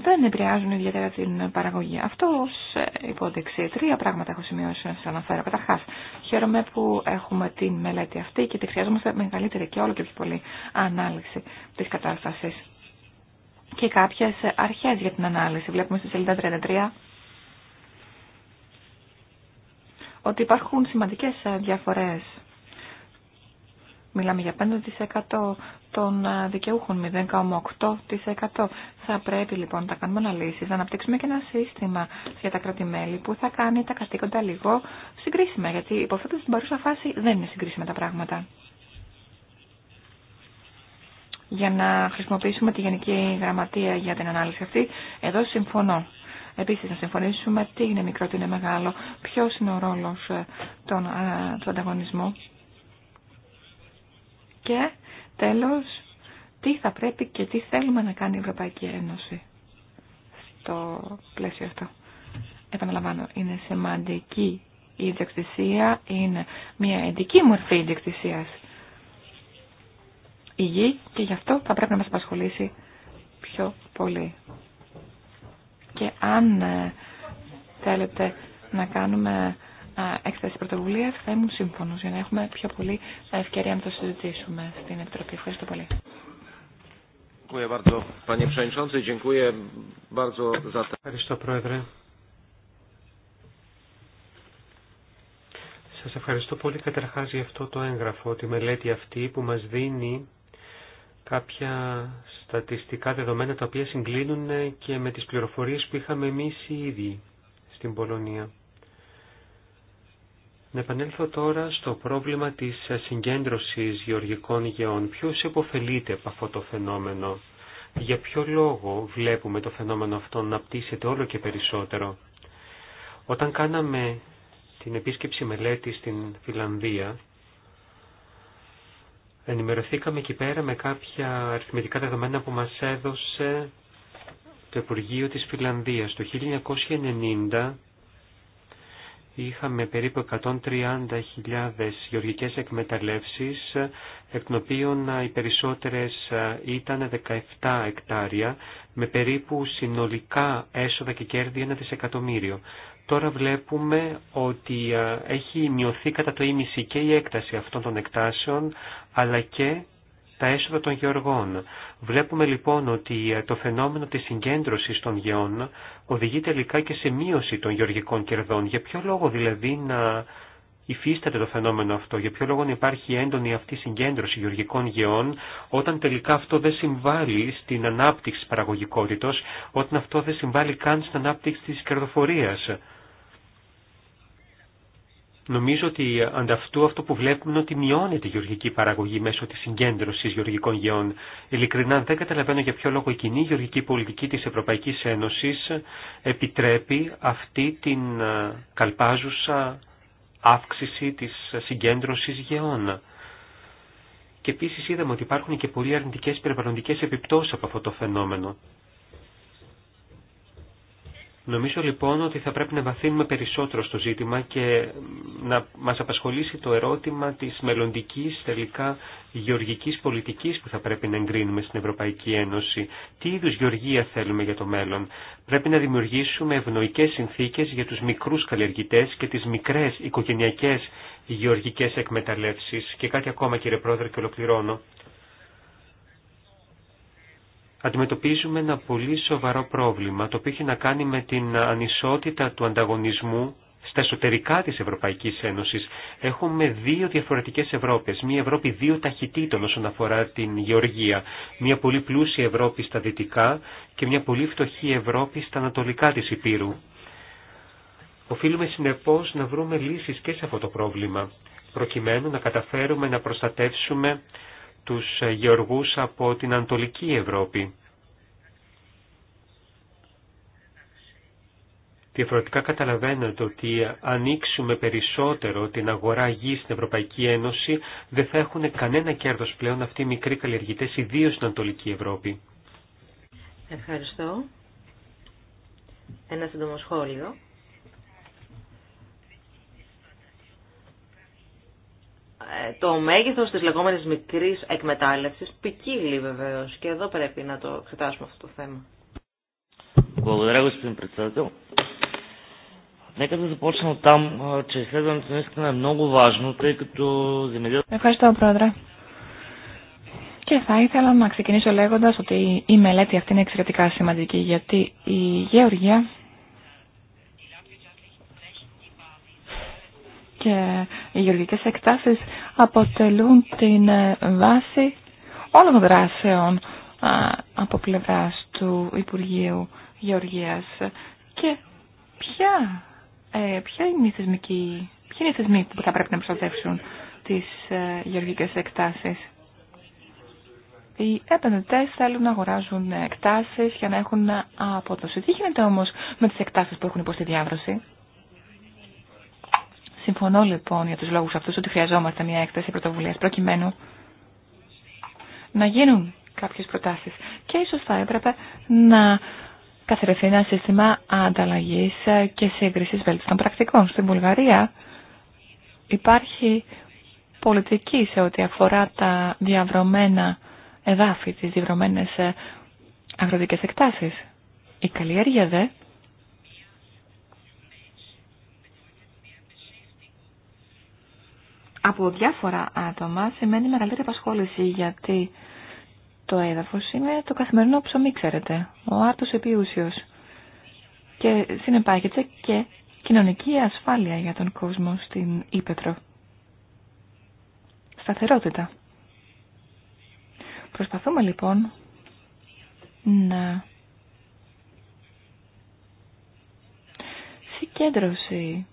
δεν επηρεάζουν ιδιαίτερα την παραγωγή. Αυτό ω υπόδειξη. Τρία πράγματα έχω σημειώσει να σα αναφέρω. Καταρχά, χαίρομαι που έχουμε την μελέτη αυτή και τη χρειαζόμαστε μεγαλύτερη και όλο και πιο πολύ ανάλυση τη κατάσταση. Και κάποιε αρχέ για την ανάλυση. Βλέπουμε στη σελίδα 33 ότι υπάρχουν σημαντικές διαφορές Μιλάμε για 5% των ε, δικαιούχων, 0,8%. Θα πρέπει λοιπόν να κάνουμε αναλύσει να αναπτύξουμε και ένα σύστημα για τα κράτη-μέλη που θα κάνει τα καθήκοντα λίγο συγκρίσιμα, γιατί υποθέτω στην παρούσα φάση δεν είναι συγκρίσιμα τα πράγματα. Για να χρησιμοποιήσουμε τη Γενική Γραμματεία για την ανάλυση αυτή, εδώ συμφωνώ. Επίσης, να συμφωνήσουμε τι είναι μικρό, τι είναι μεγάλο, ποιος είναι ο ρόλος ε, ε, του ανταγωνισμού και τέλος, τι θα πρέπει και τι θέλουμε να κάνει η Ευρωπαϊκή Ένωση στο πλαίσιο αυτό. Επαναλαμβάνω, είναι σημαντική η διεκτησία, είναι μια εντική μορφή διεκτησίας η γη και γι' αυτό θα πρέπει να μας απασχολήσει πιο πολύ. Και αν ε, θέλετε να κάνουμε έκθεση πρωτοβουλία θα ήμουν σύμφωνο για να έχουμε πιο πολύ ευκαιρία να το συζητήσουμε στην Επιτροπή. Ευχαριστώ πολύ. Ευχαριστώ, Πρόεδρε. Σα ευχαριστώ πολύ καταρχά για αυτό το έγγραφο, τη μελέτη αυτή που μα δίνει κάποια στατιστικά δεδομένα τα οποία συγκλίνουν και με τι πληροφορίε που είχαμε εμεί οι ίδιοι στην Πολωνία. Να επανέλθω τώρα στο πρόβλημα της συγκέντρωσης γεωργικών γεών. Ποιος υποφελείται από αυτό το φαινόμενο. Για ποιο λόγο βλέπουμε το φαινόμενο αυτό να πτήσεται όλο και περισσότερο. Όταν κάναμε την επίσκεψη μελέτη στην Φιλανδία, ενημερωθήκαμε εκεί πέρα με κάποια αριθμητικά δεδομένα που μας έδωσε το Υπουργείο της Φιλανδίας. Το 1990 είχαμε περίπου 130.000 γεωργικές εκμεταλλεύσεις, εκ των οποίων οι περισσότερες ήταν 17 εκτάρια, με περίπου συνολικά έσοδα και κέρδη ένα δισεκατομμύριο. Τώρα βλέπουμε ότι έχει μειωθεί κατά το ίμιση και η έκταση αυτών των εκτάσεων, αλλά και στα έσοδα των γεωργών. Βλέπουμε λοιπόν ότι το φαινόμενο της συγκέντρωσης των γεών οδηγεί τελικά και σε μείωση των γεωργικών κερδών. Για ποιο λόγο δηλαδή να υφίσταται το φαινόμενο αυτό, για ποιο λόγο να υπάρχει έντονη αυτή συγκέντρωση γεωργικών γεών, όταν τελικά αυτό δεν συμβάλλει στην ανάπτυξη της όταν αυτό δεν συμβάλλει καν στην ανάπτυξη της κερδοφορίας. Νομίζω ότι ανταυτού αυτό που βλέπουμε είναι ότι μειώνεται η γεωργική παραγωγή μέσω τη συγκέντρωση γεωργικών γεών. Ειλικρινά δεν καταλαβαίνω για ποιο λόγο η κοινή γεωργική πολιτική τη Ευρωπαϊκή Ένωση επιτρέπει αυτή την ε, καλπάζουσα αύξηση τη συγκέντρωση γεών. Και επίση είδαμε ότι υπάρχουν και πολύ αρνητικέ περιβαλλοντικέ επιπτώσει από αυτό το φαινόμενο. Νομίζω λοιπόν ότι θα πρέπει να βαθύνουμε περισσότερο στο ζήτημα και να μας απασχολήσει το ερώτημα της μελλοντική τελικά γεωργικής πολιτικής που θα πρέπει να εγκρίνουμε στην Ευρωπαϊκή Ένωση. Τι είδους γεωργία θέλουμε για το μέλλον. Πρέπει να δημιουργήσουμε ευνοϊκές συνθήκες για τους μικρούς καλλιεργητές και τις μικρές οικογενειακές γεωργικές εκμεταλλεύσεις. Και κάτι ακόμα κύριε Πρόεδρε και ολοκληρώνω αντιμετωπίζουμε ένα πολύ σοβαρό πρόβλημα, το οποίο έχει να κάνει με την ανισότητα του ανταγωνισμού στα εσωτερικά της Ευρωπαϊκής Ένωσης. Έχουμε δύο διαφορετικές Ευρώπες. Μία Ευρώπη δύο ταχυτήτων όσον αφορά την γεωργία. Μία πολύ πλούσια Ευρώπη στα δυτικά και μία πολύ φτωχή Ευρώπη στα ανατολικά της Υπήρου. Οφείλουμε συνεπώς να βρούμε λύσεις και σε αυτό το πρόβλημα, προκειμένου να καταφέρουμε να προστατεύσουμε τους γεωργούς από την Ανατολική Ευρώπη. Διαφορετικά καταλαβαίνετε ότι ανοίξουμε περισσότερο την αγορά γη στην Ευρωπαϊκή Ένωση, δεν θα έχουν κανένα κέρδος πλέον αυτοί οι μικροί καλλιεργητές, ιδίως στην Ανατολική Ευρώπη. Ευχαριστώ. Ένα σύντομο σχόλιο. το μέγεθος της λεγόμενης μικρής εκμετάλλευσης ποικίλει βεβαίως και εδώ πρέπει να το εξετάσουμε αυτό το θέμα. Нека да от там, че изследването наистина е много важно, тъй като земеделието... Ευχαριστώ, πρόεδρε. Και θα ήθελα να ξεκινήσω λέγοντας ότι η μελέτη αυτή είναι εξαιρετικά σημαντική, γιατί η γεωργία και οι γεωργικές εκτάσεις αποτελούν την ε, βάση όλων των δράσεων από πλευράς του Υπουργείου Γεωργίας. Και ποια, ε, ποια είναι η θεσμική, ποια είναι οι θεσμή που θα πρέπει να προστατεύσουν τις ε, γεωργικές εκτάσεις. Οι επενδυτέ θέλουν να αγοράζουν εκτάσει για να έχουν απόδοση. Τι γίνεται όμω με τι εκτάσει που έχουν υποστεί διάβρωση. Συμφωνώ λοιπόν για τους λόγους αυτούς ότι χρειαζόμαστε μια έκθεση πρωτοβουλίας προκειμένου να γίνουν κάποιες προτάσεις και ίσως θα έπρεπε να καθιερωθεί ένα σύστημα ανταλλαγής και σύγκρισης βέλτιστων πρακτικών. Στην Βουλγαρία υπάρχει πολιτική σε ό,τι αφορά τα διαβρωμένα εδάφη, τις διαβρωμένες αγροτικές εκτάσεις. Η καλλιέργεια δε από διάφορα άτομα σημαίνει μεγαλύτερη απασχόληση γιατί το έδαφος είναι το καθημερινό ψωμί, ξέρετε, ο άρτος επιούσιος. Και συνεπάγεται και κοινωνική ασφάλεια για τον κόσμο στην Ήπετρο. Σταθερότητα. Προσπαθούμε λοιπόν να συγκέντρωση,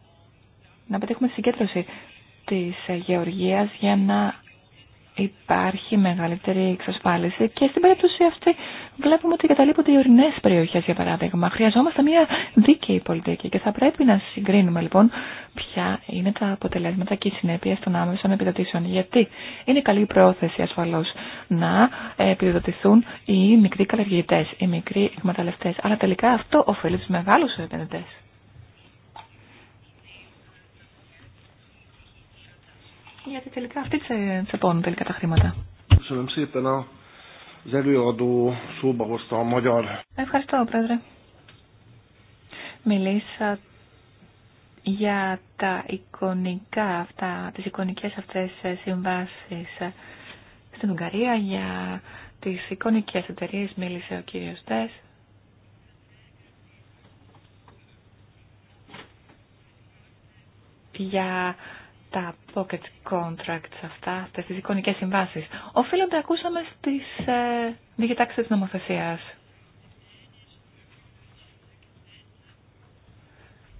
να πετύχουμε συγκέντρωση της γεωργίας για να υπάρχει μεγαλύτερη εξασφάλιση και στην περίπτωση αυτή βλέπουμε ότι καταλείπονται οι ορεινές περιοχές για παράδειγμα. Χρειαζόμαστε μια δίκαιη πολιτική και θα πρέπει να συγκρίνουμε λοιπόν ποια είναι τα αποτελέσματα και οι συνέπειε των άμεσων επιδοτήσεων. Γιατί είναι καλή πρόθεση ασφαλώς να επιδοτηθούν οι μικροί καλλιεργητές, οι μικροί εκμεταλλευτές, αλλά τελικά αυτό ωφελεί τους μεγάλους επενδυτές. Γιατί τελικά αυτοί τσεπώνουν τελικά τα χρήματα. Ευχαριστώ, Πρόεδρε. Μιλήσα για τα εικονικά αυτά, τις εικονικές αυτές ε, συμβάσεις ε, στην Ουγγαρία, για τις εικονικές εταιρείε μίλησε ο κύριος Τες. Για τα pocket contracts αυτά, αυτές τις εικονικές συμβάσεις, οφείλονται, ακούσαμε, στις ε, διατάξεις της νομοθεσίας.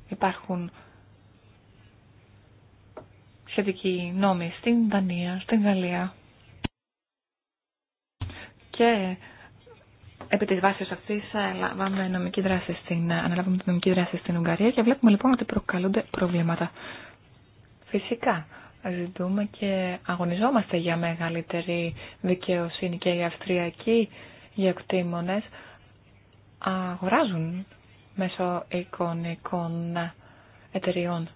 Υπάρχουν σχετικοί νόμοι στην Δανία, στην Γαλλία και επί της βάσης αυτής ε, ε, αναλάβουμε στην, αναλάβαμε νομική δράση στην Ουγγαρία και βλέπουμε λοιπόν ότι προκαλούνται προβλήματα. Φυσικά, ζητούμε και αγωνιζόμαστε για μεγαλύτερη δικαιοσύνη και οι Αυστριακοί γεωκτήμονες αγοράζουν μέσω εικονικών εταιριών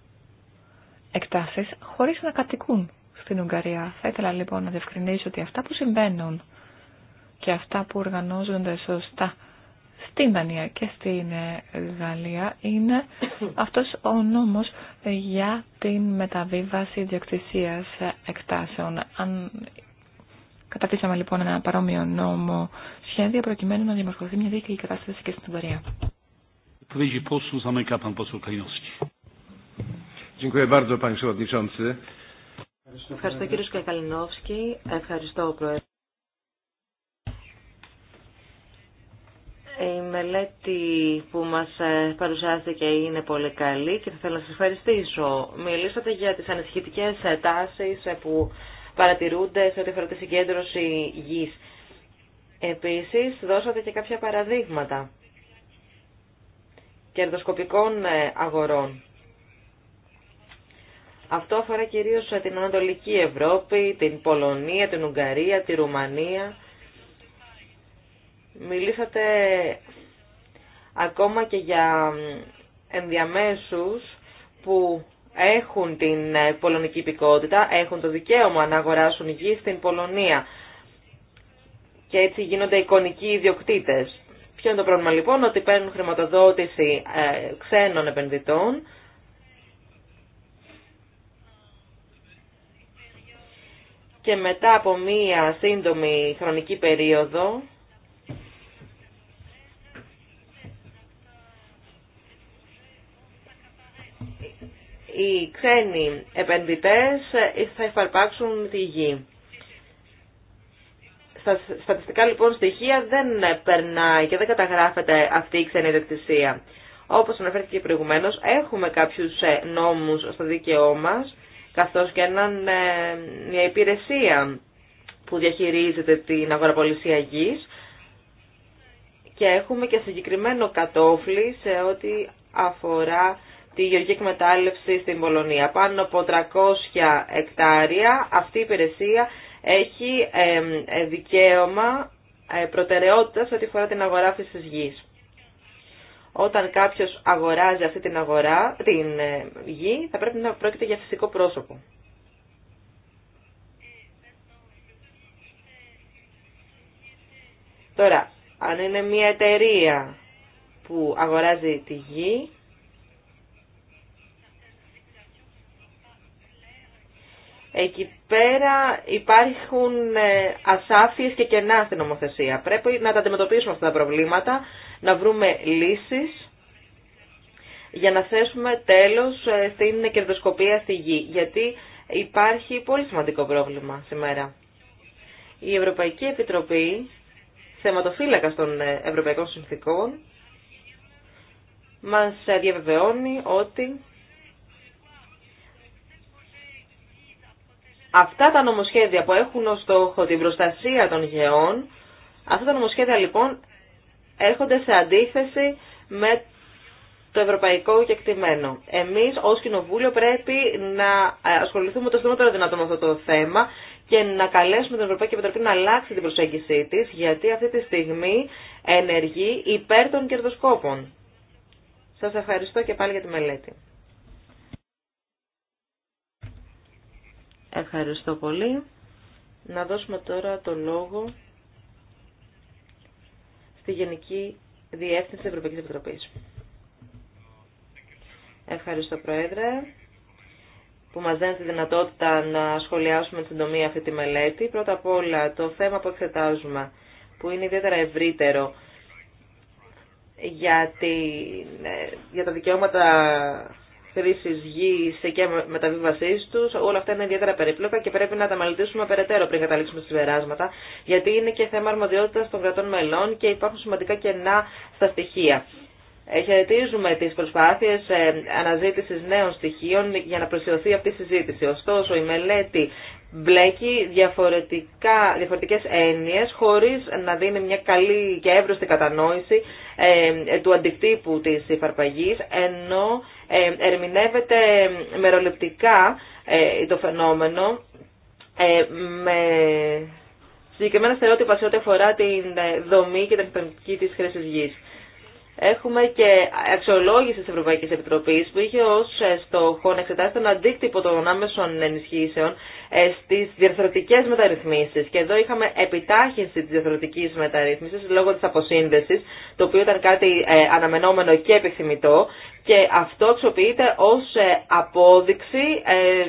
εκτάσεις χωρίς να κατοικούν στην Ουγγαρία. Θα ήθελα λοιπόν να διευκρινίσω ότι αυτά που συμβαίνουν και αυτά που οργανώζονται σωστά στην Δανία και στην ε, Γαλλία είναι αυτός ο νόμος για την μεταβίβαση διοκτησίας ε, εκτάσεων. Αν κατατίσαμε λοιπόν ένα παρόμοιο νόμο σχέδιο προκειμένου να δημοσιοποιηθεί μια δίκαιη κατάσταση και στην Βαρία. Ευχαριστώ κύριε Σκακαλινόφσκι. Ευχαριστώ πρόεδρε. Ε, η μελέτη που μας ε, και είναι πολύ καλή και θα θέλω να σας ευχαριστήσω. Μιλήσατε για τις ανησυχητικές ε, τάσεις που παρατηρούνται σε ό,τι αφορά τη συγκέντρωση γης. Επίσης, δώσατε και κάποια παραδείγματα κερδοσκοπικών αγορών. Αυτό αφορά κυρίως την Ανατολική Ευρώπη, την Πολωνία, την Ουγγαρία, τη Ρουμανία Μιλήσατε ακόμα και για ενδιαμέσους που έχουν την πολωνική υπηκότητα, έχουν το δικαίωμα να αγοράσουν γη στην Πολωνία και έτσι γίνονται εικονικοί ιδιοκτήτες. Ποιο είναι το πρόβλημα λοιπόν, ότι παίρνουν χρηματοδότηση ε, ξένων επενδυτών και μετά από μία σύντομη χρονική περίοδο οι ξένοι επενδυτές θα υφαρπάξουν τη γη. Στα στατιστικά λοιπόν στοιχεία δεν περνάει και δεν καταγράφεται αυτή η ξένη διεκτησία. Όπως αναφέρθηκε προηγουμένως, έχουμε κάποιους ε, νόμους στο δίκαιό μας, καθώς και έναν, ε, μια υπηρεσία που διαχειρίζεται την αγοραπολισία γης και έχουμε και συγκεκριμένο κατόφλι σε ό,τι αφορά τη γεωργική εκμετάλλευση στην Πολωνία. Πάνω από 300 εκτάρια αυτή η υπηρεσία έχει δικαίωμα ε, προτεραιότητας ό,τι φορά την αγορά αυτή τη γης. Όταν κάποιος αγοράζει αυτή την, αγορά, την ε, γη θα πρέπει να πρόκειται για φυσικό πρόσωπο. Τώρα, αν είναι μια εταιρεία που αγοράζει τη γη, Εκεί πέρα υπάρχουν ε, ασάφειες και κενά στην νομοθεσία. Πρέπει να τα αντιμετωπίσουμε αυτά τα προβλήματα, να βρούμε λύσεις για να θέσουμε τέλος ε, στην κερδοσκοπία στη γη. Γιατί υπάρχει πολύ σημαντικό πρόβλημα σήμερα. Η Ευρωπαϊκή Επιτροπή, θεματοφύλακα των ε, Ευρωπαϊκών Συνθήκων, μας διαβεβαιώνει ότι Αυτά τα νομοσχέδια που έχουν ως στόχο την προστασία των γεών, αυτά τα νομοσχέδια λοιπόν έρχονται σε αντίθεση με το ευρωπαϊκό κεκτημένο. Εμείς ως Κοινοβούλιο πρέπει να ε, ασχοληθούμε το συντομότερο δυνατόν με αυτό το θέμα και να καλέσουμε την Ευρωπαϊκή Επιτροπή να αλλάξει την προσέγγιση της, γιατί αυτή τη στιγμή ενεργεί υπέρ των κερδοσκόπων. Σας ευχαριστώ και πάλι για τη μελέτη. Ευχαριστώ πολύ. Να δώσουμε τώρα το λόγο στη Γενική Διεύθυνση Ευρωπαϊκής Επιτροπής. Ευχαριστώ Πρόεδρε που μας δίνει τη δυνατότητα να σχολιάσουμε την τομή αυτή τη μελέτη. Πρώτα απ' όλα το θέμα που εξετάζουμε που είναι ιδιαίτερα ευρύτερο για, ε, για τα δικαιώματα χρήση γη και μεταβίβασή του. Όλα αυτά είναι ιδιαίτερα περίπλοκα και πρέπει να τα μελετήσουμε περαιτέρω πριν καταλήξουμε στι συμπεράσματα, γιατί είναι και θέμα αρμοδιότητα των κρατών μελών και υπάρχουν σημαντικά κενά στα στοιχεία. Χαιρετίζουμε τι προσπάθειε ε, αναζήτηση νέων στοιχείων για να προσιωθεί αυτή η συζήτηση. Ωστόσο, η μελέτη μπλέκει διαφορετικέ διαφορετικές χωρί να δίνει μια καλή και εύρωστη κατανόηση ε, του αντιτύπου τη υφαρπαγή, ενώ ε, ερμηνεύεται μεροληπτικά ε, το φαινόμενο ε, με συγκεκριμένα στερεότυπα σε ό,τι αφορά την δομή και την εκπαιδευτική της χρήσης γης. Έχουμε και αξιολόγηση της Ευρωπαϊκής Επιτροπής που είχε ως ε, στόχο να εξετάσει τον αντίκτυπο των άμεσων ενισχύσεων ε, στις διαρθρωτικέ μεταρρυθμίσεις. Και εδώ είχαμε επιτάχυνση της διαρθρωτική μεταρρύθμισης λόγω της αποσύνδεσης, το οποίο ήταν κάτι ε, αναμενόμενο και επιθυμητό. Και αυτό αξιοποιείται ως απόδειξη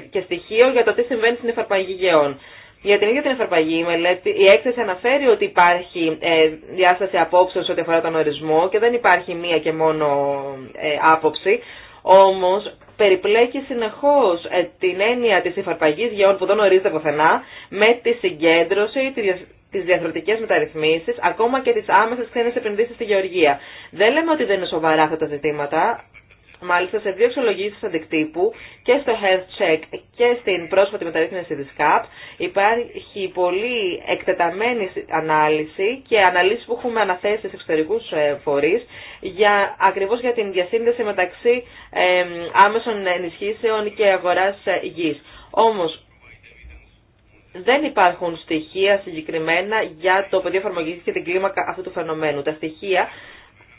και στοιχείο για το τι συμβαίνει στην εφαρπαγή γεών. Για την ίδια την εφαρπαγή, η, η έκθεση αναφέρει ότι υπάρχει ε, διάσταση απόψεως ό,τι αφορά τον ορισμό και δεν υπάρχει μία και μόνο ε, άποψη. Όμως περιπλέκει συνεχώς ε, την έννοια της εφαρπαγή γεών που δεν ορίζεται πουθενά με τη συγκέντρωση, τις διαφορετικέ μεταρρυθμίσεις, ακόμα και τις άμεσες ξένες επενδύσει στη γεωργία. Δεν λέμε ότι δεν είναι σοβαρά αυτά τα ζητήματα, μάλιστα σε δύο εξολογήσεις αντικτύπου και στο Health Check και στην πρόσφατη μεταρρύθμιση της CAP υπάρχει πολύ εκτεταμένη ανάλυση και αναλύσεις που έχουμε αναθέσει σε εξωτερικούς ε, φορείς για, ακριβώς για την διασύνδεση μεταξύ άμεσων ενισχύσεων και αγοράς ε, γης. Όμως, δεν υπάρχουν στοιχεία συγκεκριμένα για το πεδίο εφαρμογή και την κλίμακα αυτού του φαινομένου. Τα στοιχεία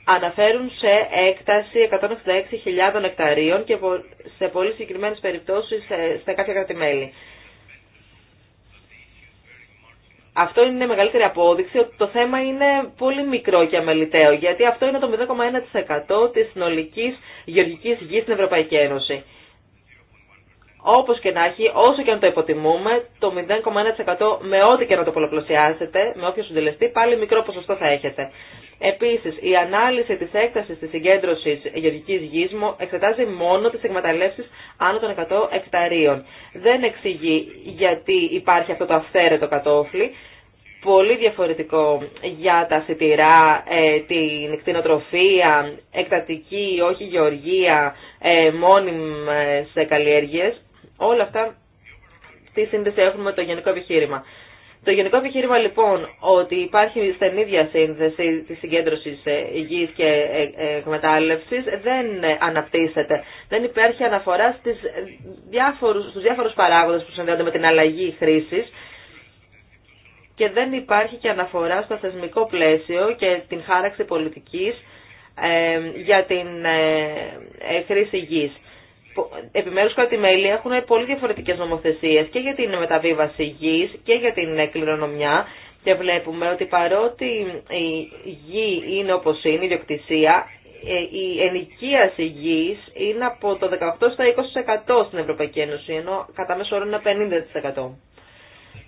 αναφέρουν σε έκταση 166.000 εκταρίων και σε πολύ συγκεκριμένες περιπτώσεις ε, στα κάποια κρατημέλη. Αυτό είναι η μεγαλύτερη απόδειξη ότι το θέμα είναι πολύ μικρό και αμεληταίο, γιατί αυτό είναι το 0,1% της συνολικής γεωργικής γης στην Ευρωπαϊκή Ένωση. Όπως και να έχει, όσο και να το υποτιμούμε, το 0,1% με ό,τι και να το πολλαπλασιάσετε, με όποιο συντελεστή, πάλι μικρό ποσοστό θα έχετε. Επίσης, η ανάλυση της έκτασης της συγκέντρωσης γεωργικής γης εξετάζει μόνο τις εκμεταλλεύσεις άνω των 100 εκταρίων. Δεν εξηγεί γιατί υπάρχει αυτό το αυθαίρετο κατόφλι. Πολύ διαφορετικό για τα σιτηρά, ε, την κτηνοτροφία, εκτατική, όχι γεωργία, ε, μόνιμες καλλιέργειες όλα αυτά τι σύνδεση έχουν με το γενικό επιχείρημα. Το γενικό επιχείρημα λοιπόν ότι υπάρχει στενή διασύνδεση τη συγκέντρωση ε, υγιή και ε, ε, εκμετάλλευση δεν αναπτύσσεται. Δεν υπάρχει αναφορά στου διάφορου στους διάφορους παράγοντες που συνδέονται με την αλλαγή χρήση και δεν υπάρχει και αναφορά στο θεσμικό πλαίσιο και την χάραξη πολιτικής για την χρήση υγιής επιμέρους κρατημέλη έχουν πολύ διαφορετικές νομοθεσίες και για την μεταβίβαση γης και για την κληρονομιά και βλέπουμε ότι παρότι η γη είναι όπως είναι, η διοκτησία, ε, η ενοικίαση γης είναι από το 18% στα 20% στην Ευρωπαϊκή Ένωση, ενώ κατά μέσο όρο είναι 50%.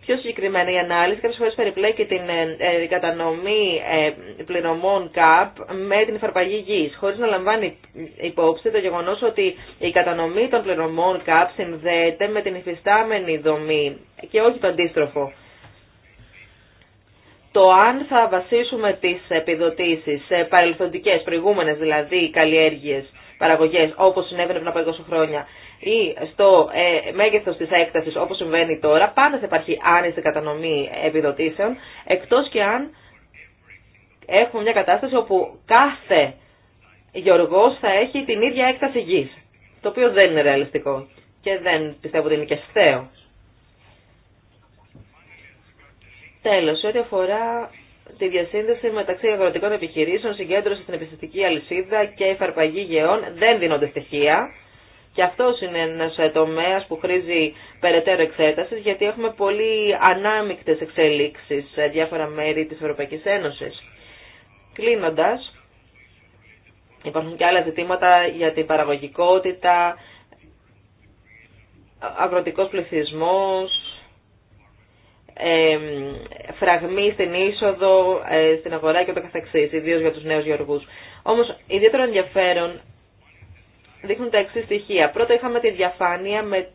Πιο συγκεκριμένα η ανάλυση κάποιες φορές περιπλέκει την ε, ε, κατανομή ε, πληρωμών ΚΑΠ με την εφαρπαγή γης, χωρίς να λαμβάνει υπόψη το γεγονός ότι η κατανομή των πληρωμών ΚΑΠ συνδέεται με την υφιστάμενη δομή και όχι το αντίστροφο. Το αν θα βασίσουμε τις επιδοτήσεις σε παρελθοντικές, προηγούμενες δηλαδή καλλιέργειες, παραγωγές όπως συνέβαινε πριν από 20 χρόνια ή στο ε, μέγεθος της έκτασης όπως συμβαίνει τώρα, πάντα θα υπάρχει άνεση κατανομή επιδοτήσεων, εκτός και αν έχουμε μια κατάσταση όπου κάθε γεωργός θα έχει την ίδια έκταση γης, το οποίο δεν είναι ρεαλιστικό και δεν πιστεύω ότι είναι και στέο. Τέλος, ό,τι αφορά τη διασύνδεση μεταξύ αγροτικών επιχειρήσεων, συγκέντρωση στην επιστημική αλυσίδα και εφαρπαγή γεών, δεν δίνονται στοιχεία. Και αυτό είναι ένα ε, τομέα που χρήζει περαιτέρω εξέταση, γιατί έχουμε πολύ ανάμεικτε εξελίξει σε διάφορα μέρη τη Ευρωπαϊκή Ένωση. Κλείνοντα, υπάρχουν και άλλα ζητήματα για την παραγωγικότητα, αγροτικός πληθυσμό, ε, φραγμή στην είσοδο, ε, στην αγορά και το καθεξής, ιδίως για τους νέους γεωργούς. Όμως, ιδιαίτερο ενδιαφέρον δείχνουν τα εξή στοιχεία. Πρώτα είχαμε τη διαφάνεια με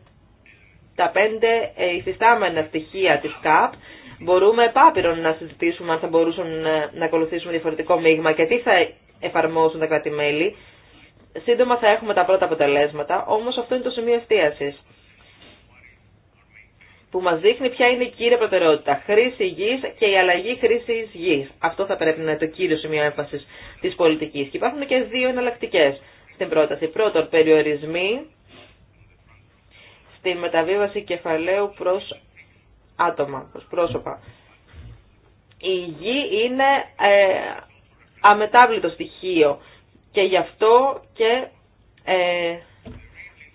τα πέντε ε, υφιστάμενα στοιχεία της ΚΑΠ. Μπορούμε επάπειρον να συζητήσουμε αν θα μπορούσαν ε, να ακολουθήσουμε διαφορετικό μείγμα και τι θα εφαρμόσουν τα κράτη-μέλη. Σύντομα θα έχουμε τα πρώτα αποτελέσματα, όμως αυτό είναι το σημείο εστίασης που μας δείχνει ποια είναι η κύρια προτεραιότητα. Χρήση γης και η αλλαγή χρήσης γης. Αυτό θα πρέπει να είναι το κύριο σημείο έμφασης της πολιτικής. Και υπάρχουν και δύο εναλλακτικέ στην πρόταση. Πρώτον, περιορισμοί στη μεταβίβαση κεφαλαίου προς άτομα, προς πρόσωπα. Η γη είναι ε, αμετάβλητο στοιχείο και γι' αυτό και ε,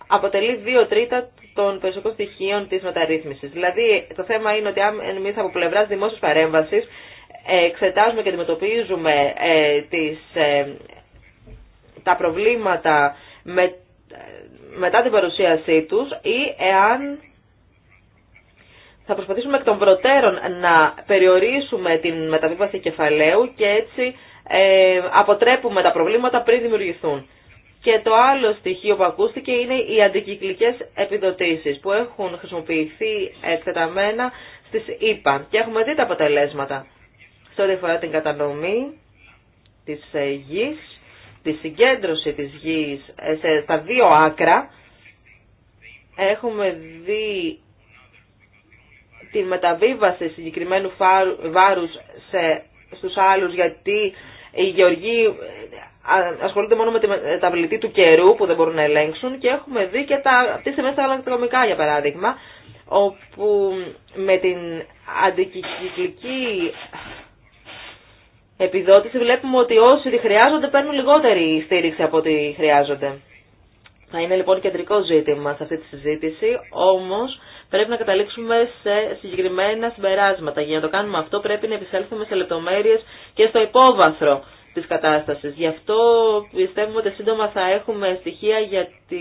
αποτελεί δύο τρίτα των περισσοκών στοιχείων της μεταρρύθμισης. Δηλαδή το θέμα είναι ότι αν εμείς από πλευράς δημόσιας παρέμβασης ε, εξετάζουμε και αντιμετωπίζουμε τις τα προβλήματα με, μετά την παρουσίασή τους ή εάν θα προσπαθήσουμε εκ των προτέρων να περιορίσουμε την μεταβίβαση κεφαλαίου και έτσι ε, αποτρέπουμε τα προβλήματα πριν δημιουργηθούν. Και το άλλο στοιχείο που ακούστηκε είναι οι αντικυκλικές επιδοτήσεις που έχουν χρησιμοποιηθεί εκτεταμένα στις ΕΠΑ και έχουμε δει τα αποτελέσματα. Σε ό,τι αφορά την κατανομή της ε, γης, τη συγκέντρωση της γης σε, στα δύο άκρα, έχουμε δει τη μεταβίβαση συγκεκριμένου βάρους σε, στους άλλους, γιατί οι γεωργοί ε, ασχολούνται μόνο με τη μεταβλητή του καιρού που δεν μπορούν να ελέγξουν και έχουμε δει και τα πτήσεμε στα αλλακτρομικά για παράδειγμα όπου με την αντικυκλική επιδότηση βλέπουμε ότι όσοι τη χρειάζονται παίρνουν λιγότερη στήριξη από ό,τι χρειάζονται. Θα είναι λοιπόν κεντρικό ζήτημα σε αυτή τη συζήτηση, όμως πρέπει να καταλήξουμε σε συγκεκριμένα συμπεράσματα. Για να το κάνουμε αυτό πρέπει να επισέλθουμε σε λεπτομέρειες και στο υπόβαθρο της κατάστασης. Γι' αυτό πιστεύουμε ότι σύντομα θα έχουμε στοιχεία για τη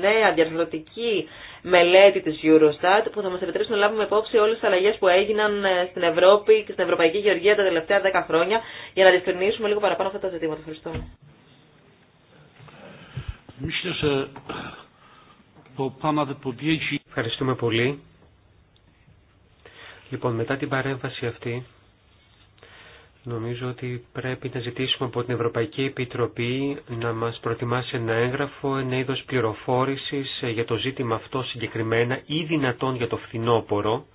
νέα διαρθρωτική μελέτη της Eurostat που θα μας επιτρέψει να λάβουμε υπόψη όλες τις αλλαγές που έγιναν ε, στην Ευρώπη και στην Ευρωπαϊκή Γεωργία τα τελευταία 10 χρόνια για να διευκρινίσουμε λίγο παραπάνω αυτά τα ζητήματα. Ευχαριστώ. Ευχαριστούμε πολύ. Λοιπόν, μετά την παρέμβαση αυτή Νομίζω ότι πρέπει να ζητήσουμε από την Ευρωπαϊκή Επιτροπή να μας προετοιμάσει ένα έγγραφο, ένα είδος πληροφόρησης για το ζήτημα αυτό συγκεκριμένα ή δυνατόν για το φθινόπωρο,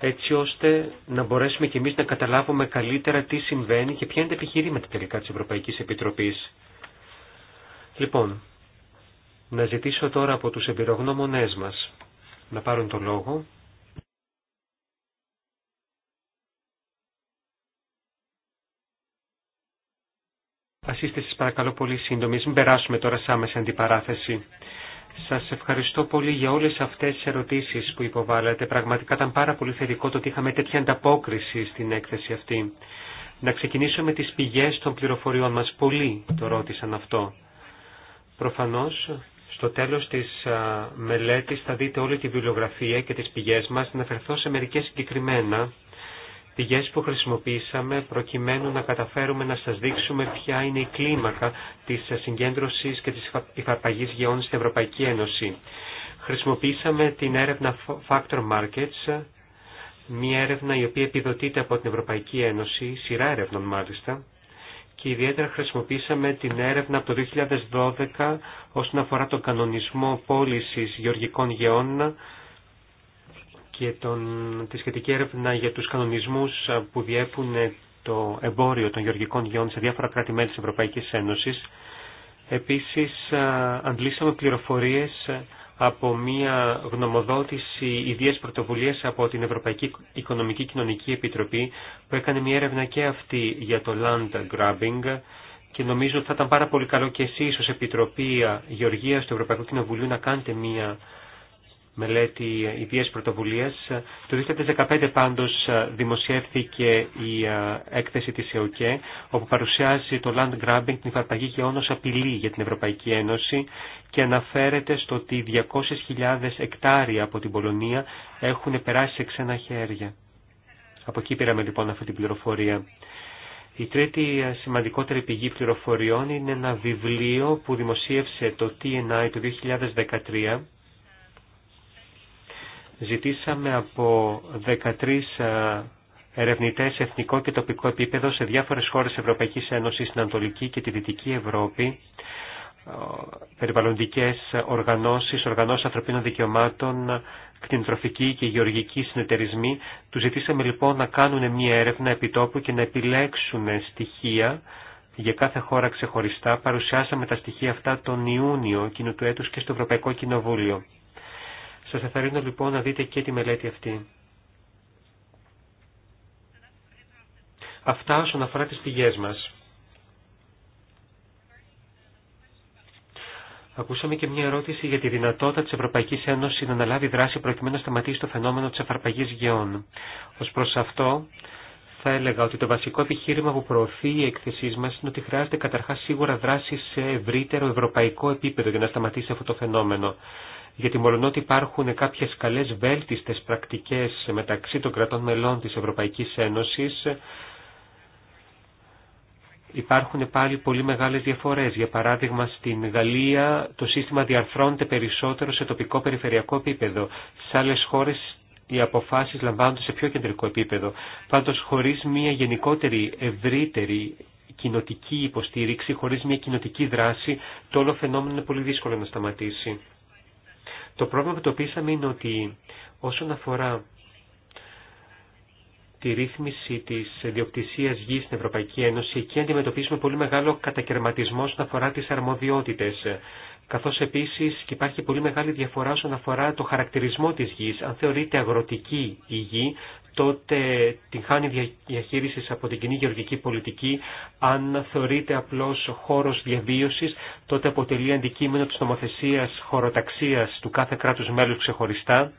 έτσι ώστε να μπορέσουμε κι εμείς να καταλάβουμε καλύτερα τι συμβαίνει και ποια είναι τα επιχειρήματα τελικά της Ευρωπαϊκής Επιτροπής. Λοιπόν, να ζητήσω τώρα από τους εμπειρογνώμονές μας να πάρουν το λόγο. Ας είστε σας παρακαλώ πολύ σύντομοι, μην περάσουμε τώρα σε άμεση αντιπαράθεση. Σας ευχαριστώ πολύ για όλες αυτές τις ερωτήσεις που υποβάλλατε. Πραγματικά ήταν πάρα πολύ θετικό το ότι είχαμε τέτοια ανταπόκριση στην έκθεση αυτή. Να ξεκινήσω με τις πηγές των πληροφοριών μας. Πολλοί το ρώτησαν αυτό. Προφανώς, στο τέλος της μελέτη θα δείτε όλη τη βιβλιογραφία και τις πηγές μας. Να αναφερθώ σε μερικές συγκεκριμένα πηγές που χρησιμοποίησαμε προκειμένου να καταφέρουμε να σας δείξουμε ποια είναι η κλίμακα της συγκέντρωσης και της υφαρπαγής γεών στην Ευρωπαϊκή Ένωση. Χρησιμοποίησαμε την έρευνα Factor Markets, μια έρευνα η οποία επιδοτείται από την Ευρωπαϊκή Ένωση, σειρά έρευνων μάλιστα, και ιδιαίτερα χρησιμοποίησαμε την έρευνα από το 2012 όσον αφορά τον κανονισμό πώληση γεωργικών γεών και τον, τη σχετική έρευνα για τους κανονισμούς που διέπουν το εμπόριο των γεωργικών γεών σε διάφορα κράτη-μέλη της Ευρωπαϊκής Ένωσης. Επίσης, αντλήσαμε πληροφορίες από μια γνωμοδότηση ιδίας πρωτοβουλίας από την Ευρωπαϊκή Οικονομική Κοινωνική Επιτροπή που έκανε μια έρευνα και αυτή για το land grabbing και νομίζω ότι θα ήταν πάρα πολύ καλό και εσείς ως Επιτροπή Γεωργίας του Ευρωπαϊκού Κοινοβουλίου να κάνετε μια μελέτη ιδίας πρωτοβουλίας. Το 2015 πάντως δημοσιεύθηκε η ε, έκθεση της ΕΟΚΕ, όπου παρουσιάζει το land grabbing, την υφαρπαγή και όνος απειλή για την Ευρωπαϊκή Ένωση και αναφέρεται στο ότι 200.000 εκτάρια από την Πολωνία έχουν περάσει σε ξένα χέρια. Από εκεί πήραμε λοιπόν αυτή την πληροφορία. Η τρίτη ε, σημαντικότερη πηγή πληροφοριών είναι ένα βιβλίο που δημοσίευσε το TNI το 2013 ζητήσαμε από 13 ε, ερευνητές εθνικό και τοπικό επίπεδο σε διάφορες χώρες Ευρωπαϊκής Ένωσης στην Ανατολική και τη Δυτική Ευρώπη ε, περιβαλλοντικές οργανώσεις, οργανώσεις ανθρωπίνων δικαιωμάτων, κτηνοτροφικοί και γεωργική συνεταιρισμοί. Τους ζητήσαμε λοιπόν να κάνουν μια έρευνα επιτόπου και να επιλέξουν στοιχεία για κάθε χώρα ξεχωριστά. Παρουσιάσαμε τα στοιχεία αυτά τον Ιούνιο εκείνου του έτους και στο Ευρωπαϊκό Κοινοβούλιο. Σας εθαρρύνω λοιπόν να δείτε και τη μελέτη αυτή. Αυτά όσον αφορά τις πηγές μας. Ακούσαμε και μια ερώτηση για τη δυνατότητα της Ευρωπαϊκής Ένωσης να αναλάβει δράση προκειμένου να σταματήσει το φαινόμενο της αφαρπαγής γεών. Ως προς αυτό, θα έλεγα ότι το βασικό επιχείρημα που προωθεί η έκθεσή μα είναι ότι χρειάζεται καταρχάς σίγουρα δράση σε ευρύτερο ευρωπαϊκό επίπεδο για να σταματήσει αυτό το φαινόμενο γιατί μολονότι υπάρχουν κάποιες καλές βέλτιστες πρακτικές μεταξύ των κρατών μελών της Ευρωπαϊκής Ένωσης, υπάρχουν πάλι πολύ μεγάλες διαφορές. Για παράδειγμα, στην Γαλλία το σύστημα διαρθρώνεται περισσότερο σε τοπικό περιφερειακό επίπεδο. Σε άλλες χώρες οι αποφάσεις λαμβάνονται σε πιο κεντρικό επίπεδο. Πάντως, χωρίς μια γενικότερη, ευρύτερη κοινοτική υποστήριξη, χωρίς μια κοινοτική δράση, το όλο φαινόμενο είναι πολύ δύσκολο να σταματήσει. Το πρόβλημα που το πείσαμε είναι ότι όσον αφορά τη ρύθμιση της διοκτησίας γης στην Ευρωπαϊκή Ένωση, εκεί αντιμετωπίσουμε πολύ μεγάλο κατακαιρματισμό όσον αφορά τις αρμοδιότητες καθώς επίσης υπάρχει πολύ μεγάλη διαφορά όσον αφορά το χαρακτηρισμό της γης. Αν θεωρείται αγροτική η γη, τότε την χάνει διαχείριση από την κοινή γεωργική πολιτική. Αν θεωρείται απλώς χώρος διαβίωσης, τότε αποτελεί αντικείμενο της νομοθεσίας χωροταξίας του κάθε κράτους μέλους ξεχωριστά.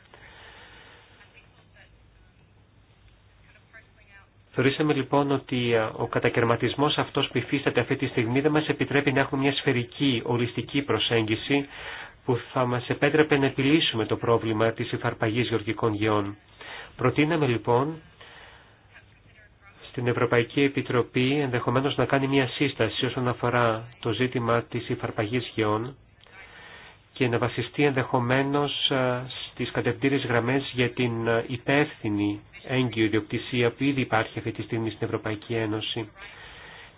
Θεωρήσαμε λοιπόν ότι ε, ο κατακαιρματισμός αυτός που υφίσταται αυτή τη στιγμή δεν μας επιτρέπει να έχουμε μια σφαιρική, ολιστική προσέγγιση που θα μας επέτρεπε να επιλύσουμε το πρόβλημα της υφαρπαγής γεωργικών γεών. Προτείναμε λοιπόν στην Ευρωπαϊκή Επιτροπή ενδεχομένως να κάνει μια σύσταση όσον αφορά το ζήτημα της υφαρπαγής γεών και να βασιστεί ενδεχομένως ε, στις κατευθύνσει γραμμές για την ε, υπεύθυνη έγκυο ιδιοκτησία που ήδη υπάρχει αυτή τη στιγμή στην Ευρωπαϊκή Ένωση.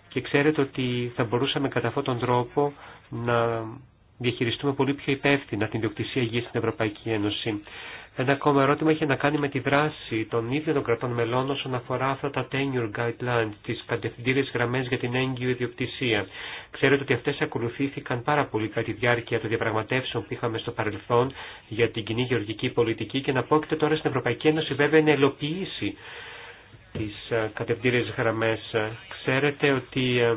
Και ξέρετε ότι θα μπορούσαμε κατά αυτόν τον τρόπο να διαχειριστούμε πολύ πιο υπεύθυνα την ιδιοκτησία γης στην Ευρωπαϊκή Ένωση. Ένα ακόμα ερώτημα είχε να κάνει με τη δράση των ίδιων των κρατών μελών όσον αφορά αυτά τα tenure guidelines, τις κατευθυντήριες γραμμές για την έγκυο ιδιοκτησία. Ξέρετε ότι αυτές ακολουθήθηκαν πάρα πολύ κατά τη διάρκεια των διαπραγματεύσεων που είχαμε στο παρελθόν για την κοινή γεωργική πολιτική και να πρόκειται τώρα στην Ευρωπαϊκή Ένωση βέβαια να ελοποιήσει τις ε, κατευθυντήριες γραμμές. Ξέρετε ότι ε,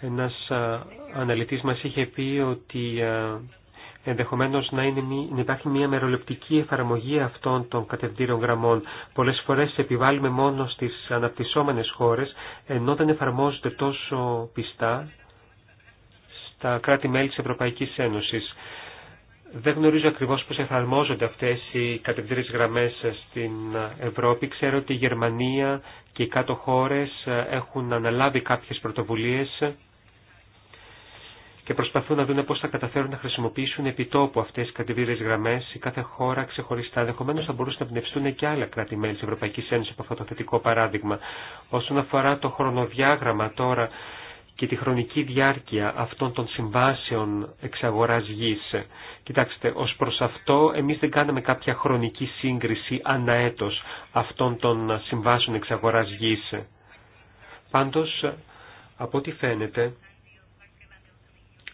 ένας ε, αναλυτής μας είχε πει ότι ενδεχομένως να, υπάρχει μια μεροληπτική εφαρμογή αυτών των κατευθύνων γραμμών. Πολλές φορές επιβάλλουμε μόνο στις αναπτυσσόμενες χώρες, ενώ δεν εφαρμόζονται τόσο πιστά στα κράτη-μέλη της Ευρωπαϊκής Ένωσης. Δεν γνωρίζω ακριβώς πώς εφαρμόζονται αυτές οι κατευθύνες γραμμές στην Ευρώπη. Ξέρω ότι η Γερμανία και οι κάτω χώρες έχουν αναλάβει κάποιες πρωτοβουλίες και προσπαθούν να δουν πώ θα καταφέρουν να χρησιμοποιήσουν επιτόπου αυτέ τι κατηβίδε γραμμέ η κάθε χώρα ξεχωριστά. Ενδεχομένω θα μπορούσαν να πνευστούν και άλλα κράτη-μέλη τη Ευρωπαϊκή Ένωση από αυτό το θετικό παράδειγμα. Όσον αφορά το χρονοδιάγραμμα τώρα και τη χρονική διάρκεια αυτών των συμβάσεων εξαγορά γη, Κοιτάξτε, ω προ αυτό εμεί δεν κάναμε κάποια χρονική σύγκριση αναέτο αυτών των συμβάσεων εξαγορά γη. Πάντω από ό,τι φαίνεται,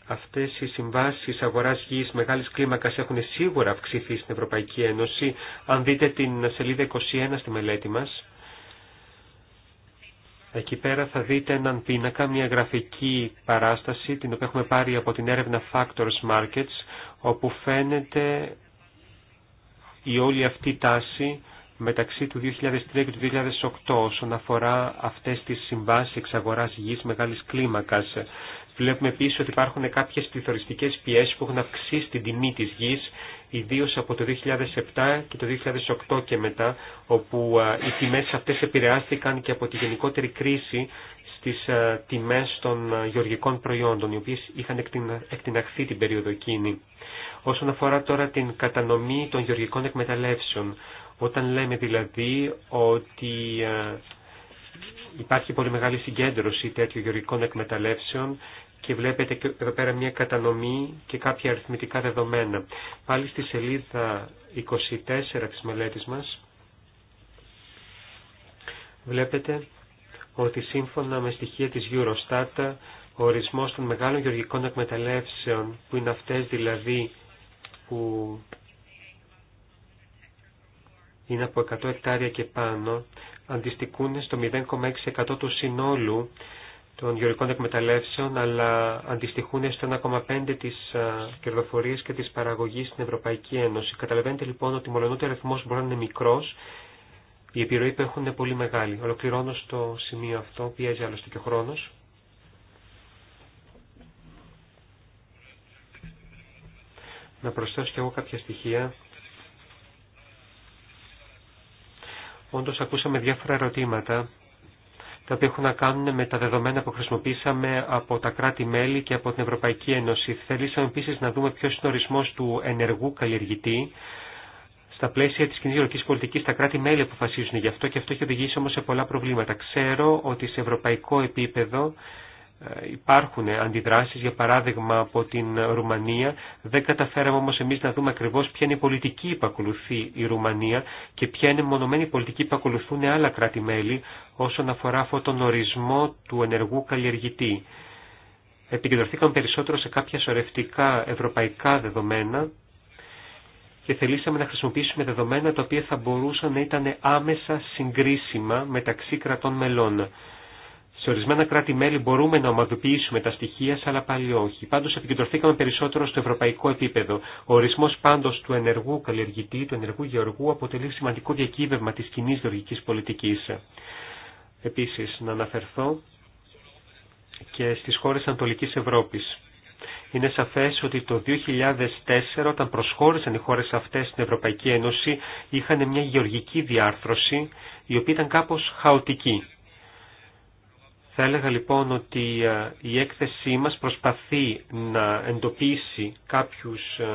Αυτές οι συμβάσεις αγοράς γης μεγάλης κλίμακας έχουν σίγουρα αυξηθεί στην Ευρωπαϊκή Ένωση. Αν δείτε την σελίδα 21 στη μελέτη μας, εκεί πέρα θα δείτε έναν πίνακα, μια γραφική παράσταση, την οποία έχουμε πάρει από την έρευνα Factors Markets, όπου φαίνεται η όλη αυτή τάση μεταξύ του 2003 και του 2008 όσον αφορά αυτές τις συμβάσεις εξαγοράς γης μεγάλης κλίμακας. Βλέπουμε επίσης ότι υπάρχουν κάποιες πληθωριστικές πιέσεις που έχουν αυξήσει την τιμή της γης, ιδίως από το 2007 και το 2008 και μετά, όπου οι τιμές αυτές επηρεάστηκαν και από τη γενικότερη κρίση στις τιμές των γεωργικών προϊόντων, οι οποίες είχαν εκτιναχθεί την περίοδο εκείνη. Όσον αφορά τώρα την κατανομή των γεωργικών εκμεταλλεύσεων, όταν λέμε δηλαδή ότι υπάρχει πολύ μεγάλη συγκέντρωση τέτοιων γεωργικών εκμεταλλεύσεων και βλέπετε εδώ πέρα μια κατανομή και κάποια αριθμητικά δεδομένα. Πάλι στη σελίδα 24 της μελέτης μας βλέπετε ότι σύμφωνα με στοιχεία της Eurostat ο ορισμός των μεγάλων γεωργικών εκμεταλλεύσεων που είναι αυτές δηλαδή που είναι από 100 εκτάρια και πάνω αντιστοιχούν στο 0,6% του συνόλου των γεωρικών εκμεταλλεύσεων, αλλά αντιστοιχούν στο 1,5 τη κερδοφορία και τη παραγωγή στην Ευρωπαϊκή Ένωση. Καταλαβαίνετε λοιπόν ότι μολονότι ο αριθμό μπορεί να είναι μικρό, η επιρροή που έχουν είναι πολύ μεγάλη. Ολοκληρώνω στο σημείο αυτό, πιέζει άλλωστε και ο χρόνο. Να προσθέσω κι εγώ κάποια στοιχεία. Όντω ακούσαμε διάφορα ερωτήματα τα οποία έχουν να κάνουν με τα δεδομένα που χρησιμοποίησαμε από τα κράτη-μέλη και από την Ευρωπαϊκή Ένωση. Θέλησαμε επίση να δούμε ποιο είναι ο ορισμό του ενεργού καλλιεργητή. Στα πλαίσια τη κοινή γεωργική πολιτική, τα κράτη-μέλη αποφασίζουν γι' αυτό και αυτό έχει οδηγήσει όμω σε πολλά προβλήματα. Ξέρω ότι σε ευρωπαϊκό επίπεδο υπάρχουν αντιδράσεις, για παράδειγμα από την Ρουμανία. Δεν καταφέραμε όμως εμείς να δούμε ακριβώς ποια είναι η πολιτική που ακολουθεί η Ρουμανία και ποια είναι η μονομένη πολιτική που ακολουθούν άλλα κράτη-μέλη όσον αφορά αυτόν τον ορισμό του ενεργού καλλιεργητή. Επικεντρωθήκαμε περισσότερο σε κάποια σωρευτικά ευρωπαϊκά δεδομένα και θελήσαμε να χρησιμοποιήσουμε δεδομένα τα οποία θα μπορούσαν να ήταν άμεσα συγκρίσιμα μεταξύ κρατών μελών. Σε ορισμένα κράτη-μέλη μπορούμε να ομαδοποιήσουμε τα στοιχεία, αλλά πάλι όχι. Πάντω επικεντρωθήκαμε περισσότερο στο ευρωπαϊκό επίπεδο. Ο ορισμό πάντω του ενεργού καλλιεργητή, του ενεργού γεωργού, αποτελεί σημαντικό διακύβευμα τη κοινή γεωργική πολιτική. Επίση, να αναφερθώ και στι χώρε Ανατολική Ευρώπη. Είναι σαφέ ότι το 2004 όταν προσχώρησαν οι χώρε αυτέ στην Ευρωπαϊκή Ένωση είχαν μια γεωργική διάρθρωση η οποία ήταν κάπω χαοτική. Θα έλεγα λοιπόν ότι ε, η έκθεσή μας προσπαθεί να εντοπίσει κάποιους ε,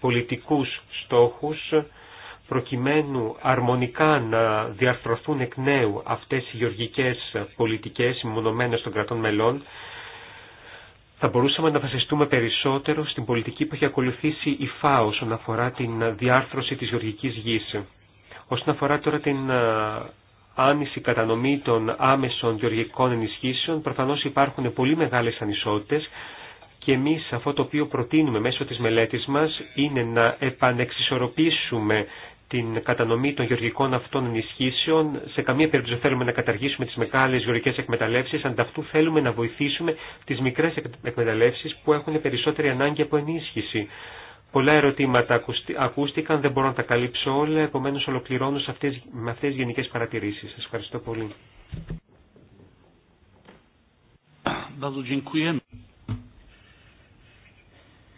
πολιτικούς στόχους προκειμένου αρμονικά να διαρθρωθούν εκ νέου αυτές οι γεωργικές πολιτικές μονομένες των κρατών μελών, θα μπορούσαμε να βασιστούμε περισσότερο στην πολιτική που έχει ακολουθήσει η ΦΑΟ όσον αφορά την διάρθρωση της γεωργικής γης. Όσον αφορά τώρα την ε, άμεση κατανομή των άμεσων γεωργικών ενισχύσεων, προφανώς υπάρχουν πολύ μεγάλες ανισότητες και εμείς αυτό το οποίο προτείνουμε μέσω της μελέτης μας είναι να επανεξισορροπήσουμε την κατανομή των γεωργικών αυτών ενισχύσεων. Σε καμία περίπτωση θέλουμε να καταργήσουμε τις μεγάλες γεωργικές εκμεταλλεύσεις, ανταυτού θέλουμε να βοηθήσουμε τις μικρές εκμεταλλεύσεις που έχουν περισσότερη ανάγκη από ενίσχυση. Πολλά ερωτήματα ακούστηκαν, δεν μπορώ να τα καλύψω όλα, επομένως ολοκληρώνω σε αυτές, με αυτές τις γενικές παρατηρήσεις. Σας ευχαριστώ πολύ.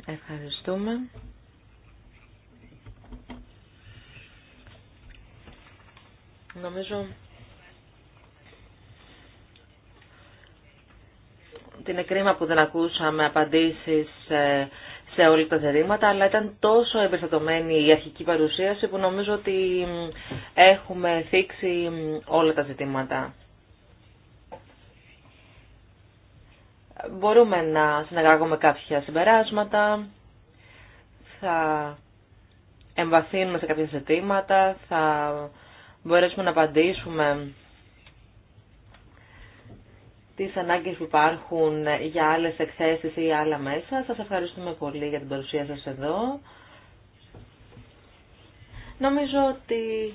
Ευχαριστούμε. Νομίζω την κρίμα που δεν ακούσαμε απαντήσεις ε, σε όλα τα ζητήματα, αλλά ήταν τόσο εμπεριστατωμένη η αρχική παρουσίαση που νομίζω ότι έχουμε θίξει όλα τα ζητήματα. Μπορούμε να συναγάγουμε κάποια συμπεράσματα, θα εμβαθύνουμε σε κάποια ζητήματα, θα μπορέσουμε να απαντήσουμε τις ανάγκες που υπάρχουν για άλλες εκθέσεις ή άλλα μέσα. Σας ευχαριστούμε πολύ για την παρουσία σας εδώ. Νομίζω ότι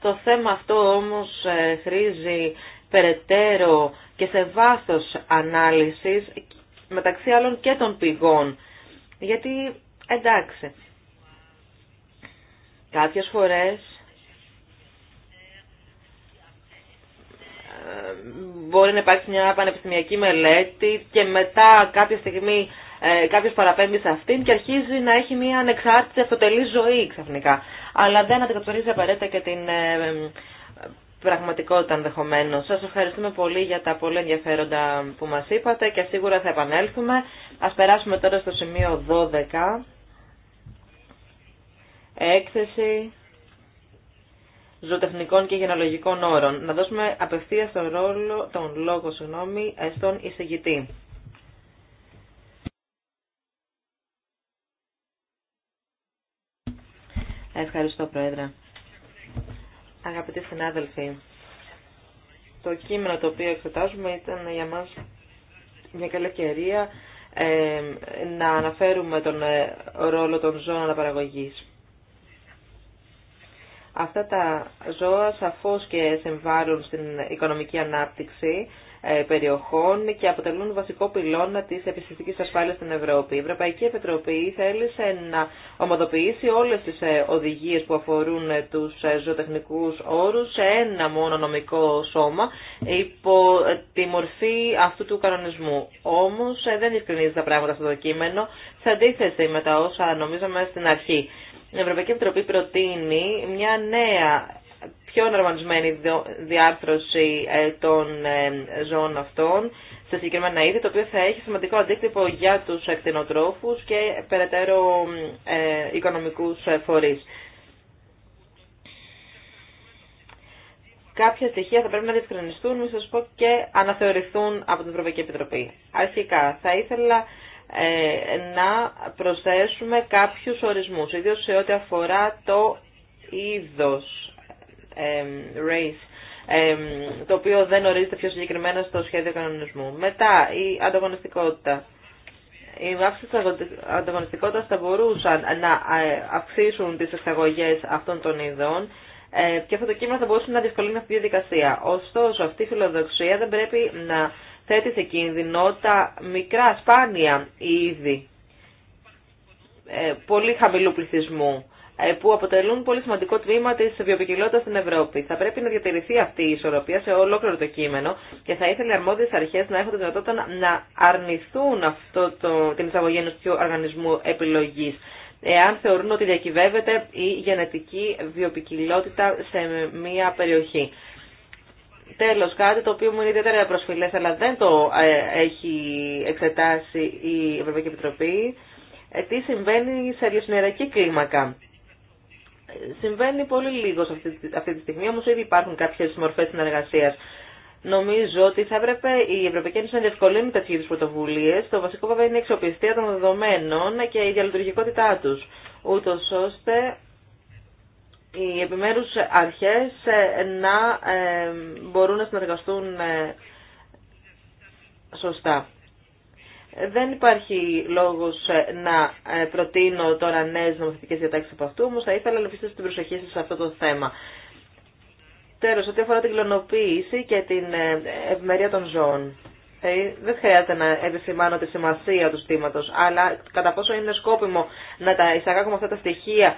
το θέμα αυτό όμως ε, χρήζει περαιτέρω και σε βάθος ανάλυσης μεταξύ άλλων και των πηγών. Γιατί εντάξει, κάποιες φορές μπορεί να υπάρξει μια πανεπιστημιακή μελέτη και μετά κάποια στιγμή ε, κάποιο παραπέμπει σε αυτήν και αρχίζει να έχει μια ανεξάρτητη αυτοτελή ζωή ξαφνικά. Αλλά δεν αντικατορίζει απαραίτητα και την ε, πραγματικότητα ενδεχομένω. Σα ευχαριστούμε πολύ για τα πολύ ενδιαφέροντα που μα είπατε και σίγουρα θα επανέλθουμε. Α περάσουμε τώρα στο σημείο 12. Έκθεση ζωοτεχνικών και γενολογικών όρων. Να δώσουμε απευθεία τον, ρόλο, τον λόγο συγγνώμη, στον εισηγητή. Ευχαριστώ, Πρόεδρε. Αγαπητοί συνάδελφοι, το κείμενο το οποίο εξετάζουμε ήταν για μας μια καλή ευκαιρία ε, να αναφέρουμε τον ε, ρόλο των ζώων αναπαραγωγής. Αυτά τα ζώα σαφώς και συμβάλλουν στην οικονομική ανάπτυξη ε, περιοχών και αποτελούν βασικό πυλώνα της επιστημικής ασφάλειας στην Ευρώπη. Η Ευρωπαϊκή Επιτροπή θέλησε να ομοδοποιήσει όλες τις ε, οδηγίες που αφορούν ε, τους ζωοτεχνικούς όρους σε ένα μόνο νομικό σώμα υπό τη μορφή αυτού του κανονισμού. Όμως δεν διευκρινίζει τα πράγματα στο το κείμενο, σε αντίθεση με τα όσα νομίζαμε στην αρχή η Ευρωπαϊκή Επιτροπή προτείνει μια νέα, πιο αναρμανισμένη διάρθρωση ε, των ε, ζώων αυτών σε συγκεκριμένα είδη, το οποίο θα έχει σημαντικό αντίκτυπο για τους ακτινοτρόφους και περαιτέρω ε, οικονομικούς φορείς. κάποια στοιχεία θα πρέπει να διευκρινιστούν, μη σας πω, και αναθεωρηθούν από την Ευρωπαϊκή Επιτροπή. Αρχικά, θα ήθελα ε, να προσθέσουμε κάποιους ορισμούς, ιδίως σε ό,τι αφορά το είδος ε, race, ε, το οποίο δεν ορίζεται πιο συγκεκριμένα στο σχέδιο κανονισμού. Μετά, η ανταγωνιστικότητα. Οι αύξηση της ανταγωνιστικότητας θα μπορούσαν να αυξήσουν τις εξαγωγές αυτών των ειδών και αυτό το κείμενο θα μπορούσε να διευκολύνει αυτή τη διαδικασία. Ωστόσο, αυτή η φιλοδοξία δεν πρέπει να θέτει σε κίνδυνο τα μικρά σπάνια είδη ε, πολύ χαμηλού πληθυσμού ε, που αποτελούν πολύ σημαντικό τμήμα τη βιοπικιλότητα στην Ευρώπη. Θα πρέπει να διατηρηθεί αυτή η ισορροπία σε ολόκληρο το κείμενο και θα ήθελε οι αρμόδιε αρχέ να έχουν τη δυνατότητα να αρνηθούν αυτό το, την εισαγωγή ενό οργανισμού επιλογή, εάν θεωρούν ότι διακυβεύεται η γενετική βιοπικιλότητα σε μία περιοχή. Τέλο κάτι το οποίο μου είναι ιδιαίτερα προσφυλές, αλλά δεν το ε, έχει εξετάσει η Ευρωπαϊκή Επιτροπή, ε, τι συμβαίνει σε αλληλοσυνερακή κλίμακα. Συμβαίνει πολύ λίγο σε αυτή, αυτή τη στιγμή, όμω ήδη υπάρχουν κάποιε μορφέ συνεργασία. Νομίζω ότι θα έπρεπε η Ευρωπαϊκή Ένωση να διευκολύνει τέτοιου είδου πρωτοβουλίε. Το βασικό βέβαια είναι η αξιοπιστία των δεδομένων και η διαλειτουργικότητά του. Ούτω ώστε οι επιμέρους αρχές ε, να ε, μπορούν να συνεργαστούν ε, σωστά. Δεν υπάρχει λόγος να προτείνω τώρα νέες νομοθετικές διατάξεις από αυτού, όμως θα ήθελα να πιστεύω την προσοχή σας σε αυτό το θέμα. Τέλος, ό,τι αφορά την κλωνοποίηση και την ευμερία των ζώων δεν χρειάζεται να επισημάνω τη σημασία του στήματο, αλλά κατά πόσο είναι σκόπιμο να τα εισαγάγουμε αυτά τα στοιχεία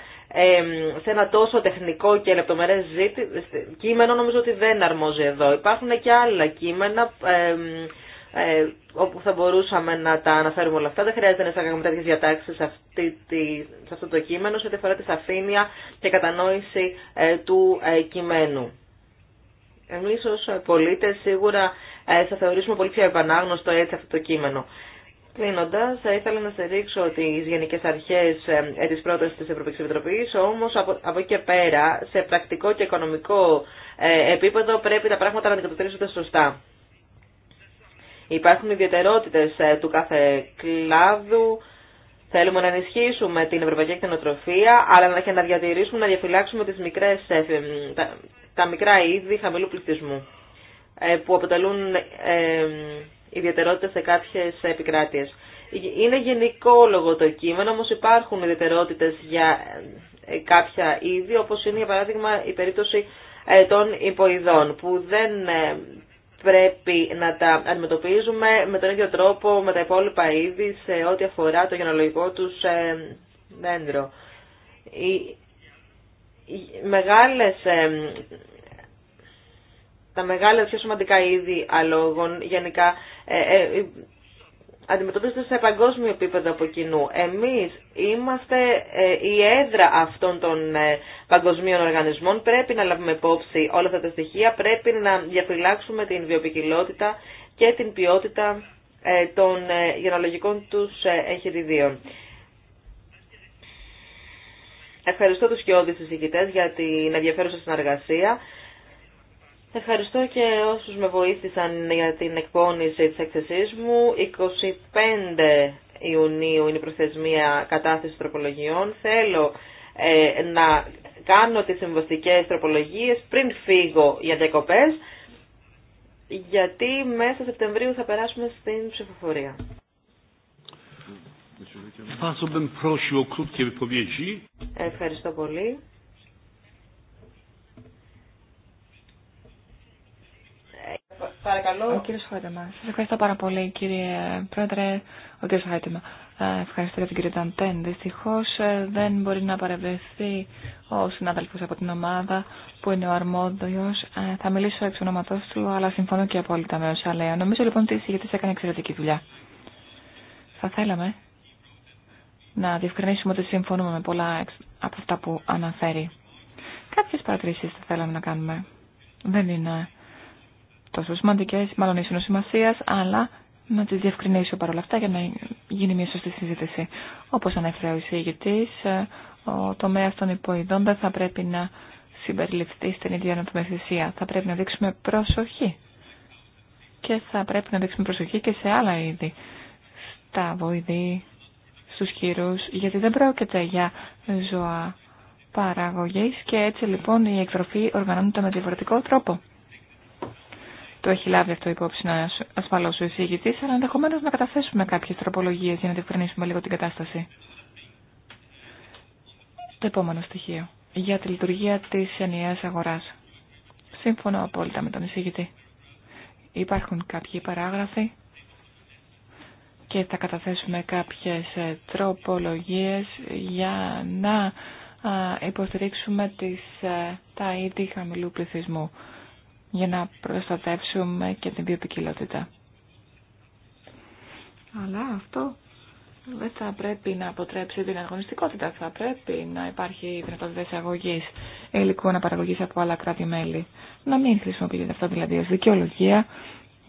σε ένα τόσο τεχνικό και λεπτομερές κείμενο, νομίζω ότι δεν αρμόζει εδώ. Υπάρχουν και άλλα κείμενα ε, όπου θα μπορούσαμε να τα αναφέρουμε όλα αυτά. Δεν χρειάζεται να εισαγάγουμε τέτοιε διατάξει σε, αυτό το κείμενο, σε ό,τι αφορά τη σαφήνεια και κατανόηση ε, του ε, κειμένου. Εμείς ως πολίτες σίγουρα ε, θα θεωρήσουμε πολύ πιο επανάγνωστο έτσι αυτό το κείμενο. Κλείνοντα, θα ήθελα να στηρίξω τι γενικέ αρχέ ε, ε τη πρόταση τη Ευρωπαϊκή Επιτροπή, όμω από, εκεί και πέρα, σε πρακτικό και οικονομικό ε, επίπεδο, πρέπει τα πράγματα να αντικατοπτρίζονται σωστά. Υπάρχουν ιδιαιτερότητε του κάθε κλάδου. Θέλουμε να ενισχύσουμε την ευρωπαϊκή εκτενοτροφία, αλλά και να διατηρήσουμε, να διαφυλάξουμε τις μικρές, τα, τα μικρά είδη χαμηλού πληθυσμού. Ε, που αποτελούν ε, ιδιαιτερότητες σε κάποιες επικράτειες. Είναι λόγο το κείμενο, όμως υπάρχουν ιδιαιτερότητες για ε, κάποια είδη, όπως είναι για παράδειγμα η περίπτωση των υποειδών, που δεν πρέπει να τα αντιμετωπίζουμε με τον ίδιο τρόπο με τα υπόλοιπα είδη σε ό,τι αφορά το γενολογικό τους δέντρο. Οι μεγάλες τα μεγάλα πιο σημαντικά είδη αλόγων γενικά ε, ε, ε, αντιμετωπίζονται σε παγκόσμιο επίπεδο από κοινού. Εμείς είμαστε ε, η έδρα αυτών των παγκοσμίων οργανισμών. Πρέπει να λάβουμε υπόψη όλα αυτά τα στοιχεία. Πρέπει να διαφυλάξουμε την βιοπικιλότητα και την ποιότητα των γενολογικών τους εγχειριδίων. Ευχαριστώ τους και όδης για την ενδιαφέρουσα συνεργασία. Ευχαριστώ και όσους με βοήθησαν για την εκπόνηση της έκθεσής μου. 25 Ιουνίου είναι η προθεσμία κατάθεση τροπολογιών. Θέλω ε, να κάνω τις συμβαστικές τροπολογίες πριν φύγω για διακοπές, γιατί μέσα Σεπτεμβρίου θα περάσουμε στην ψηφοφορία. Ευχαριστώ πολύ. Παρακαλώ. Ο κύριο Χάιτεμα. Σας ευχαριστώ πάρα πολύ κύριε Πρόεδρε. Ο κύριος Χάιτεμα. Ε, ευχαριστώ για τον κύριο Ταντέν. Δυστυχώ ε, δεν μπορεί να παρευρεθεί ο συνάδελφο από την ομάδα που είναι ο αρμόδιο. Ε, θα μιλήσω εξ ονόματό του, αλλά συμφωνώ και απόλυτα με όσα λέω. Νομίζω λοιπόν ότι η σε έκανε εξαιρετική δουλειά. Θα θέλαμε να διευκρινίσουμε ότι συμφωνούμε με πολλά από αυτά που αναφέρει. Κάποιε παρατηρήσει θα θέλαμε να κάνουμε. Δεν είναι τόσο σημαντικέ, μάλλον ίσω σημασία, αλλά να τι διευκρινίσω παρόλα αυτά για να γίνει μια σωστή συζήτηση. Όπω ανέφερε ο εισηγητή, ε, ο τομέα των υποειδών δεν θα πρέπει να συμπεριληφθεί στην ίδια ανατομεθυσία. Θα πρέπει να δείξουμε προσοχή και θα πρέπει να δείξουμε προσοχή και σε άλλα είδη, στα βοηδή, στους χείρους, γιατί δεν πρόκειται για ζωά παραγωγής και έτσι λοιπόν η εκτροφή οργανώνεται με διαφορετικό τρόπο. Το έχει λάβει αυτό υπόψη ασφαλώ ο εισηγητή, αλλά ενδεχομένω να καταθέσουμε κάποιε τροπολογίε για να διευκρινίσουμε λίγο την κατάσταση. Το επόμενο στοιχείο. Για τη λειτουργία τη ενιαία αγορά. Σύμφωνο απόλυτα με τον εισηγητή. Υπάρχουν κάποιοι παράγραφοι και θα καταθέσουμε κάποιες ε, τροπολογίες για να υποστηρίξουμε τις, ε, τα είδη χαμηλού πληθυσμού για να προστατεύσουμε και την βιοπικιλότητα. Αλλά αυτό δεν θα πρέπει να αποτρέψει την αγωνιστικότητα. Θα πρέπει να υπάρχει δυνατότητα εισαγωγή υλικού αναπαραγωγή από άλλα κράτη-μέλη. Να μην χρησιμοποιείται αυτό δηλαδή ω δικαιολογία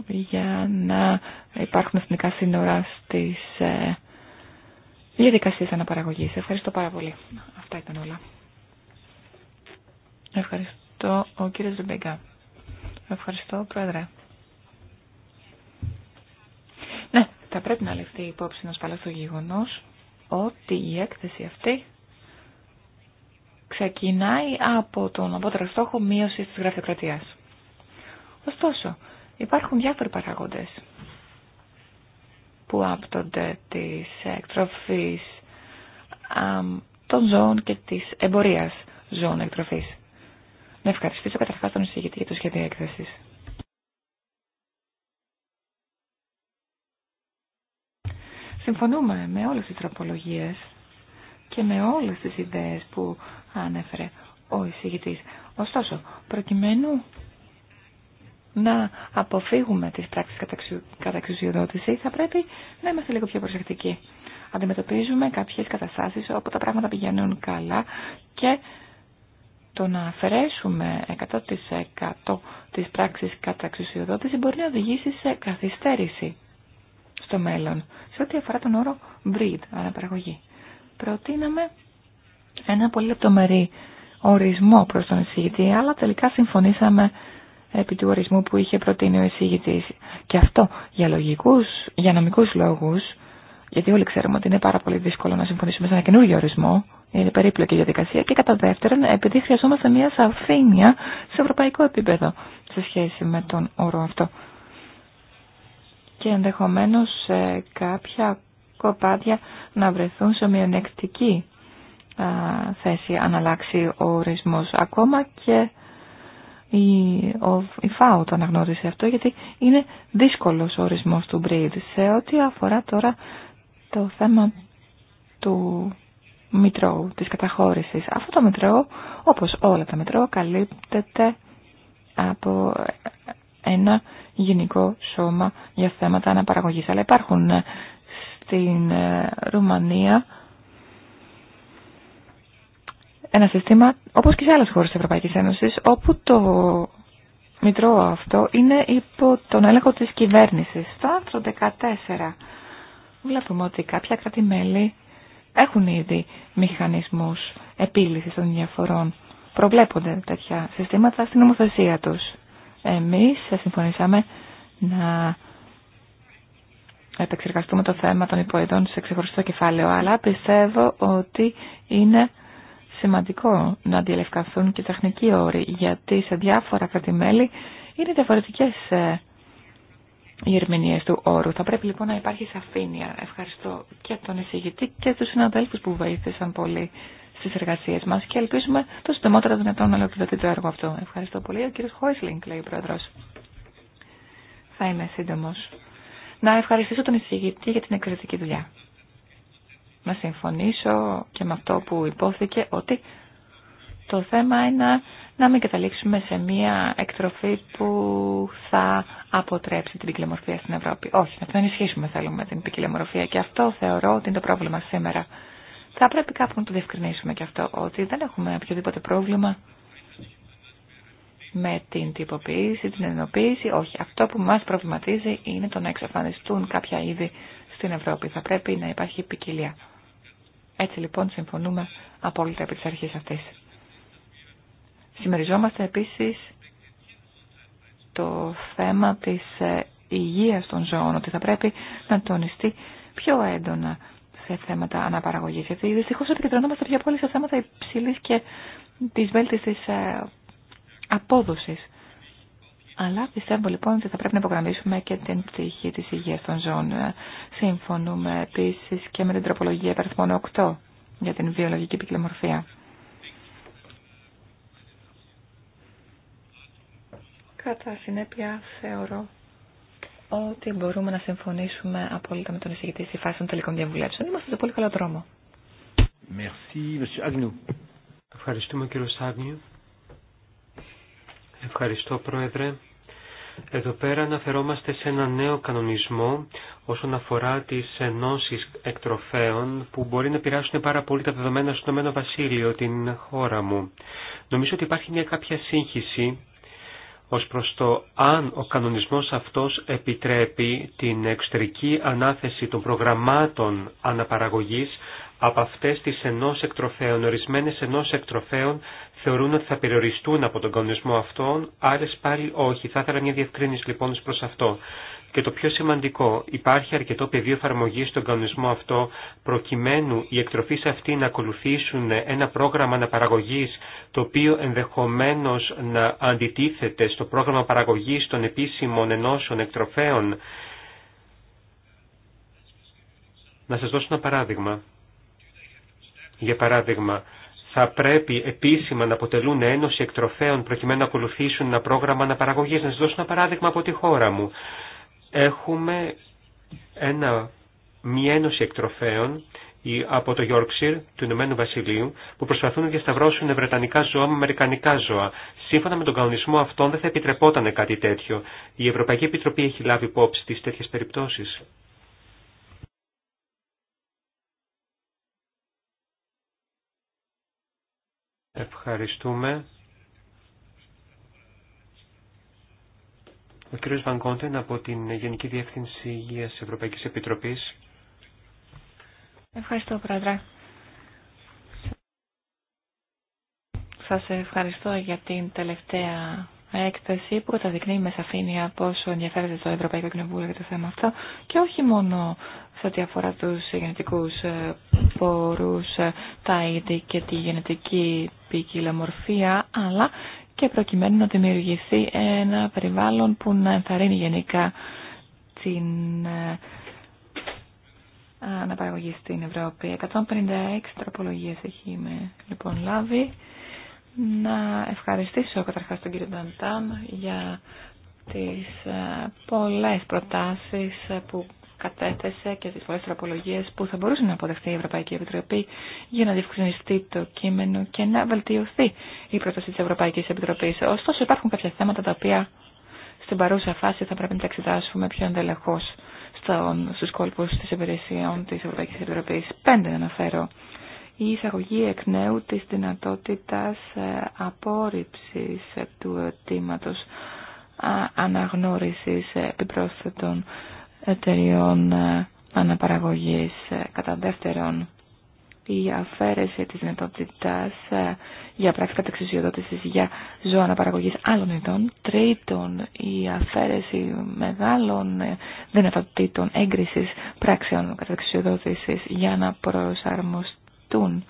για να υπάρχουν εθνικά σύνορα στι ε, διαδικασίε αναπαραγωγή. Ευχαριστώ πάρα πολύ. Αυτά ήταν όλα. Ευχαριστώ ο κύριο Ζεμπέγκα. Ευχαριστώ, Πρόεδρε. Ναι, θα πρέπει να ληφθεί υπόψη να το γεγονό ότι η έκθεση αυτή ξεκινάει από τον απότερο στόχο μείωση της γραφειοκρατίας. Ωστόσο, υπάρχουν διάφοροι παράγοντες που άπτονται της εκτροφής των ζώων και της εμπορίας ζώων εκτροφής. Να ευχαριστήσω καταρχάς τον εισηγητή για το σχέδιο έκθεση. Συμφωνούμε με όλες τις τροπολογίες και με όλες τις ιδέες που ανέφερε ο εισηγητής. Ωστόσο, προκειμένου να αποφύγουμε τις πράξεις καταξιουσιοδότηση, θα πρέπει να είμαστε λίγο πιο προσεκτικοί. Αντιμετωπίζουμε κάποιες καταστάσεις όπου τα πράγματα πηγαίνουν καλά και το να αφαιρέσουμε 100% της πράξης κατά εξουσιοδότηση μπορεί να οδηγήσει σε καθυστέρηση στο μέλλον, σε ό,τι αφορά τον όρο breed, αναπαραγωγή. Προτείναμε ένα πολύ λεπτομερή ορισμό προς τον εισηγητή, αλλά τελικά συμφωνήσαμε επί του ορισμού που είχε προτείνει ο εισηγητής. Και αυτό για λογικούς, για νομικούς λόγους, γιατί όλοι ξέρουμε ότι είναι πάρα πολύ δύσκολο να συμφωνήσουμε σε ένα καινούργιο ορισμό, είναι περίπλοκη διαδικασία και κατά δεύτερον επειδή χρειαζόμαστε μια σαφήνεια σε ευρωπαϊκό επίπεδο σε σχέση με τον όρο αυτό. Και ενδεχομένως ε, κάποια κοπάδια να βρεθούν σε μειονεκτική θέση αν αλλάξει ο ορισμός ακόμα και η, ο, η ΦΑΟ το αναγνώρισε αυτό γιατί είναι δύσκολος ο ορισμός του breed σε ό,τι αφορά τώρα το θέμα του μητρώου, της καταχώρησης. Αυτό το μητρό, όπως όλα τα μητρό, καλύπτεται από ένα γενικό σώμα για θέματα αναπαραγωγής. Αλλά υπάρχουν ε, στην ε, Ρουμανία ένα σύστημα, όπως και σε άλλες χώρες της Ευρωπαϊκής Ένωσης, όπου το μητρό αυτό είναι υπό τον έλεγχο της κυβέρνησης. Στο άρθρο 14 βλέπουμε ότι κάποια κράτη-μέλη έχουν ήδη μηχανισμούς επίλυσης των διαφορών. Προβλέπονται τέτοια συστήματα στην νομοθεσία τους. Εμείς συμφωνήσαμε να επεξεργαστούμε το θέμα των υποειδών σε ξεχωριστό κεφάλαιο, αλλά πιστεύω ότι είναι σημαντικό να διαλευκαθούν και τεχνικοί όροι, γιατί σε διάφορα κρατημέλη είναι διαφορετικές ε, οι ερμηνείε του όρου. Θα πρέπει λοιπόν να υπάρχει σαφήνεια. Ευχαριστώ και τον εισηγητή και του συναδέλφου που βοήθησαν πολύ στι εργασίε μα και ελπίζουμε το συντομότερο δυνατόν να ολοκληρωθεί το έργο αυτό. Ευχαριστώ πολύ. Ο κύριο Χόισλινγκ, λέει ο πρόεδρο. Θα είμαι σύντομο. Να ευχαριστήσω τον εισηγητή για την εξαιρετική δουλειά. Να συμφωνήσω και με αυτό που υπόθηκε ότι το θέμα είναι να μην καταλήξουμε σε μία εκτροφή που θα αποτρέψει την ποικιλομορφία στην Ευρώπη. Όχι, να την ενισχύσουμε θέλουμε την ποικιλομορφία και αυτό θεωρώ ότι είναι το πρόβλημα σήμερα. Θα πρέπει κάπου να το διευκρινίσουμε και αυτό, ότι δεν έχουμε οποιοδήποτε πρόβλημα με την τυποποίηση, την ενοποίηση. Όχι, αυτό που μας προβληματίζει είναι το να εξαφανιστούν κάποια είδη στην Ευρώπη. Θα πρέπει να υπάρχει ποικιλία. Έτσι λοιπόν συμφωνούμε απόλυτα επί της αρχής αυτής. Συμμεριζόμαστε επίσης το θέμα της ε, υγείας των ζώων, ότι θα πρέπει να τονιστεί πιο έντονα σε θέματα αναπαραγωγής. Γιατί δυστυχώς επικεντρωνόμαστε πιο πολύ σε θέματα υψηλή και της βέλτιστης ε, απόδοσης. Αλλά πιστεύω λοιπόν ότι θα πρέπει να υπογραμμίσουμε και την πτυχή της υγείας των ζώων. Ε, συμφωνούμε επίσης και με την τροπολογία υπερθμών 8 για την βιολογική ποικιλομορφία. Κατά συνέπεια θεωρώ ότι μπορούμε να συμφωνήσουμε απόλυτα με τον εισηγητή στη φάση των τελικών διαβουλεύσεων. Είμαστε σε πολύ καλό δρόμο. Merci, Ευχαριστούμε κύριο Σάγνιου. Ευχαριστώ Πρόεδρε. Εδώ πέρα αναφερόμαστε σε ένα νέο κανονισμό όσον αφορά τις ενώσεις εκτροφέων που μπορεί να πειράσουν πάρα πολύ τα δεδομένα στον Ηνωμένο Βασίλειο, την χώρα μου. Νομίζω ότι υπάρχει μια κάποια σύγχυση ως προς το αν ο κανονισμός αυτός επιτρέπει την εξωτερική ανάθεση των προγραμμάτων αναπαραγωγής από αυτές τις ενός εκτροφέων, ορισμένες ενός εκτροφέων θεωρούν ότι θα περιοριστούν από τον κανονισμό αυτόν, άλλες πάλι όχι. Θα ήθελα μια διευκρίνηση λοιπόν ως προς αυτό. Και το πιο σημαντικό, υπάρχει αρκετό πεδίο εφαρμογή στον κανονισμό αυτό, προκειμένου οι εκτροφεί αυτοί να ακολουθήσουν ένα πρόγραμμα αναπαραγωγή, το οποίο ενδεχομένω να αντιτίθεται στο πρόγραμμα παραγωγή των επίσημων ενώσεων εκτροφέων. Να σας δώσω ένα παράδειγμα. Για παράδειγμα, θα πρέπει επίσημα να αποτελούν ένωση εκτροφέων προκειμένου να ακολουθήσουν ένα πρόγραμμα αναπαραγωγής. Να σας δώσω ένα παράδειγμα από τη χώρα μου έχουμε ένα, μια ένωση εκτροφέων από το Yorkshire του Ηνωμένου Βασιλείου που προσπαθούν να διασταυρώσουν βρετανικά ζώα με αμερικανικά ζώα. Σύμφωνα με τον κανονισμό αυτόν δεν θα επιτρεπόταν κάτι τέτοιο. Η Ευρωπαϊκή Επιτροπή έχει λάβει υπόψη τις τέτοιες περιπτώσεις. Ευχαριστούμε. Ο κ. Βαγκόντεν από την Γενική Διεύθυνση Υγείας Ευρωπαϊκής Επιτροπής. Ευχαριστώ, Πρόεδρε. Σας ευχαριστώ για την τελευταία έκθεση που καταδεικνύει με σαφήνεια πόσο ενδιαφέρεται το Ευρωπαϊκό Κοινοβούλιο για το θέμα αυτό και όχι μόνο σε ό,τι αφορά τους γενετικούς ε, πόρους, ε, τα είδη και τη γενετική ποικιλομορφία, αλλά και προκειμένου να δημιουργηθεί ένα περιβάλλον που να ενθαρρύνει γενικά την ε, αναπαραγωγή στην Ευρώπη. 156 τροπολογίες έχει με, λοιπόν λάβει. Να ευχαριστήσω καταρχάς τον κύριο Νταντάμ για τις ε, πολλές προτάσεις που κατέθεσε και τις πολλές τροπολογίες που θα μπορούσε να αποδεχθεί η Ευρωπαϊκή Επιτροπή για να διευκρινιστεί το κείμενο και να βελτιωθεί η πρόταση της Ευρωπαϊκής Επιτροπής. Ωστόσο υπάρχουν κάποια θέματα τα οποία στην παρούσα φάση θα πρέπει να τα εξετάσουμε πιο ενδελεχώς στους κόλπους της υπηρεσιών της Ευρωπαϊκής Επιτροπής. Πέντε αναφέρω. Η εισαγωγή εκ νέου της δυνατότητας ε, απόρριψης ε, του αιτήματο αναγνώρισης ε, επιπρόσθετων εταιριών ε, αναπαραγωγής ε, κατά δεύτερον η αφαίρεση της δυνατότητας ε, για πράξη κατεξουσιοδότησης για ζώα αναπαραγωγής άλλων ειδών. Τρίτον, η αφαίρεση μεγάλων δυνατοτήτων έγκρισης πράξεων κατεξουσιοδότησης για να προσαρμοστούν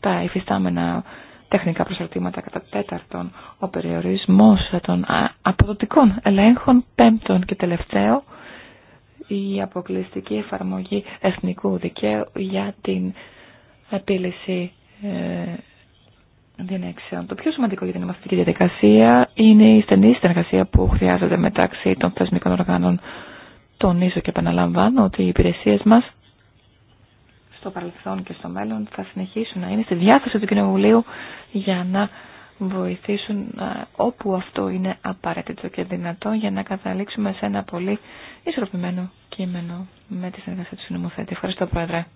τα υφιστάμενα τεχνικά προσαρτήματα κατά τέταρτον, ο περιορισμός των αποδοτικών ελέγχων πέμπτον και τελευταίο, η αποκλειστική εφαρμογή εθνικού δικαίου για την επίλυση ε, διενέξεων. Το πιο σημαντικό για την ομαστική διαδικασία είναι η στενή συνεργασία που χρειάζεται μεταξύ των θεσμικών οργάνων. Τονίζω και επαναλαμβάνω ότι οι υπηρεσίε μα στο παρελθόν και στο μέλλον θα συνεχίσουν να είναι στη διάθεση του Κοινοβουλίου για να βοηθήσουν ε, όπου αυτό είναι απαραίτητο και δυνατό για να καταλήξουμε σε ένα πολύ ισορροπημένο κείμενο με τη συνεργασία του συνομοθέτη. Ευχαριστώ Πρόεδρε.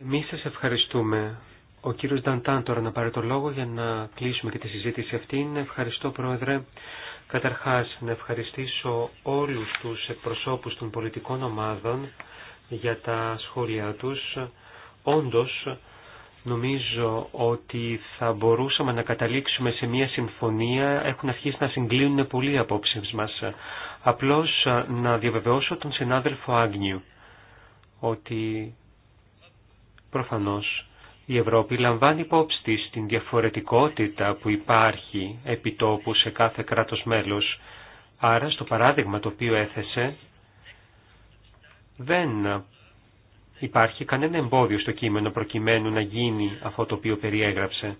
Εμείς σας ευχαριστούμε. Ο κύριος Νταντάν τώρα να πάρει το λόγο για να κλείσουμε και τη συζήτηση αυτή. Ναι, ευχαριστώ Πρόεδρε. Καταρχάς να ευχαριστήσω όλους τους εκπροσώπους των πολιτικών ομάδων για τα σχόλια τους. Όντως, Νομίζω ότι θα μπορούσαμε να καταλήξουμε σε μια συμφωνία. Έχουν αρχίσει να συγκλίνουν πολλοί απόψεις μας. Απλώς ε, να διαβεβαιώσω τον συνάδελφο Άγνιου ότι προφανώς η Ευρώπη λαμβάνει υπόψη της την διαφορετικότητα που υπάρχει επιτόπου σε κάθε κράτος μέλος. Άρα στο παράδειγμα το οποίο έθεσε δεν υπάρχει κανένα εμπόδιο στο κείμενο προκειμένου να γίνει αυτό το οποίο περιέγραψε.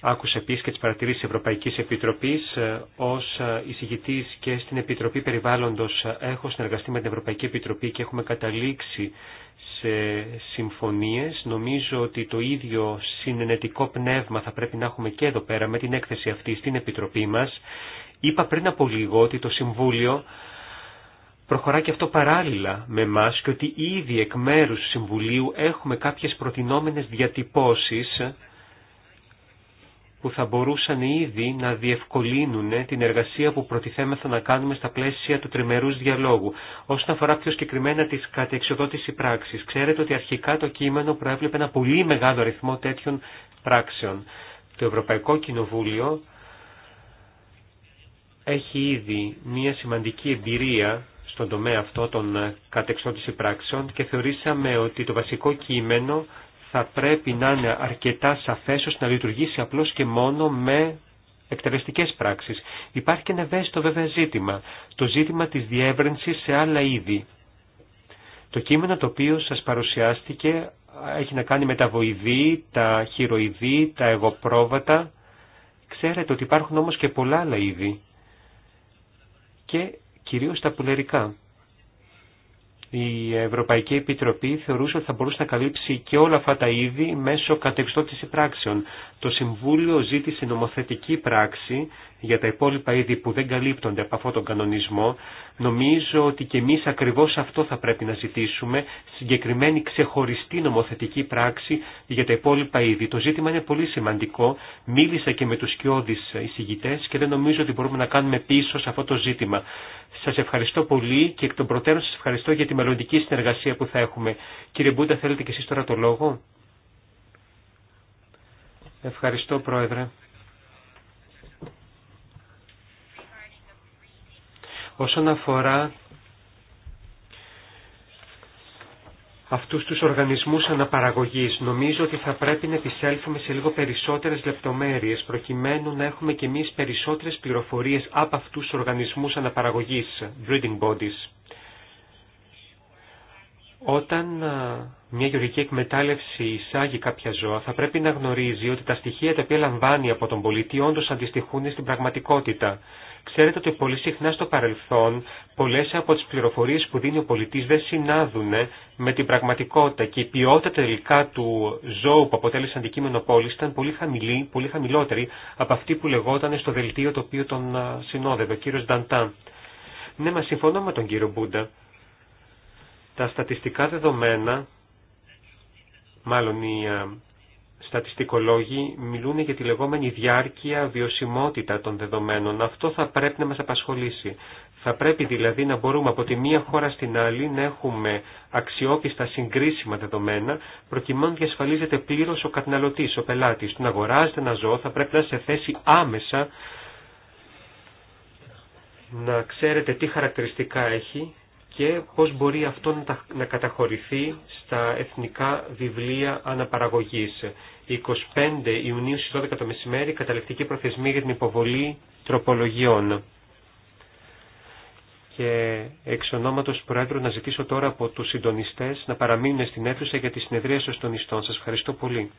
Άκουσε επίση και τι παρατηρήσει Ευρωπαϊκή Επιτροπή. Ε, Ω ε, εισηγητή και στην Επιτροπή Περιβάλλοντος ε, έχω συνεργαστεί με την Ευρωπαϊκή Επιτροπή και έχουμε καταλήξει σε συμφωνίε. Νομίζω ότι το ίδιο συνενετικό πνεύμα θα πρέπει να έχουμε και εδώ πέρα με την έκθεση αυτή στην Επιτροπή μα. Είπα πριν από λίγο ότι το Συμβούλιο προχωρά και αυτό παράλληλα με εμά και ότι ήδη εκ μέρους του Συμβουλίου έχουμε κάποιες προτινόμενες διατυπώσεις που θα μπορούσαν ήδη να διευκολύνουν την εργασία που προτιθέμεθα να κάνουμε στα πλαίσια του τριμερούς διαλόγου. Όσον αφορά πιο συγκεκριμένα τις κατεξοδότηση πράξης, ξέρετε ότι αρχικά το κείμενο προέβλεπε ένα πολύ μεγάλο αριθμό τέτοιων πράξεων. Το Ευρωπαϊκό Κοινοβούλιο έχει ήδη μία σημαντική εμπειρία στον τομέα αυτό των ε, κατεξόντων πράξεων και θεωρήσαμε ότι το βασικό κείμενο θα πρέπει να είναι αρκετά σαφές ώστε να λειτουργήσει απλώς και μόνο με εκτελεστικές πράξεις. Υπάρχει και ένα ευαίσθητο βέβαια ζήτημα, το ζήτημα της διεύρυνσης σε άλλα είδη. Το κείμενο το οποίο σας παρουσιάστηκε έχει να κάνει με τα βοηδή, τα χειροειδή, τα εγωπρόβατα. Ξέρετε ότι υπάρχουν όμως και πολλά άλλα είδη. Και κυρίως τα πουλερικά η Ευρωπαϊκή Επιτροπή θεωρούσε ότι θα μπορούσε να καλύψει και όλα αυτά τα είδη μέσω κατεξότηση πράξεων. Το Συμβούλιο ζήτησε νομοθετική πράξη για τα υπόλοιπα είδη που δεν καλύπτονται από αυτόν τον κανονισμό. Νομίζω ότι και εμείς ακριβώς αυτό θα πρέπει να ζητήσουμε, συγκεκριμένη ξεχωριστή νομοθετική πράξη για τα υπόλοιπα είδη. Το ζήτημα είναι πολύ σημαντικό. Μίλησα και με τους σκιώδεις εισηγητές και δεν νομίζω ότι μπορούμε να κάνουμε πίσω σε αυτό το ζήτημα. Σας ευχαριστώ πολύ και εκ των προτέρων σας ευχαριστώ για τη μελλοντική συνεργασία που θα έχουμε. Κύριε Μπούντα, θέλετε κι εσείς τώρα το λόγο. Ευχαριστώ, Πρόεδρε. Όσον αφορά αυτούς τους οργανισμούς αναπαραγωγής. Νομίζω ότι θα πρέπει να επισέλθουμε σε λίγο περισσότερες λεπτομέρειες, προκειμένου να έχουμε και εμείς περισσότερες πληροφορίες από αυτούς τους οργανισμούς αναπαραγωγής, breeding bodies. Όταν μια γεωργική εκμετάλλευση εισάγει κάποια ζώα, θα πρέπει να γνωρίζει ότι τα στοιχεία τα οποία λαμβάνει από τον πολίτη όντω αντιστοιχούν στην πραγματικότητα. Ξέρετε ότι πολύ συχνά στο παρελθόν πολλέ από τι πληροφορίε που δίνει ο πολιτή δεν συνάδουν ε, με την πραγματικότητα και η ποιότητα τελικά του ζώου που αποτέλεσε αντικείμενο πόλη ήταν πολύ χαμηλή, πολύ χαμηλότερη από αυτή που λεγόταν στο δελτίο το οποίο τον συνόδευε, ο κύριο Νταντά. Ναι, μα συμφωνώ με τον κύριο Μπούντα. Τα στατιστικά δεδομένα, μάλλον οι ε, στατιστικολόγοι μιλούν για τη λεγόμενη διάρκεια βιωσιμότητα των δεδομένων. Αυτό θα πρέπει να μας απασχολήσει. Θα πρέπει δηλαδή να μπορούμε από τη μία χώρα στην άλλη να έχουμε αξιόπιστα συγκρίσιμα δεδομένα, προκειμένου να διασφαλίζεται πλήρω ο καταναλωτή, ο πελάτη. να αγοράζεται ένα ζώο θα πρέπει να σε θέσει άμεσα να ξέρετε τι χαρακτηριστικά έχει και πώς μπορεί αυτό να καταχωρηθεί στα εθνικά βιβλία αναπαραγωγής. 25 Ιουνίου στις 12 το μεσημέρι καταληκτική προθεσμή για την υποβολή τροπολογιών. Και εξ ονόματος Πρόεδρου να ζητήσω τώρα από τους συντονιστές να παραμείνουν στην αίθουσα για τη συνεδρία των συντονιστών. Σας ευχαριστώ πολύ.